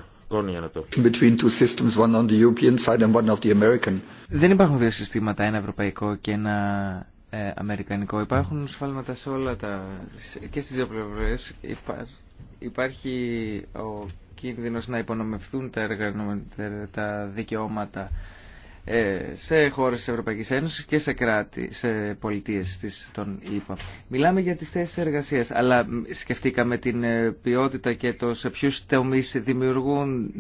Δεν υπάρχουν δύο συστήματα, ένα ευρωπαϊκό και ένα ε, αμερικανικό. Υπάρχουν σφάλματα σε όλα τα... και στις δύο υπάρχει ο κίνδυνος να υπονομευθούν τα, τα δικαιώματα ε, σε χώρες της Ευρωπαϊκής Ένωσης και σε κράτη, σε πολιτείες της, των Μιλάμε για τις θέσεις εργασίας, αλλά σκεφτήκαμε την ε, ποιότητα και το σε ποιους τομείς δημιουργούν.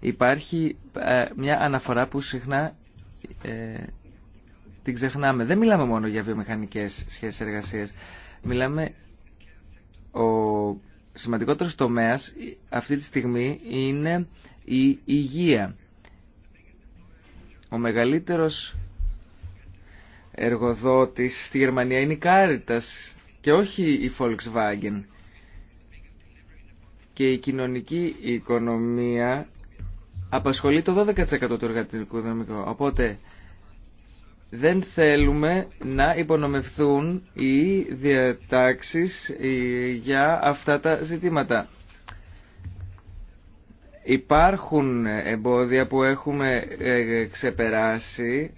Υπάρχει μια αναφορά που συχνά την ξεχνάμε. Δεν μιλάμε μόνο για βιομηχανικές σχέσεις εργασίας. Μιλάμε... Ο σημαντικότερος τομέας αυτή τη στιγμή είναι η υγεία. Ο μεγαλύτερος εργοδότης στη Γερμανία είναι η Κάριτας και όχι η Volkswagen. Και η κοινωνική οικονομία απασχολεί το 12% του εργατικού δυναμικού. Οπότε δεν θέλουμε να υπονομευθούν οι διατάξεις ε, για αυτά τα ζητήματα. Υπάρχουν εμπόδια που έχουμε ε, ξεπεράσει.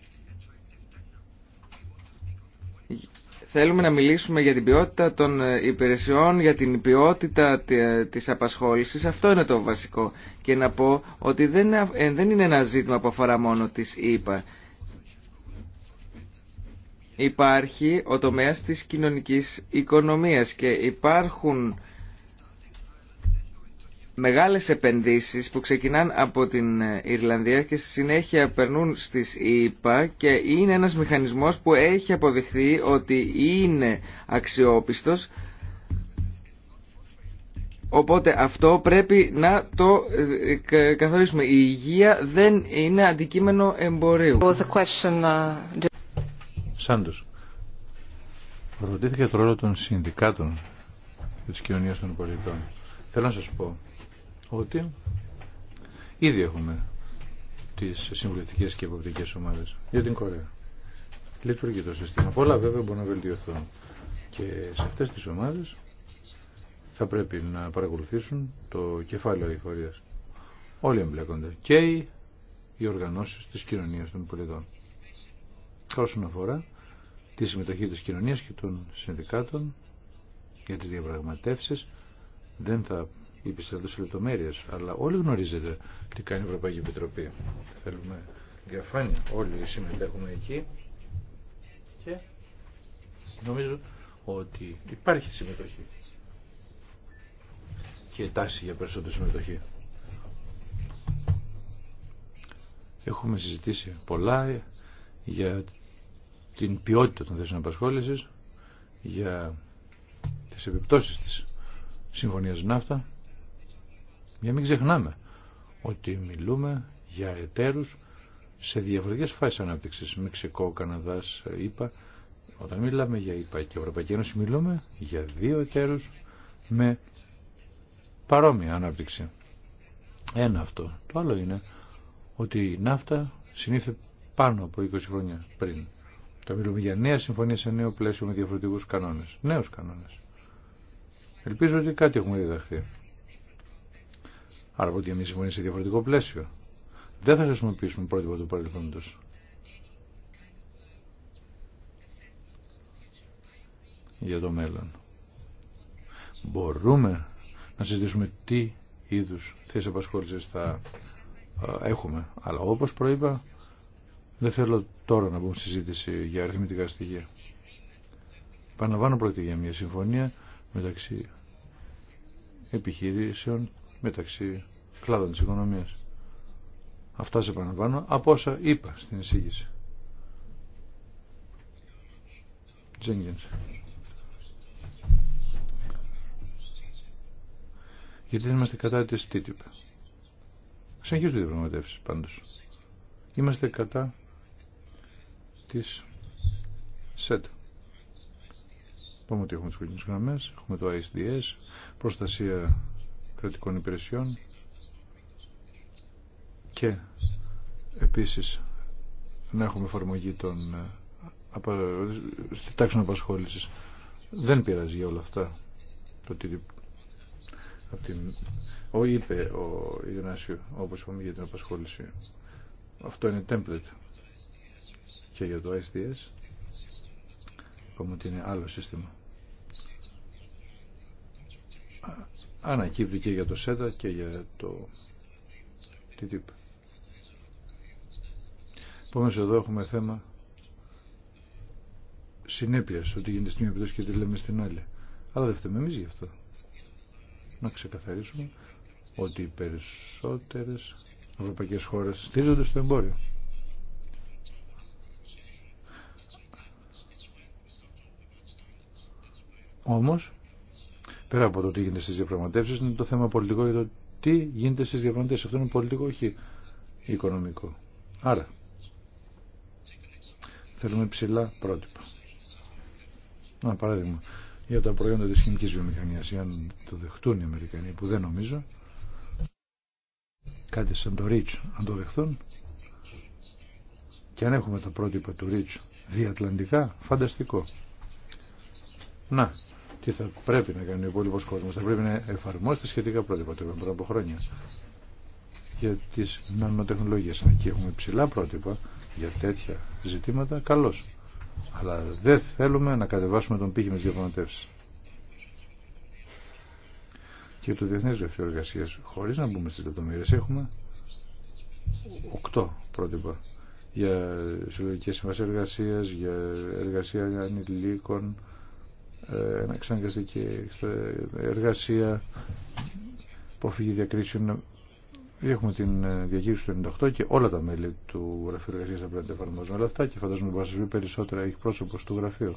Θέλουμε να μιλήσουμε για την ποιότητα των ε, υπηρεσιών, για την ποιότητα της απασχόλησης. Αυτό είναι το βασικό. Και να πω ότι δεν είναι ένα ζήτημα που αφορά μόνο τις υπάρχει ο τομέας της κοινωνικής οικονομίας και υπάρχουν μεγάλες επενδύσεις που ξεκινάν από την Ιρλανδία και στη συνέχεια περνούν στις ΗΠΑ και είναι ένας μηχανισμός που έχει αποδειχθεί ότι είναι αξιόπιστος Οπότε αυτό πρέπει να το ε, καθορίσουμε. Η υγεία δεν είναι αντικείμενο εμπορίου. Σάντο. Ρωτήθηκε το ρόλο των συνδικάτων της κοινωνία των πολιτών. Θέλω να σας πω ότι ήδη έχουμε τις συμβουλευτικέ και υποπτικέ ομάδες για την Κορέα. Λειτουργεί το σύστημα. Πολλά βέβαια μπορούν να βελτιωθούν. Και σε αυτές τις ομάδες θα πρέπει να παρακολουθήσουν το κεφάλαιο εφορία. Όλοι εμπλέκονται. Και οι οργανώσει της κοινωνία των πολιτών. Όσον αφορά τη συμμετοχή της κοινωνίας και των συνδικάτων για τις διαπραγματεύσεις. Δεν θα υπησταθώ σε λεπτομέρειες, αλλά όλοι γνωρίζετε τι κάνει η Ευρωπαϊκή Επιτροπή. Θέλουμε διαφάνεια. Όλοι συμμετέχουμε εκεί και νομίζω ότι υπάρχει συμμετοχή και τάση για περισσότερη συμμετοχή. Έχουμε συζητήσει πολλά για την ποιότητα των θέσεων απασχόληση για τις επιπτώσεις της Συμφωνίας Ναύτα. Για μην ξεχνάμε ότι μιλούμε για εταίρους σε διαφορετικές φάσεις ανάπτυξης. Μεξικό, Καναδάς, ΗΠΑ. Όταν μιλάμε για ΗΠΑ και Ευρωπαϊκή Ένωση μιλούμε για δύο εταίρους με παρόμοια ανάπτυξη. Ένα αυτό. Το άλλο είναι ότι η ναύτα συνήθω πάνω από 20 χρόνια πριν. Θα μιλούμε για νέα συμφωνία σε νέο πλαίσιο με διαφορετικούς κανόνες, νέους κανόνες. Ελπίζω ότι κάτι έχουμε διδαχθεί. Άρα από μια συμφωνία σε διαφορετικό πλαίσιο. Δεν θα χρησιμοποιήσουμε πρότυπο του παρελθόντος. για το μέλλον. Μπορούμε να συζητήσουμε τι είδους θέσεις απασχόλησης θα ε, έχουμε. Αλλά όπως προείπα, δεν θέλω τώρα να πούμε συζήτηση για αριθμητικά στοιχεία. Παναβάνω πρώτη για μια συμφωνία μεταξύ επιχειρήσεων, μεταξύ κλάδων της οικονομίας. Αυτά σε επαναλαμβάνω από όσα είπα στην εισήγηση. Τζέγγινς. Γιατί δεν είμαστε κατά της TTIP. Συνεχίζονται οι διαπραγματεύσει πάντως. Είμαστε κατά της ΣΕΤ. Πάμε ότι έχουμε τις κοινές γραμμές, έχουμε το ISDS, προστασία κρατικών υπηρεσιών και επίσης να έχουμε εφαρμογή των ε, τάξεων απασχόλησης. Δεν πειράζει για όλα αυτά το ότι Ο είπε ο Ιγνάσιο, όπως είπαμε για την απασχόληση. Αυτό είναι template και για το SDS είπαμε ότι είναι άλλο σύστημα ανακύπτει και για το ΣΕΤΑ και για το TTIP Επομένως εδώ έχουμε θέμα συνέπειας ότι γίνεται στην μια και τη λέμε στην άλλη αλλά δεν φταίμε εμείς γι' αυτό να ξεκαθαρίσουμε ότι οι περισσότερες ευρωπαϊκές χώρες στήριζονται στο εμπόριο Όμως, πέρα από το τι γίνεται στις διαπραγματεύσεις, είναι το θέμα πολιτικό για το τι γίνεται στις διαπραγματεύσεις. Αυτό είναι πολιτικό, όχι οικονομικό. Άρα, θέλουμε ψηλά πρότυπα. Να, παράδειγμα, για τα προϊόντα της χημικής βιομηχανίας, αν το δεχτούν οι Αμερικανοί, που δεν νομίζω, κάτι σαν το REACH, αν το δεχθούν, και αν έχουμε τα πρότυπα του REACH διατλαντικά, φανταστικό. Να, και θα πρέπει να κάνει ο υπόλοιπο κόσμο. Θα πρέπει να εφαρμόσει σχετικά πρότυπα το πριν από χρόνια για τι νανοτεχνολογίε. Αν εκεί έχουμε ψηλά πρότυπα για τέτοια ζητήματα, καλώ. Αλλά δεν θέλουμε να κατεβάσουμε τον πύχη με τι διαπραγματεύσει. Και το Διεθνέ Γραφείο Εργασία, χωρί να μπούμε στι λεπτομέρειε, έχουμε 8 πρότυπα για συλλογικέ συμβάσει εργασία, για εργασία ανηλίκων ε, και ε, εργασία, που αποφύγη διακρίσεων. Έχουμε την ε, διακήρυξη του 98 και όλα τα μέλη του Γραφείου Εργασία θα πρέπει να τα εφαρμόζουν όλα αυτά και φαντάζομαι μπορεί θα περισσότερα έχει πρόσωπο του γραφείου.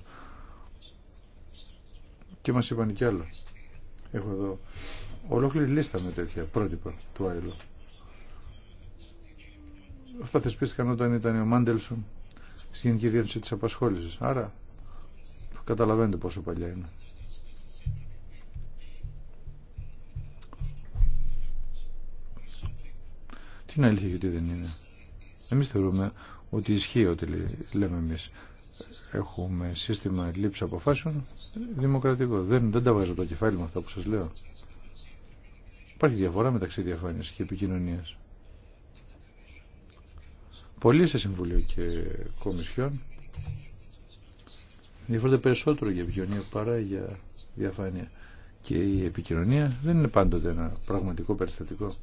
Και μας είπαν και άλλο. Έχω εδώ ολόκληρη λίστα με τέτοια πρότυπα του ΆΕΛΟ Αυτά θεσπίστηκαν όταν ήταν ο Μάντελσον στην Γενική Διεύθυνση τη Απασχόληση. Άρα Καταλαβαίνετε πόσο παλιά είναι. Τι είναι αλήθεια και τι δεν είναι. Εμείς θεωρούμε ότι ισχύει ό,τι λέμε εμείς. Έχουμε σύστημα λήψη αποφάσεων δημοκρατικό. Δεν, δεν τα βάζω το κεφάλι με αυτά που σας λέω. Υπάρχει διαφορά μεταξύ διαφάνειας και επικοινωνίας. Πολλοί σε Συμβουλίο και Κομισιόν ενδιαφέρονται περισσότερο για επικοινωνία παρά για διαφάνεια. Και η επικοινωνία δεν είναι πάντοτε ένα πραγματικό περιστατικό.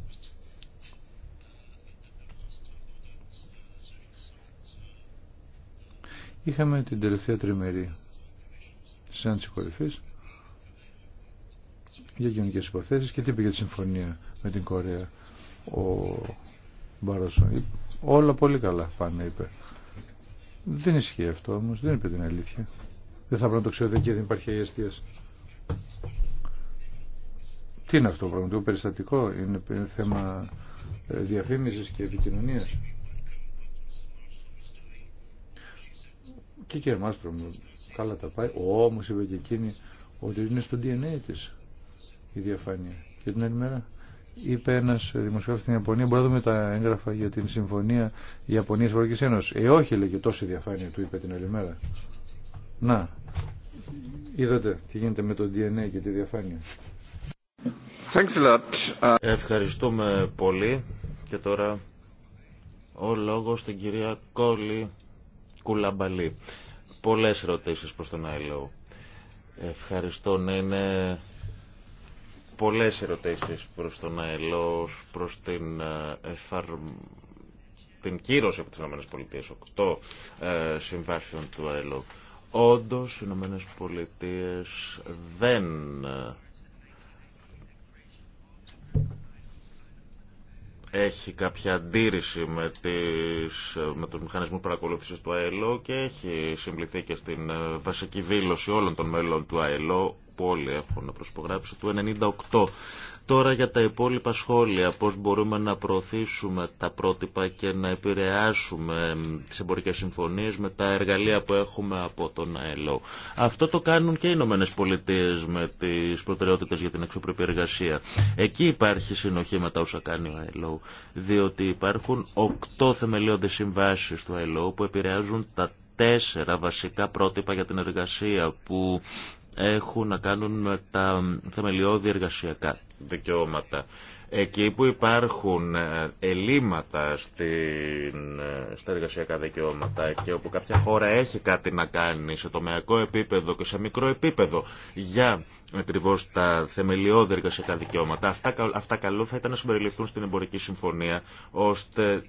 Είχαμε την τελευταία τριμερή τη κορυφής για κοινωνικές υποθέσεις και τι είπε για τη συμφωνία με την Κορέα ο Μπαρόσο. Όλα πολύ καλά πάνε είπε. Δεν ισχύει αυτό όμως, δεν είπε την αλήθεια. Δεν θα πρέπει να το ξέρω και δεν υπάρχει αιστείας. Τι είναι αυτό το πράγμα, το περιστατικό, είναι θέμα ε, διαφήμισης και επικοινωνία. Και και εμάς πρέπει καλά τα πάει, όμως είπε και εκείνη ότι είναι στο DNA της η διαφάνεια. Και την άλλη μέρα είπε ένα δημοσιογράφο στην Ιαπωνία, μπορεί να δούμε τα έγγραφα για την συμφωνία Ιαπωνία Ευρωπαϊκή Ένωση. Ε, όχι, λέγε τόση διαφάνεια, του είπε την άλλη μέρα. Να, είδατε τι γίνεται με το DNA και τη διαφάνεια. Uh, Ευχαριστούμε πολύ και τώρα ο λόγος στην κυρία Κόλλη Κουλαμπαλή. Πολλές ερωτήσεις προς τον ΑΕΛΟ. Ευχαριστώ να είναι πολλές ερωτήσεις προς τον ΑΕΛΟ, προς την, ε, εφαρ... την κύρωση από τις ΗΠΑ, 8 ε, συμβάσεων του ΑΕΛΟ. Όντως, οι Ηνωμένες Πολιτείες δεν ε, έχει κάποια αντίρρηση με, τις, με τους μηχανισμούς παρακολούθησης του ΑΕΛΟ και έχει συμπληθεί και στην ε, βασική δήλωση όλων των μέλων του ΑΕΛΟ πόλη έχω να προσπογράψω του 98. Τώρα για τα υπόλοιπα σχόλια, πώς μπορούμε να προωθήσουμε τα πρότυπα και να επηρεάσουμε τις εμπορικές συμφωνίες με τα εργαλεία που έχουμε από τον ΑΕΛΟ. Αυτό το κάνουν και οι Ηνωμένε Πολιτείε με τις προτεραιότητες για την εξωπρεπή εργασία. Εκεί υπάρχει συνοχή με τα όσα κάνει ο ΑΕΛΟ, διότι υπάρχουν οκτώ θεμελιώδεις συμβάσεις του ΑΕΛΟ που επηρεάζουν τα τέσσερα βασικά πρότυπα για την εργασία που έχουν να κάνουν με τα θεμελιώδη εργασιακά δικαιώματα. Εκεί που υπάρχουν ε, ελλείμματα στην, ε, στα εργασιακά δικαιώματα και όπου κάποια χώρα έχει κάτι να κάνει σε τομεακό επίπεδο και σε μικρό επίπεδο για ακριβώ τα θεμελιώδη εργασιακά δικαιώματα. Αυτά, αυτά καλό θα ήταν να συμπεριληφθούν στην εμπορική συμφωνία, ώστε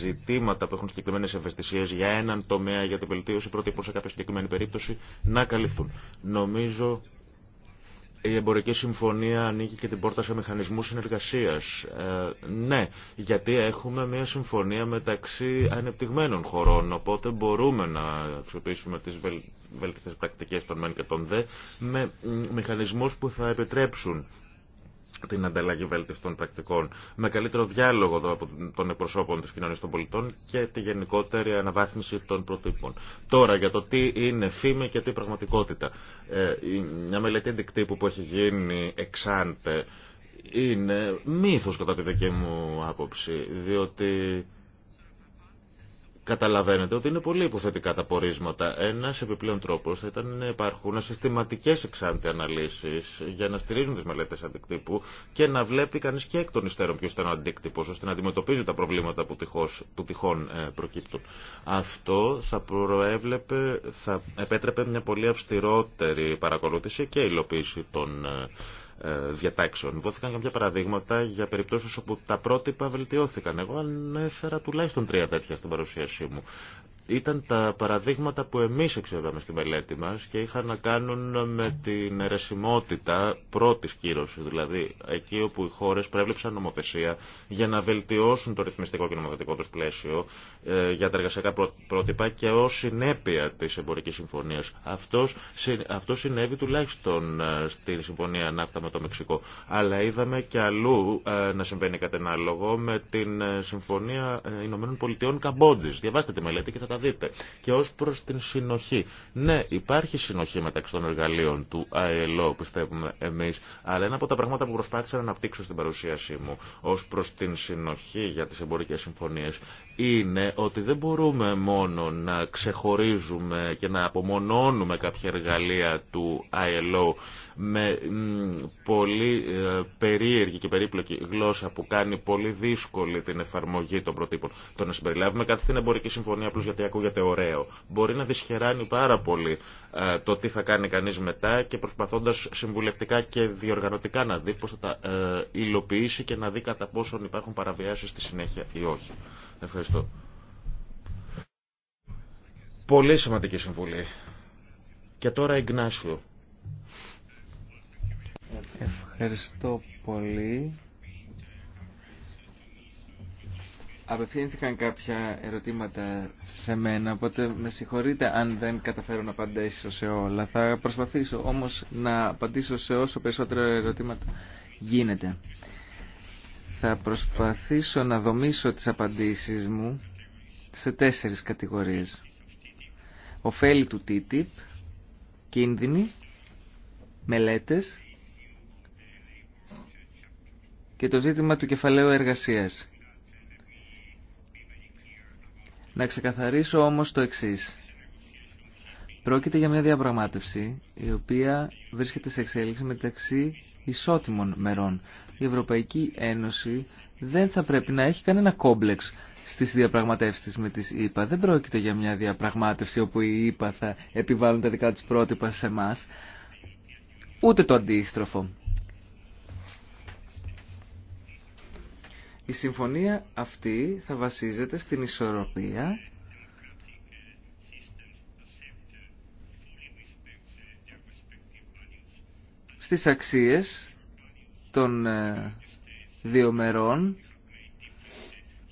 ζητήματα που έχουν συγκεκριμένε ευαισθησίε για έναν τομέα, για την βελτίωση πρώτη σε κάποια συγκεκριμένη περίπτωση, να καλυφθούν. Νομίζω η εμπορική συμφωνία ανοίγει και την πόρτα σε μηχανισμούς συνεργασίας. Ε, ναι, γιατί έχουμε μια συμφωνία μεταξύ ανεπτυγμένων χωρών, οπότε μπορούμε να αξιοποιήσουμε τις βελτιστές πρακτικές των ΜΕΝ και των ΔΕ με μηχανισμούς που θα επιτρέψουν την ανταλλαγή βέλτιστων πρακτικών, με καλύτερο διάλογο των εκπροσώπων της κοινωνίας των πολιτών και τη γενικότερη αναβάθμιση των προτύπων. Τώρα, για το τι είναι φήμη και τι πραγματικότητα. Ε, μια μελέτη αντικτύπου που έχει γίνει εξάντε είναι μύθος κατά τη δική μου άποψη, διότι Καταλαβαίνετε ότι είναι πολύ υποθετικά τα πορίσματα. Ένα επιπλέον τρόπο θα ήταν να υπάρχουν συστηματικέ εξάντια αναλύσει για να στηρίζουν τι μελέτε αντικτύπου και να βλέπει κανεί και εκ των υστέρων ποιο ήταν ο αντίκτυπο, ώστε να αντιμετωπίζει τα προβλήματα που, τυχώς, που τυχόν ε, προκύπτουν. Αυτό θα προέβλεπε, θα επέτρεπε μια πολύ αυστηρότερη παρακολούθηση και υλοποίηση των ε, ε, διατάξεων. Δόθηκαν κάποια παραδείγματα για περιπτώσεις όπου τα πρότυπα βελτιώθηκαν. Εγώ ανέφερα τουλάχιστον τρία τέτοια στην παρουσίασή μου ήταν τα παραδείγματα που εμείς εξεύγαμε στη μελέτη μας και είχαν να κάνουν με την αιρεσιμότητα πρώτης κύρωσης, δηλαδή εκεί όπου οι χώρες πρέβλεψαν νομοθεσία για να βελτιώσουν το ρυθμιστικό και νομοθετικό τους πλαίσιο ε, για τα εργασιακά πρότυπα και ως συνέπεια της εμπορικής συμφωνίας. Αυτός, αυτό συνέβη τουλάχιστον ε, στη συμφωνία ΝΑΦΤΑ με το Μεξικό. Αλλά είδαμε και αλλού ε, να συμβαίνει κάτι με την συμφωνία Ηνωμένων Πολιτειών Καμπότζης. Διαβάστε τη μελέτη και θα τα και ως προς την συνοχή. Ναι, υπάρχει συνοχή μεταξύ των εργαλείων του ΑΕΛΟ, πιστεύουμε εμείς, αλλά ένα από τα πράγματα που προσπάθησα να αναπτύξω στην παρουσίασή μου ως προς την συνοχή για τις εμπορικές συμφωνίες είναι ότι δεν μπορούμε μόνο να ξεχωρίζουμε και να απομονώνουμε κάποια εργαλεία του ILO με πολύ ε, περίεργη και περίπλοκη γλώσσα που κάνει πολύ δύσκολη την εφαρμογή των προτύπων. Το να συμπεριλάβουμε κάτι στην εμπορική συμφωνία απλώς γιατί ακούγεται ωραίο. Μπορεί να δυσχεράνει πάρα πολύ ε, το τι θα κάνει κανείς μετά και προσπαθώντας συμβουλευτικά και διοργανωτικά να δει πώς θα τα ε, υλοποιήσει και να δει κατά πόσον υπάρχουν παραβιάσεις στη συνέχεια ή όχι. Ευχαριστώ. Πολύ σημαντική συμβουλή. Και τώρα η Ιγνάσιο. Ευχαριστώ πολύ. Απευθύνθηκαν κάποια ερωτήματα σε μένα, οπότε με συγχωρείτε αν δεν καταφέρω να απαντήσω σε όλα. Θα προσπαθήσω όμως να απαντήσω σε όσο περισσότερα ερωτήματα γίνεται. Θα προσπαθήσω να δομήσω τις απαντήσεις μου σε τέσσερις κατηγορίες. Οφέλη του TTIP, κίνδυνοι, μελέτες και το ζήτημα του κεφαλαίου εργασίας. Να ξεκαθαρίσω όμως το εξής. Πρόκειται για μια διαπραγμάτευση η οποία βρίσκεται σε εξέλιξη μεταξύ ισότιμων μερών η Ευρωπαϊκή Ένωση δεν θα πρέπει να έχει κανένα κόμπλεξ στις διαπραγματεύσεις με τις ΗΠΑ. Δεν πρόκειται για μια διαπραγμάτευση όπου οι ΗΠΑ θα επιβάλλουν τα δικά τους πρότυπα σε εμά. Ούτε το αντίστροφο. Η συμφωνία αυτή θα βασίζεται στην ισορροπία στις αξίες των ε, δύο μερών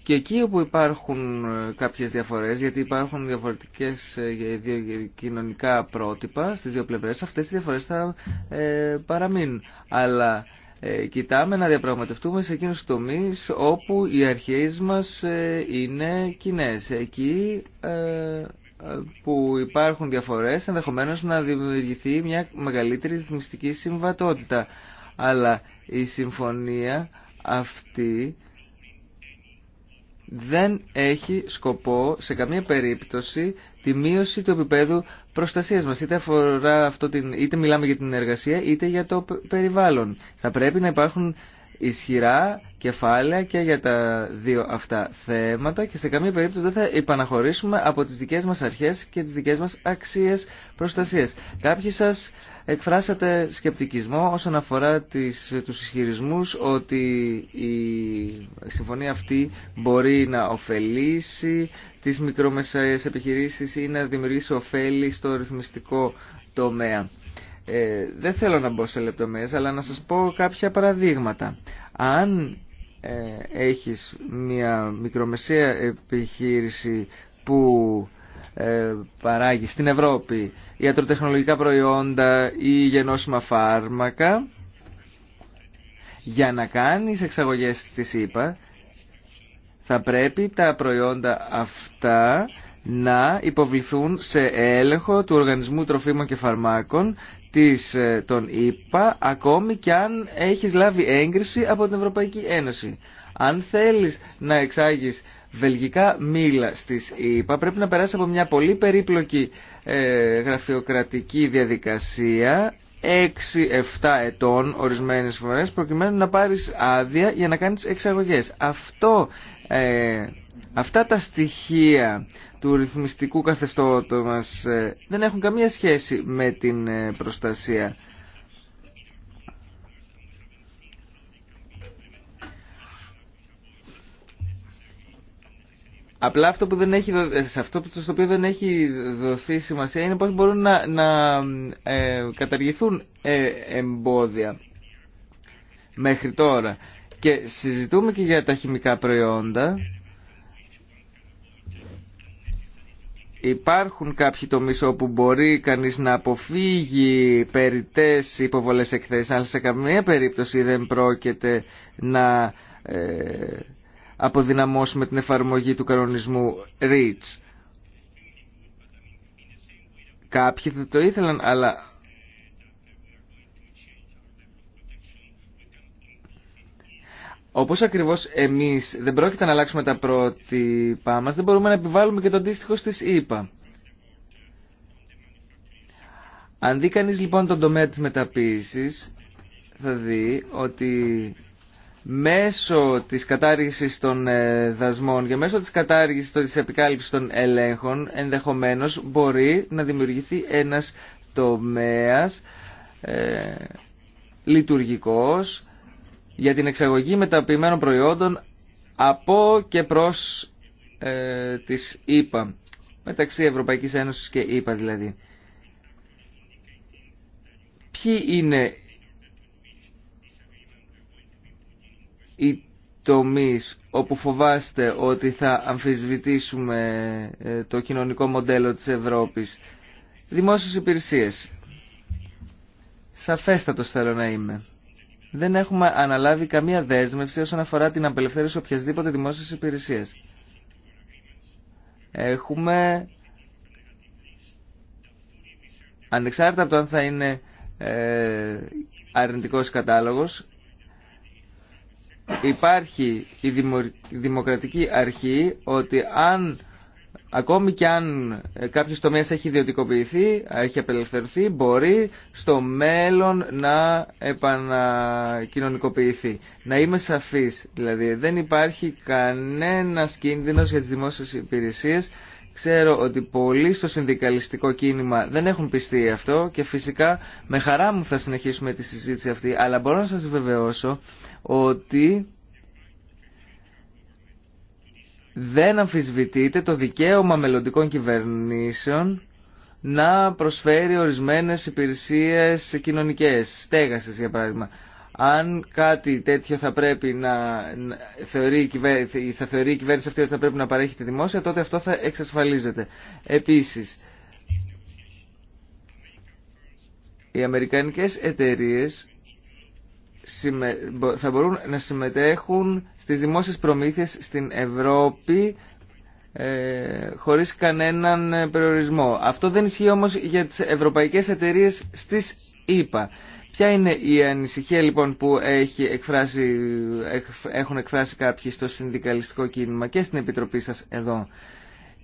και εκεί όπου υπάρχουν ε, κάποιες διαφορές, γιατί υπάρχουν διαφορετικές ε, κοινωνικά πρότυπα στις δύο πλευρές, αυτές οι διαφορές θα παραμείνουν. Αλλά κοιτάμε να διαπραγματευτούμε σε εκείνους τομείς όπου οι αρχές μας είναι κοινέ. Εκεί που υπάρχουν διαφορές ενδεχομένως να δημιουργηθεί μια μεγαλύτερη ρυθμιστική συμβατότητα αλλά η συμφωνία αυτή δεν έχει σκοπό σε καμία περίπτωση τη μείωση του επίπεδου προστασίας μας. Είτε, αφορά αυτό την, είτε μιλάμε για την εργασία είτε για το περιβάλλον. Θα πρέπει να υπάρχουν ισχυρά κεφάλαια και για τα δύο αυτά θέματα και σε καμία περίπτωση δεν θα υπαναχωρήσουμε από τις δικές μας αρχές και τις δικές μας αξίες προστασίες. Κάποιοι σας εκφράσατε σκεπτικισμό όσον αφορά τις, τους ισχυρισμού ότι η συμφωνία αυτή μπορεί να ωφελήσει τις μικρομεσαίες επιχειρήσεις ή να δημιουργήσει ωφέλη στο ρυθμιστικό τομέα. Ε, δεν θέλω να μπω σε λεπτομέρειες, αλλά να σας πω κάποια παραδείγματα. Αν ε, έχεις μια μικρομεσαία επιχείρηση που ε, παράγει στην Ευρώπη ιατροτεχνολογικά προϊόντα ή γενώσιμα φάρμακα, για να κάνεις εξαγωγές της ΕΠΑ, θα πρέπει τα προϊόντα αυτά να υποβληθούν σε έλεγχο του Οργανισμού Τροφίμων και Φαρμάκων της, ε, των ΙΠΑ ακόμη και αν έχεις λάβει έγκριση από την Ευρωπαϊκή Ένωση. Αν θέλεις να εξάγεις βελγικά μήλα στις ΙΠΑ πρέπει να περάσει από μια πολύ περίπλοκη ε, γραφειοκρατική διαδικασία 6-7 ετών ορισμένες φορές προκειμένου να πάρεις άδεια για να κάνεις εξαγωγές. Αυτό, ε, αυτά τα στοιχεία του ρυθμιστικού καθεστώτο μας ε, δεν έχουν καμία σχέση με την ε, προστασία. Απλά αυτό που δεν έχει, ε, σε αυτό στο οποίο δεν έχει δοθεί σημασία είναι πώς μπορούν να, να ε, καταργηθούν εμπόδια μέχρι τώρα. Και συζητούμε και για τα χημικά προϊόντα υπάρχουν κάποιοι τομεί όπου μπορεί κανείς να αποφύγει περιττές υποβολές εκθέσεις, αλλά σε καμία περίπτωση δεν πρόκειται να ε, αποδυναμώσουμε την εφαρμογή του κανονισμού REACH. Κάποιοι θα το ήθελαν, αλλά Όπω ακριβώ εμείς δεν πρόκειται να αλλάξουμε τα πρότυπά μας, δεν μπορούμε να επιβάλλουμε και το αντίστοιχο στις ΗΠΑ. Αν δει κανεί λοιπόν τον τομέα τη μεταποίηση, θα δει ότι μέσω της κατάργησης των ε, δασμών και μέσω της κατάργησης τη επικάλυψης των ελέγχων, ενδεχομένω, μπορεί να δημιουργηθεί ένας τομέα ε, λειτουργικός, για την εξαγωγή μεταποιημένων προϊόντων από και προς ε, τις ΕΠΑ, μεταξύ Ευρωπαϊκής Ένωσης και ΕΠΑ δηλαδή. Ποιοι είναι οι τομείς όπου φοβάστε ότι θα αμφισβητήσουμε ε, το κοινωνικό μοντέλο της Ευρώπης. Δημόσιες υπηρεσίες. Σαφέστατος θέλω να είμαι δεν έχουμε αναλάβει καμία δέσμευση όσον αφορά την απελευθέρωση οποιασδήποτε δημόσιας υπηρεσίας. Έχουμε, ανεξάρτητα από το αν θα είναι ε, αρνητικός κατάλογος, υπάρχει η δημοκρατική αρχή ότι αν Ακόμη και αν ε, κάποιο τομέα έχει ιδιωτικοποιηθεί, έχει απελευθερωθεί, μπορεί στο μέλλον να επανακοινωνικοποιηθεί. Να είμαι σαφή. δηλαδή δεν υπάρχει κανένα κίνδυνο για τι δημόσιες υπηρεσίε, Ξέρω ότι πολλοί στο συνδικαλιστικό κίνημα δεν έχουν πιστεί αυτό και φυσικά με χαρά μου θα συνεχίσουμε τη συζήτηση αυτή, αλλά μπορώ να σα βεβαιώσω ότι δεν αμφισβητείται το δικαίωμα μελλοντικών κυβερνήσεων να προσφέρει ορισμένες υπηρεσίες κοινωνικές, στέγασης για παράδειγμα. Αν κάτι τέτοιο θα πρέπει να θεωρεί, θα θεωρεί η κυβέρνηση αυτή ότι θα πρέπει να παρέχει τη δημόσια, τότε αυτό θα εξασφαλίζεται. Επίσης, οι αμερικανικές εταιρείες θα μπορούν να συμμετέχουν στις δημόσιες προμήθειες στην Ευρώπη ε, χωρίς κανέναν ε, περιορισμό. Αυτό δεν ισχύει όμως για τις ευρωπαϊκές εταιρείες στις ΕΠΑ. Ποια είναι η ανησυχία λοιπόν που έχει εκφράσει, έχουν εκφράσει κάποιοι στο συνδικαλιστικό κίνημα και στην Επιτροπή σας εδώ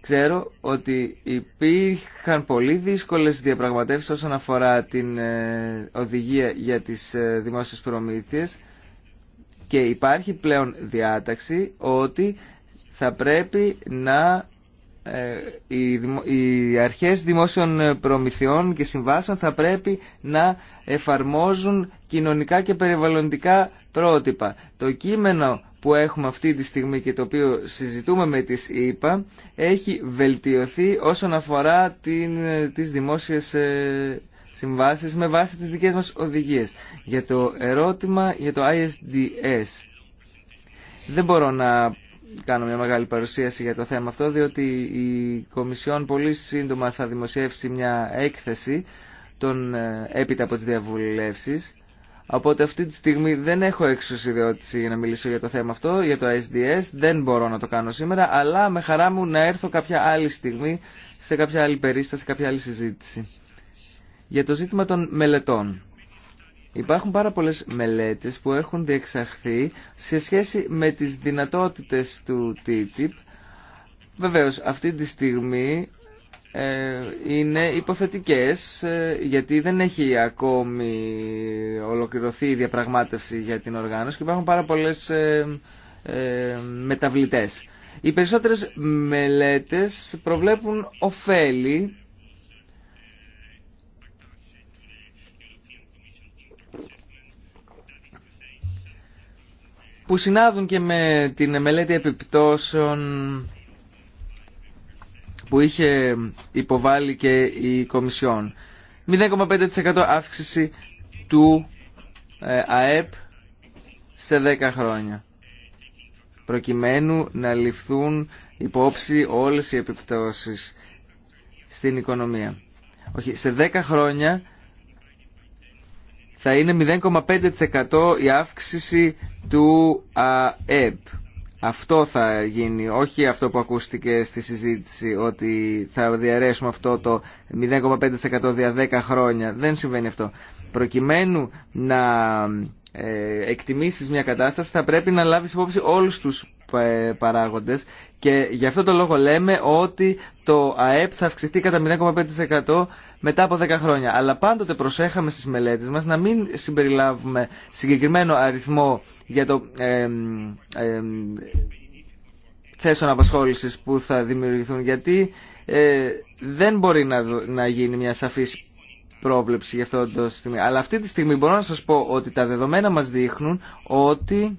ξέρω ότι υπήρχαν πολύ δύσκολες διαπραγματεύσεις όσον αφορά την ε, οδηγία για τις ε, δημόσιες προμήθειες και υπάρχει πλέον διάταξη ότι θα πρέπει να ε, οι αρχές δημόσιων προμηθειών και συμβάσεων θα πρέπει να εφαρμόζουν κοινωνικά και περιβαλλοντικά πρότυπα. Το κείμενο που έχουμε αυτή τη στιγμή και το οποίο συζητούμε με τις ΕΙΠΑ έχει βελτιωθεί όσον αφορά την, τις δημόσιες ε, συμβάσεις με βάση τις δικές μας οδηγίες. Για το ερώτημα για το ISDS δεν μπορώ να κάνω μια μεγάλη παρουσίαση για το θέμα αυτό διότι η Κομισιόν πολύ σύντομα θα δημοσιεύσει μια έκθεση των ε, έπειτα από τις διαβουλεύσεις Οπότε αυτή τη στιγμή δεν έχω εξουσιοδότηση να μιλήσω για το θέμα αυτό, για το SDS, δεν μπορώ να το κάνω σήμερα, αλλά με χαρά μου να έρθω κάποια άλλη στιγμή, σε κάποια άλλη περίσταση, κάποια άλλη συζήτηση. Για το ζήτημα των μελετών. Υπάρχουν πάρα πολλές μελέτες που έχουν διεξαχθεί σε σχέση με τις δυνατότητες του TTIP. Βεβαίως, αυτή τη στιγμή ε, είναι υποθετικές ε, γιατί δεν έχει ακόμη ολοκληρωθεί η διαπραγμάτευση για την οργάνωση και υπάρχουν πάρα πολλές ε, μεταβλητές. Οι περισσότερες μελέτες προβλέπουν ωφέλη που συνάδουν και με την μελέτη επιπτώσεων που είχε υποβάλει και η Κομισιόν. 0,5% αύξηση του ε, ΑΕΠ σε 10 χρόνια προκειμένου να ληφθούν υπόψη όλες οι επιπτώσεις στην οικονομία. Όχι, σε 10 χρόνια θα είναι 0,5% η αύξηση του ΑΕΠ. Αυτό θα γίνει, όχι αυτό που ακούστηκε στη συζήτηση ότι θα διαρρέσουμε αυτό το 0,5% δια 10 χρόνια. Δεν συμβαίνει αυτό. Προκειμένου να ε, εκτιμήσεις μια κατάσταση θα πρέπει να λάβεις υπόψη όλους τους ε, παράγοντες και γι' αυτό το λόγο λέμε ότι το ΑΕΠ θα αυξηθεί κατά 0,5% μετά από 10 χρόνια. Αλλά πάντοτε προσέχαμε στις μελέτες μας να μην συμπεριλάβουμε συγκεκριμένο αριθμό για το ε, ε, απασχόλησης που θα δημιουργηθούν γιατί ε, δεν μπορεί να, να γίνει μια σαφής πρόβλεψη για αυτό το στιγμή. Αλλά αυτή τη στιγμή μπορώ να σας πω ότι τα δεδομένα μας δείχνουν ότι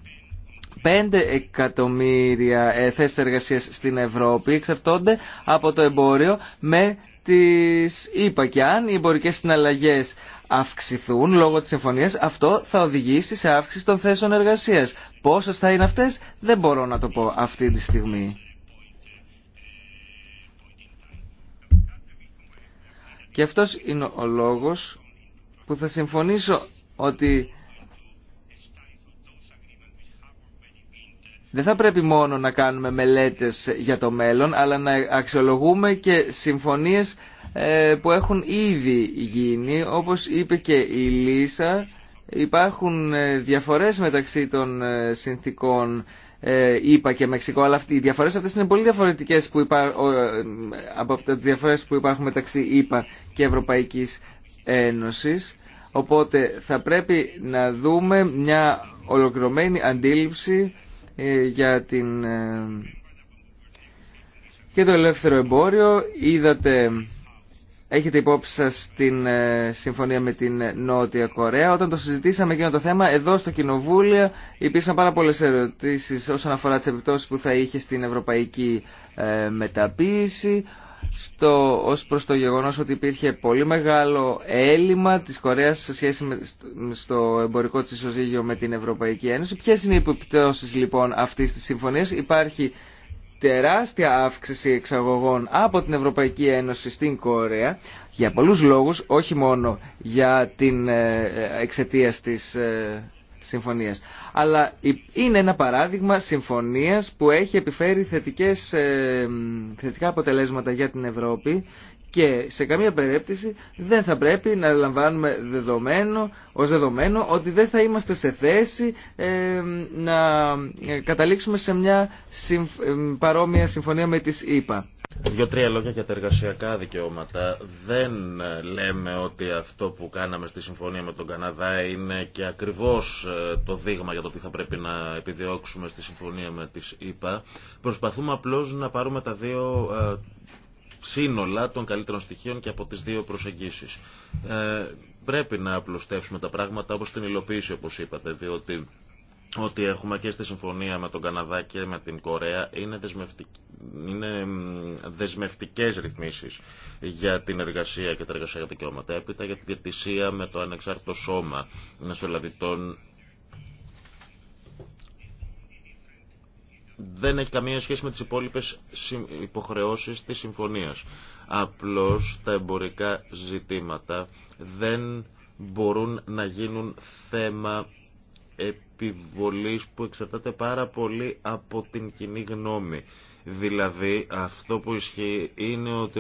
5 εκατομμύρια ε, θέσεις εργασίας στην Ευρώπη εξαρτώνται από το εμπόριο με τις υπακιά, και αν οι εμπορικές συναλλαγές αυξηθούν λόγω της συμφωνίας, αυτό θα οδηγήσει σε αύξηση των θέσεων εργασίας. Πόσες θα είναι αυτές, δεν μπορώ να το πω αυτή τη στιγμή. Και αυτός είναι ο λόγος που θα συμφωνήσω ότι δεν θα πρέπει μόνο να κάνουμε μελέτες για το μέλλον, αλλά να αξιολογούμε και συμφωνίες ε, που έχουν ήδη γίνει. Όπως είπε και η Λίσα, υπάρχουν ε, διαφορές μεταξύ των ε, συνθήκων είπα και Μεξικό, αλλά οι διαφορές αυτές είναι πολύ διαφορετικές που υπά... από τις διαφορές που υπάρχουν μεταξύ ΕΠΑ και Ευρωπαϊκής Ένωσης. Οπότε θα πρέπει να δούμε μια ολοκληρωμένη αντίληψη για την... και το ελεύθερο εμπόριο. Είδατε Έχετε υπόψη σα την ε, συμφωνία με την Νότια Κορέα. Όταν το συζητήσαμε εκείνο το θέμα, εδώ στο Κοινοβούλιο υπήρξαν πάρα πολλέ ερωτήσει όσον αφορά τι επιπτώσει που θα είχε στην ευρωπαϊκή ε, μεταποίηση στο, ως προς το γεγονός ότι υπήρχε πολύ μεγάλο έλλειμμα της Κορέας σε σχέση με, στο εμπορικό της ισοζύγιο με την Ευρωπαϊκή Ένωση. Ποιες είναι οι επιπτώσεις λοιπόν αυτής της συμφωνίας. Υπάρχει τεράστια αύξηση εξαγωγών από την Ευρωπαϊκή Ένωση στην Κορέα για πολλούς λόγους, όχι μόνο για την ε, εξαιτία της ε, συμφωνίας. Αλλά είναι ένα παράδειγμα συμφωνίας που έχει επιφέρει θετικές, ε, θετικά αποτελέσματα για την Ευρώπη και σε καμία περίπτωση δεν θα πρέπει να λαμβάνουμε δεδομένο, ως δεδομένο ότι δεν θα είμαστε σε θέση ε, να ε, καταλήξουμε σε μια ε, παρόμοια συμφωνία με τις ΗΠΑ. Δύο-τρία λόγια για τα εργασιακά δικαιώματα. Δεν λέμε ότι αυτό που κάναμε στη συμφωνία με τον Καναδά είναι και ακριβώς το δείγμα για το τι θα πρέπει να επιδιώξουμε στη συμφωνία με τις ΗΠΑ. Προσπαθούμε απλώς να πάρουμε τα δύο σύνολα των καλύτερων στοιχείων και από τις δύο προσεγγίσεις. Ε, πρέπει να απλουστεύσουμε τα πράγματα όπως την υλοποίηση όπως είπατε, διότι ότι έχουμε και στη συμφωνία με τον Καναδά και με την Κορέα είναι, δεσμευτικ... είναι δεσμευτικές ρυθμίσεις για την εργασία και τα εργασιακά δικαιώματα έπειτα για την διατησία με το ανεξάρτητο σώμα μεσολαβητών δεν έχει καμία σχέση με τις υπόλοιπες υποχρεώσεις της συμφωνίας. Απλώς τα εμπορικά ζητήματα δεν μπορούν να γίνουν θέμα επιβολής που εξαρτάται πάρα πολύ από την κοινή γνώμη. Δηλαδή αυτό που ισχύει είναι ότι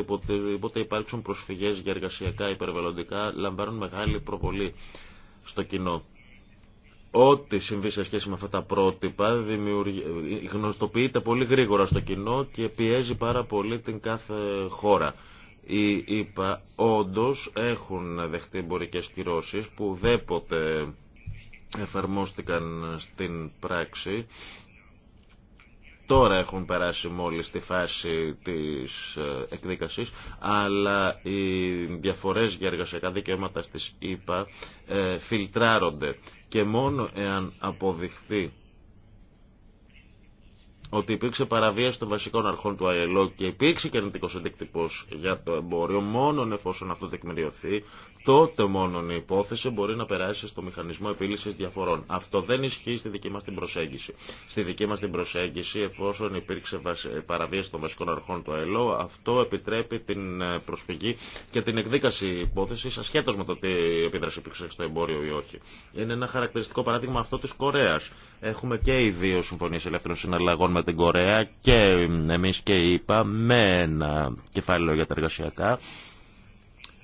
όποτε υπάρξουν προσφυγές για εργασιακά υπερβαλλοντικά λαμβάνουν μεγάλη προβολή στο κοινό. Ό,τι συμβεί σε σχέση με αυτά τα πρότυπα γνωστοποιείται πολύ γρήγορα στο κοινό και πιέζει πάρα πολύ την κάθε χώρα. Οι ΙΠΑ όντως έχουν δεχτεί εμπορικέ κυρώσεις που δέποτε εφαρμόστηκαν στην πράξη. Τώρα έχουν περάσει μόλις τη φάση της ε, εκδίκασης, αλλά οι διαφορές για εργασιακά δικαιώματα στις ΙΠΑ ε, φιλτράρονται και μόνο εάν αποδειχθεί ότι υπήρξε παραβίαση των βασικών αρχών του ΑΕΛΟ και υπήρξε κινητικό αντίκτυπο για το εμπόριο, μόνον εφόσον αυτό τεκμηριωθεί, τότε μόνον η υπόθεση μπορεί να περάσει στο μηχανισμό επίλυση διαφορών. Αυτό δεν ισχύει στη δική μα την προσέγγιση. Στη δική μα την προσέγγιση, εφόσον υπήρξε ε, παραβίαση των βασικών αρχών του ΑΕΛΟ, αυτό επιτρέπει την ε, προσφυγή και την εκδίκαση υπόθεση ασχέτω με το τι επίδραση υπήρξε στο εμπόριο ή όχι. Είναι ένα χαρακτηριστικό παράδειγμα αυτό τη Κορέα. Έχουμε και οι δύο συμφωνίε ελεύθερων συναλλαγών με την Κορέα και εμείς και είπα με ένα κεφάλαιο για τα εργασιακά.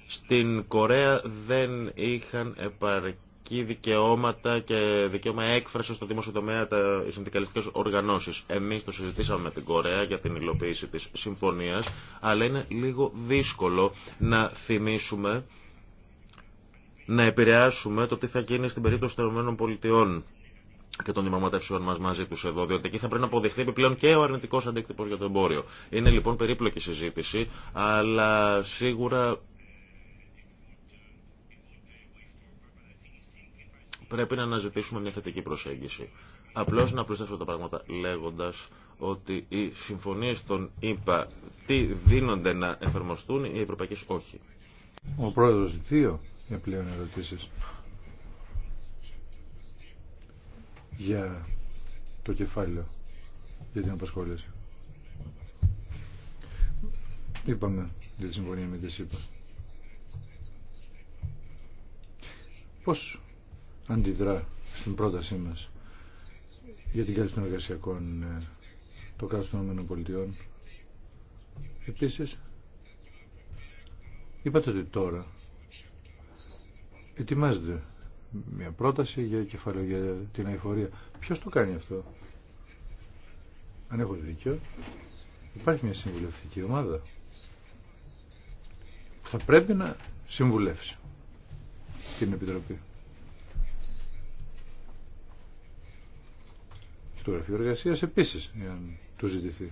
Στην Κορέα δεν είχαν επαρκή δικαιώματα και δικαίωμα έκφραση στο δημόσιο τομέα τα, συνδικαλιστικές οργανώσεις. Εμείς το συζητήσαμε με την Κορέα για την υλοποίηση της συμφωνίας, αλλά είναι λίγο δύσκολο να θυμίσουμε να επηρεάσουμε το τι θα γίνει στην περίπτωση των ΗΠΑ και των δημοματεύσεων μα μαζί του εδώ, διότι εκεί θα πρέπει να αποδειχθεί επιπλέον και ο αρνητικό αντίκτυπο για το εμπόριο. Είναι λοιπόν περίπλοκη συζήτηση, αλλά σίγουρα πρέπει να αναζητήσουμε μια θετική προσέγγιση. Απλώ να προσθέσω τα πράγματα λέγοντα ότι οι συμφωνίε των ΗΠΑ τι δίνονται να εφαρμοστούν, οι ευρωπαϊκέ όχι. Ο πρόεδρο, δύο πλέον ερωτήσει. για το κεφάλαιο, για την απασχόληση. Είπαμε για τη συμφωνία με τη ΣΥΠΑ. Πώς αντιδρά στην πρότασή μας για την κάλυψη των εργασιακών ε, το κράτος των ΗΠΑ. Επίσης, είπατε ότι τώρα ετοιμάζεται μια πρόταση για κεφάλαιο για την αηφορία. Ποιος το κάνει αυτό. Αν έχω δίκιο, υπάρχει μια συμβουλευτική ομάδα που θα πρέπει να συμβουλεύσει την Επιτροπή. Και το Γραφείο Εργασία επίσης, εάν του ζητηθεί.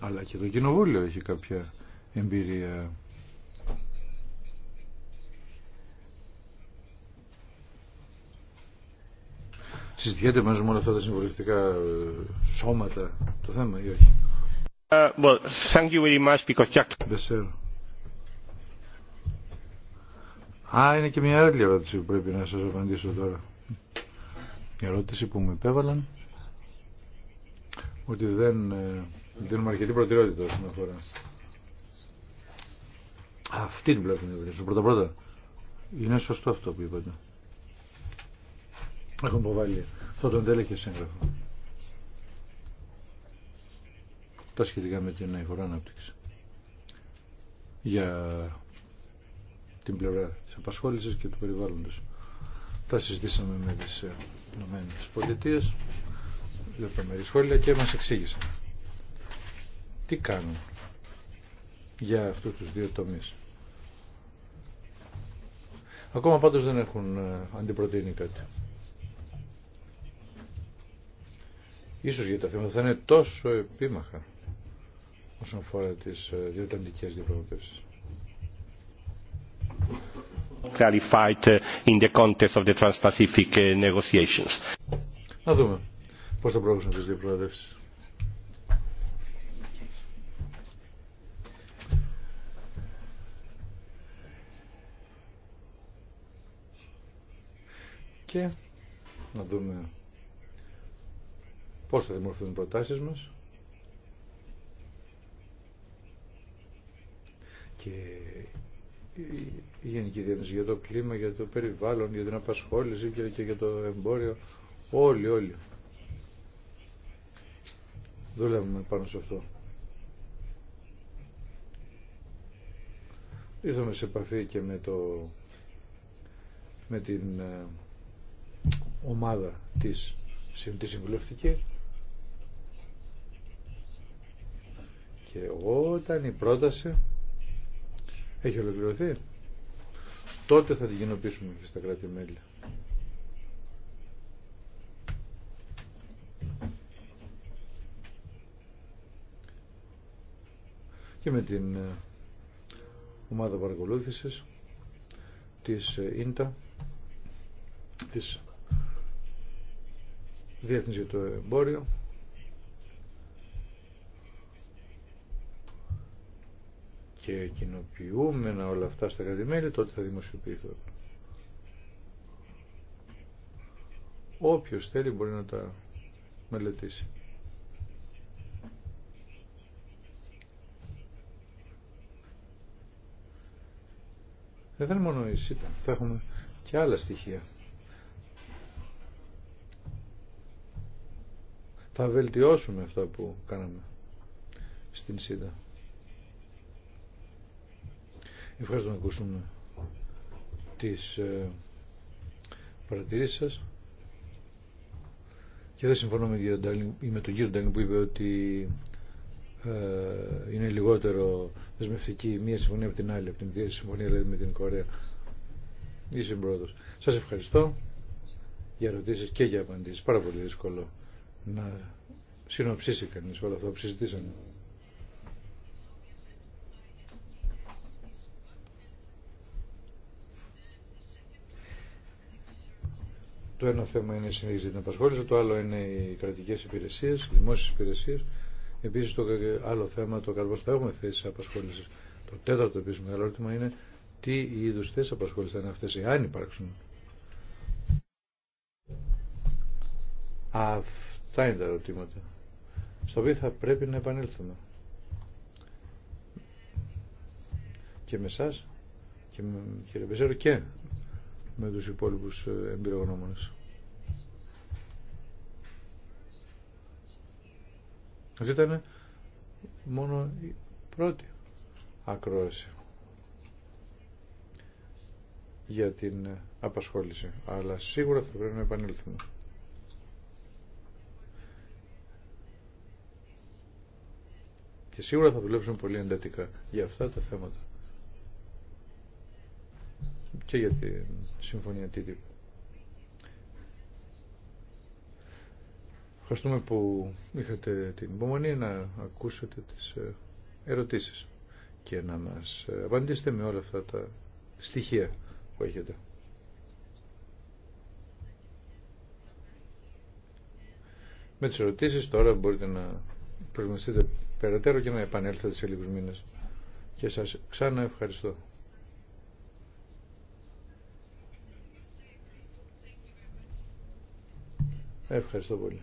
Αλλά και το Κοινοβούλιο έχει κάποια εμπειρία Συζητιέται μαζί με όλα αυτά τα συμβολιστικά ε, σώματα το θέμα ή όχι. Ε, Α, είναι και μια άλλη ερώτηση που πρέπει να σας απαντήσω τώρα. Η ερώτηση που μου υπέβαλαν ότι δεν ε, δίνουμε αρκετή προτεραιότητα όσον αφορά. Αυτή την πλευρά Πρώτα-πρώτα. Είναι σωστό αυτό που είπατε έχουν υποβάλει αυτό το εντέλεχε σύγγραφο Τα σχετικά με την αγορά ανάπτυξη. Για την πλευρά της απασχόλησης και του περιβάλλοντος. Τα συζητήσαμε με τις ε, Ηνωμένες Πολιτείες, λεπτομερή σχόλια και μας εξήγησαν τι κάνουν για αυτούς τους δύο τομείς. Ακόμα πάντως δεν έχουν ε, αντιπροτείνει κάτι. Ίσως για τα θέματα θα είναι τόσο επίμαχα όσον αφορά τις ε, διαταντικές διαπραγματεύσεις. Uh, in the context of the Trans-Pacific uh, negotiations. Να δούμε πώς θα προχωρήσουν τις διαπραγματεύσεις. Και να δούμε πώς θα δημορφωθούν οι προτάσεις μας και η Γενική Διεύθυνση για το κλίμα, για το περιβάλλον, για την απασχόληση και, για το εμπόριο. Όλοι, όλοι. Δουλεύουμε πάνω σε αυτό. Ήρθαμε σε επαφή και με, το, με την ε, ομάδα της, της συμβουλευτική και όταν η πρόταση έχει ολοκληρωθεί, τότε θα την κοινοποιήσουμε και στα κράτη-μέλη. Και με την ε, ομάδα παρακολούθησης της ε, ΙΝΤΑ, της Διεθνής για το Εμπόριο, και κοινοποιούμενα όλα αυτά στα κρατημέλη, τότε θα δημοσιοποιηθούν. Όποιος θέλει μπορεί να τα μελετήσει. Ε, δεν θα είναι μόνο η ΣΥΤΑ, θα έχουμε και άλλα στοιχεία. Θα βελτιώσουμε αυτά που κάναμε στην ΣΥΤΑ. Ευχαριστώ να ακούσουμε τις ε, παρατηρήσεις σας. Και δεν συμφωνώ με, τον με κύριο Ντάλιν που είπε ότι ε, είναι λιγότερο δεσμευτική μία συμφωνία από την άλλη, από την ίδια συμφωνία δηλαδή με την Κορέα. Είσαι πρόεδρος. Σας ευχαριστώ για ερωτήσεις και για απαντήσεις. Πάρα πολύ δύσκολο να συνοψίσει κανείς όλα αυτά που συζητήσαμε. Το ένα θέμα είναι η συνέχιση τη απασχόληση, το άλλο είναι οι κρατικέ υπηρεσίε, οι δημόσιε υπηρεσίε. Επίση το άλλο θέμα, το καλό θα έχουμε θέσει απασχόληση. Το τέταρτο επίση μεγάλο ερώτημα είναι τι είδου θέσει απασχόληση θα είναι αυτέ, εάν υπάρξουν. Αυτά είναι τα ερωτήματα στο οποίο θα πρέπει να επανέλθουμε. Και με εσά και με κύριε Μπεζέρο και με τους υπόλοιπους ε, εμπειρογνώμονες. Αυτή ήταν μόνο η πρώτη ακρόαση για την απασχόληση, αλλά σίγουρα θα πρέπει να επανέλθουμε. Και σίγουρα θα δουλέψουμε πολύ εντατικά για αυτά τα θέματα και για τη συμφωνία TTIP. Ευχαριστούμε που είχατε την υπομονή να ακούσετε τις ε, ερωτήσεις και να μας ε, απαντήσετε με όλα αυτά τα στοιχεία που έχετε. Με τις ερωτήσεις τώρα μπορείτε να προσμεστείτε περαιτέρω και να επανέλθετε σε λίγους μήνες. Και σας ξανά ευχαριστώ. Ευχαριστώ πολύ.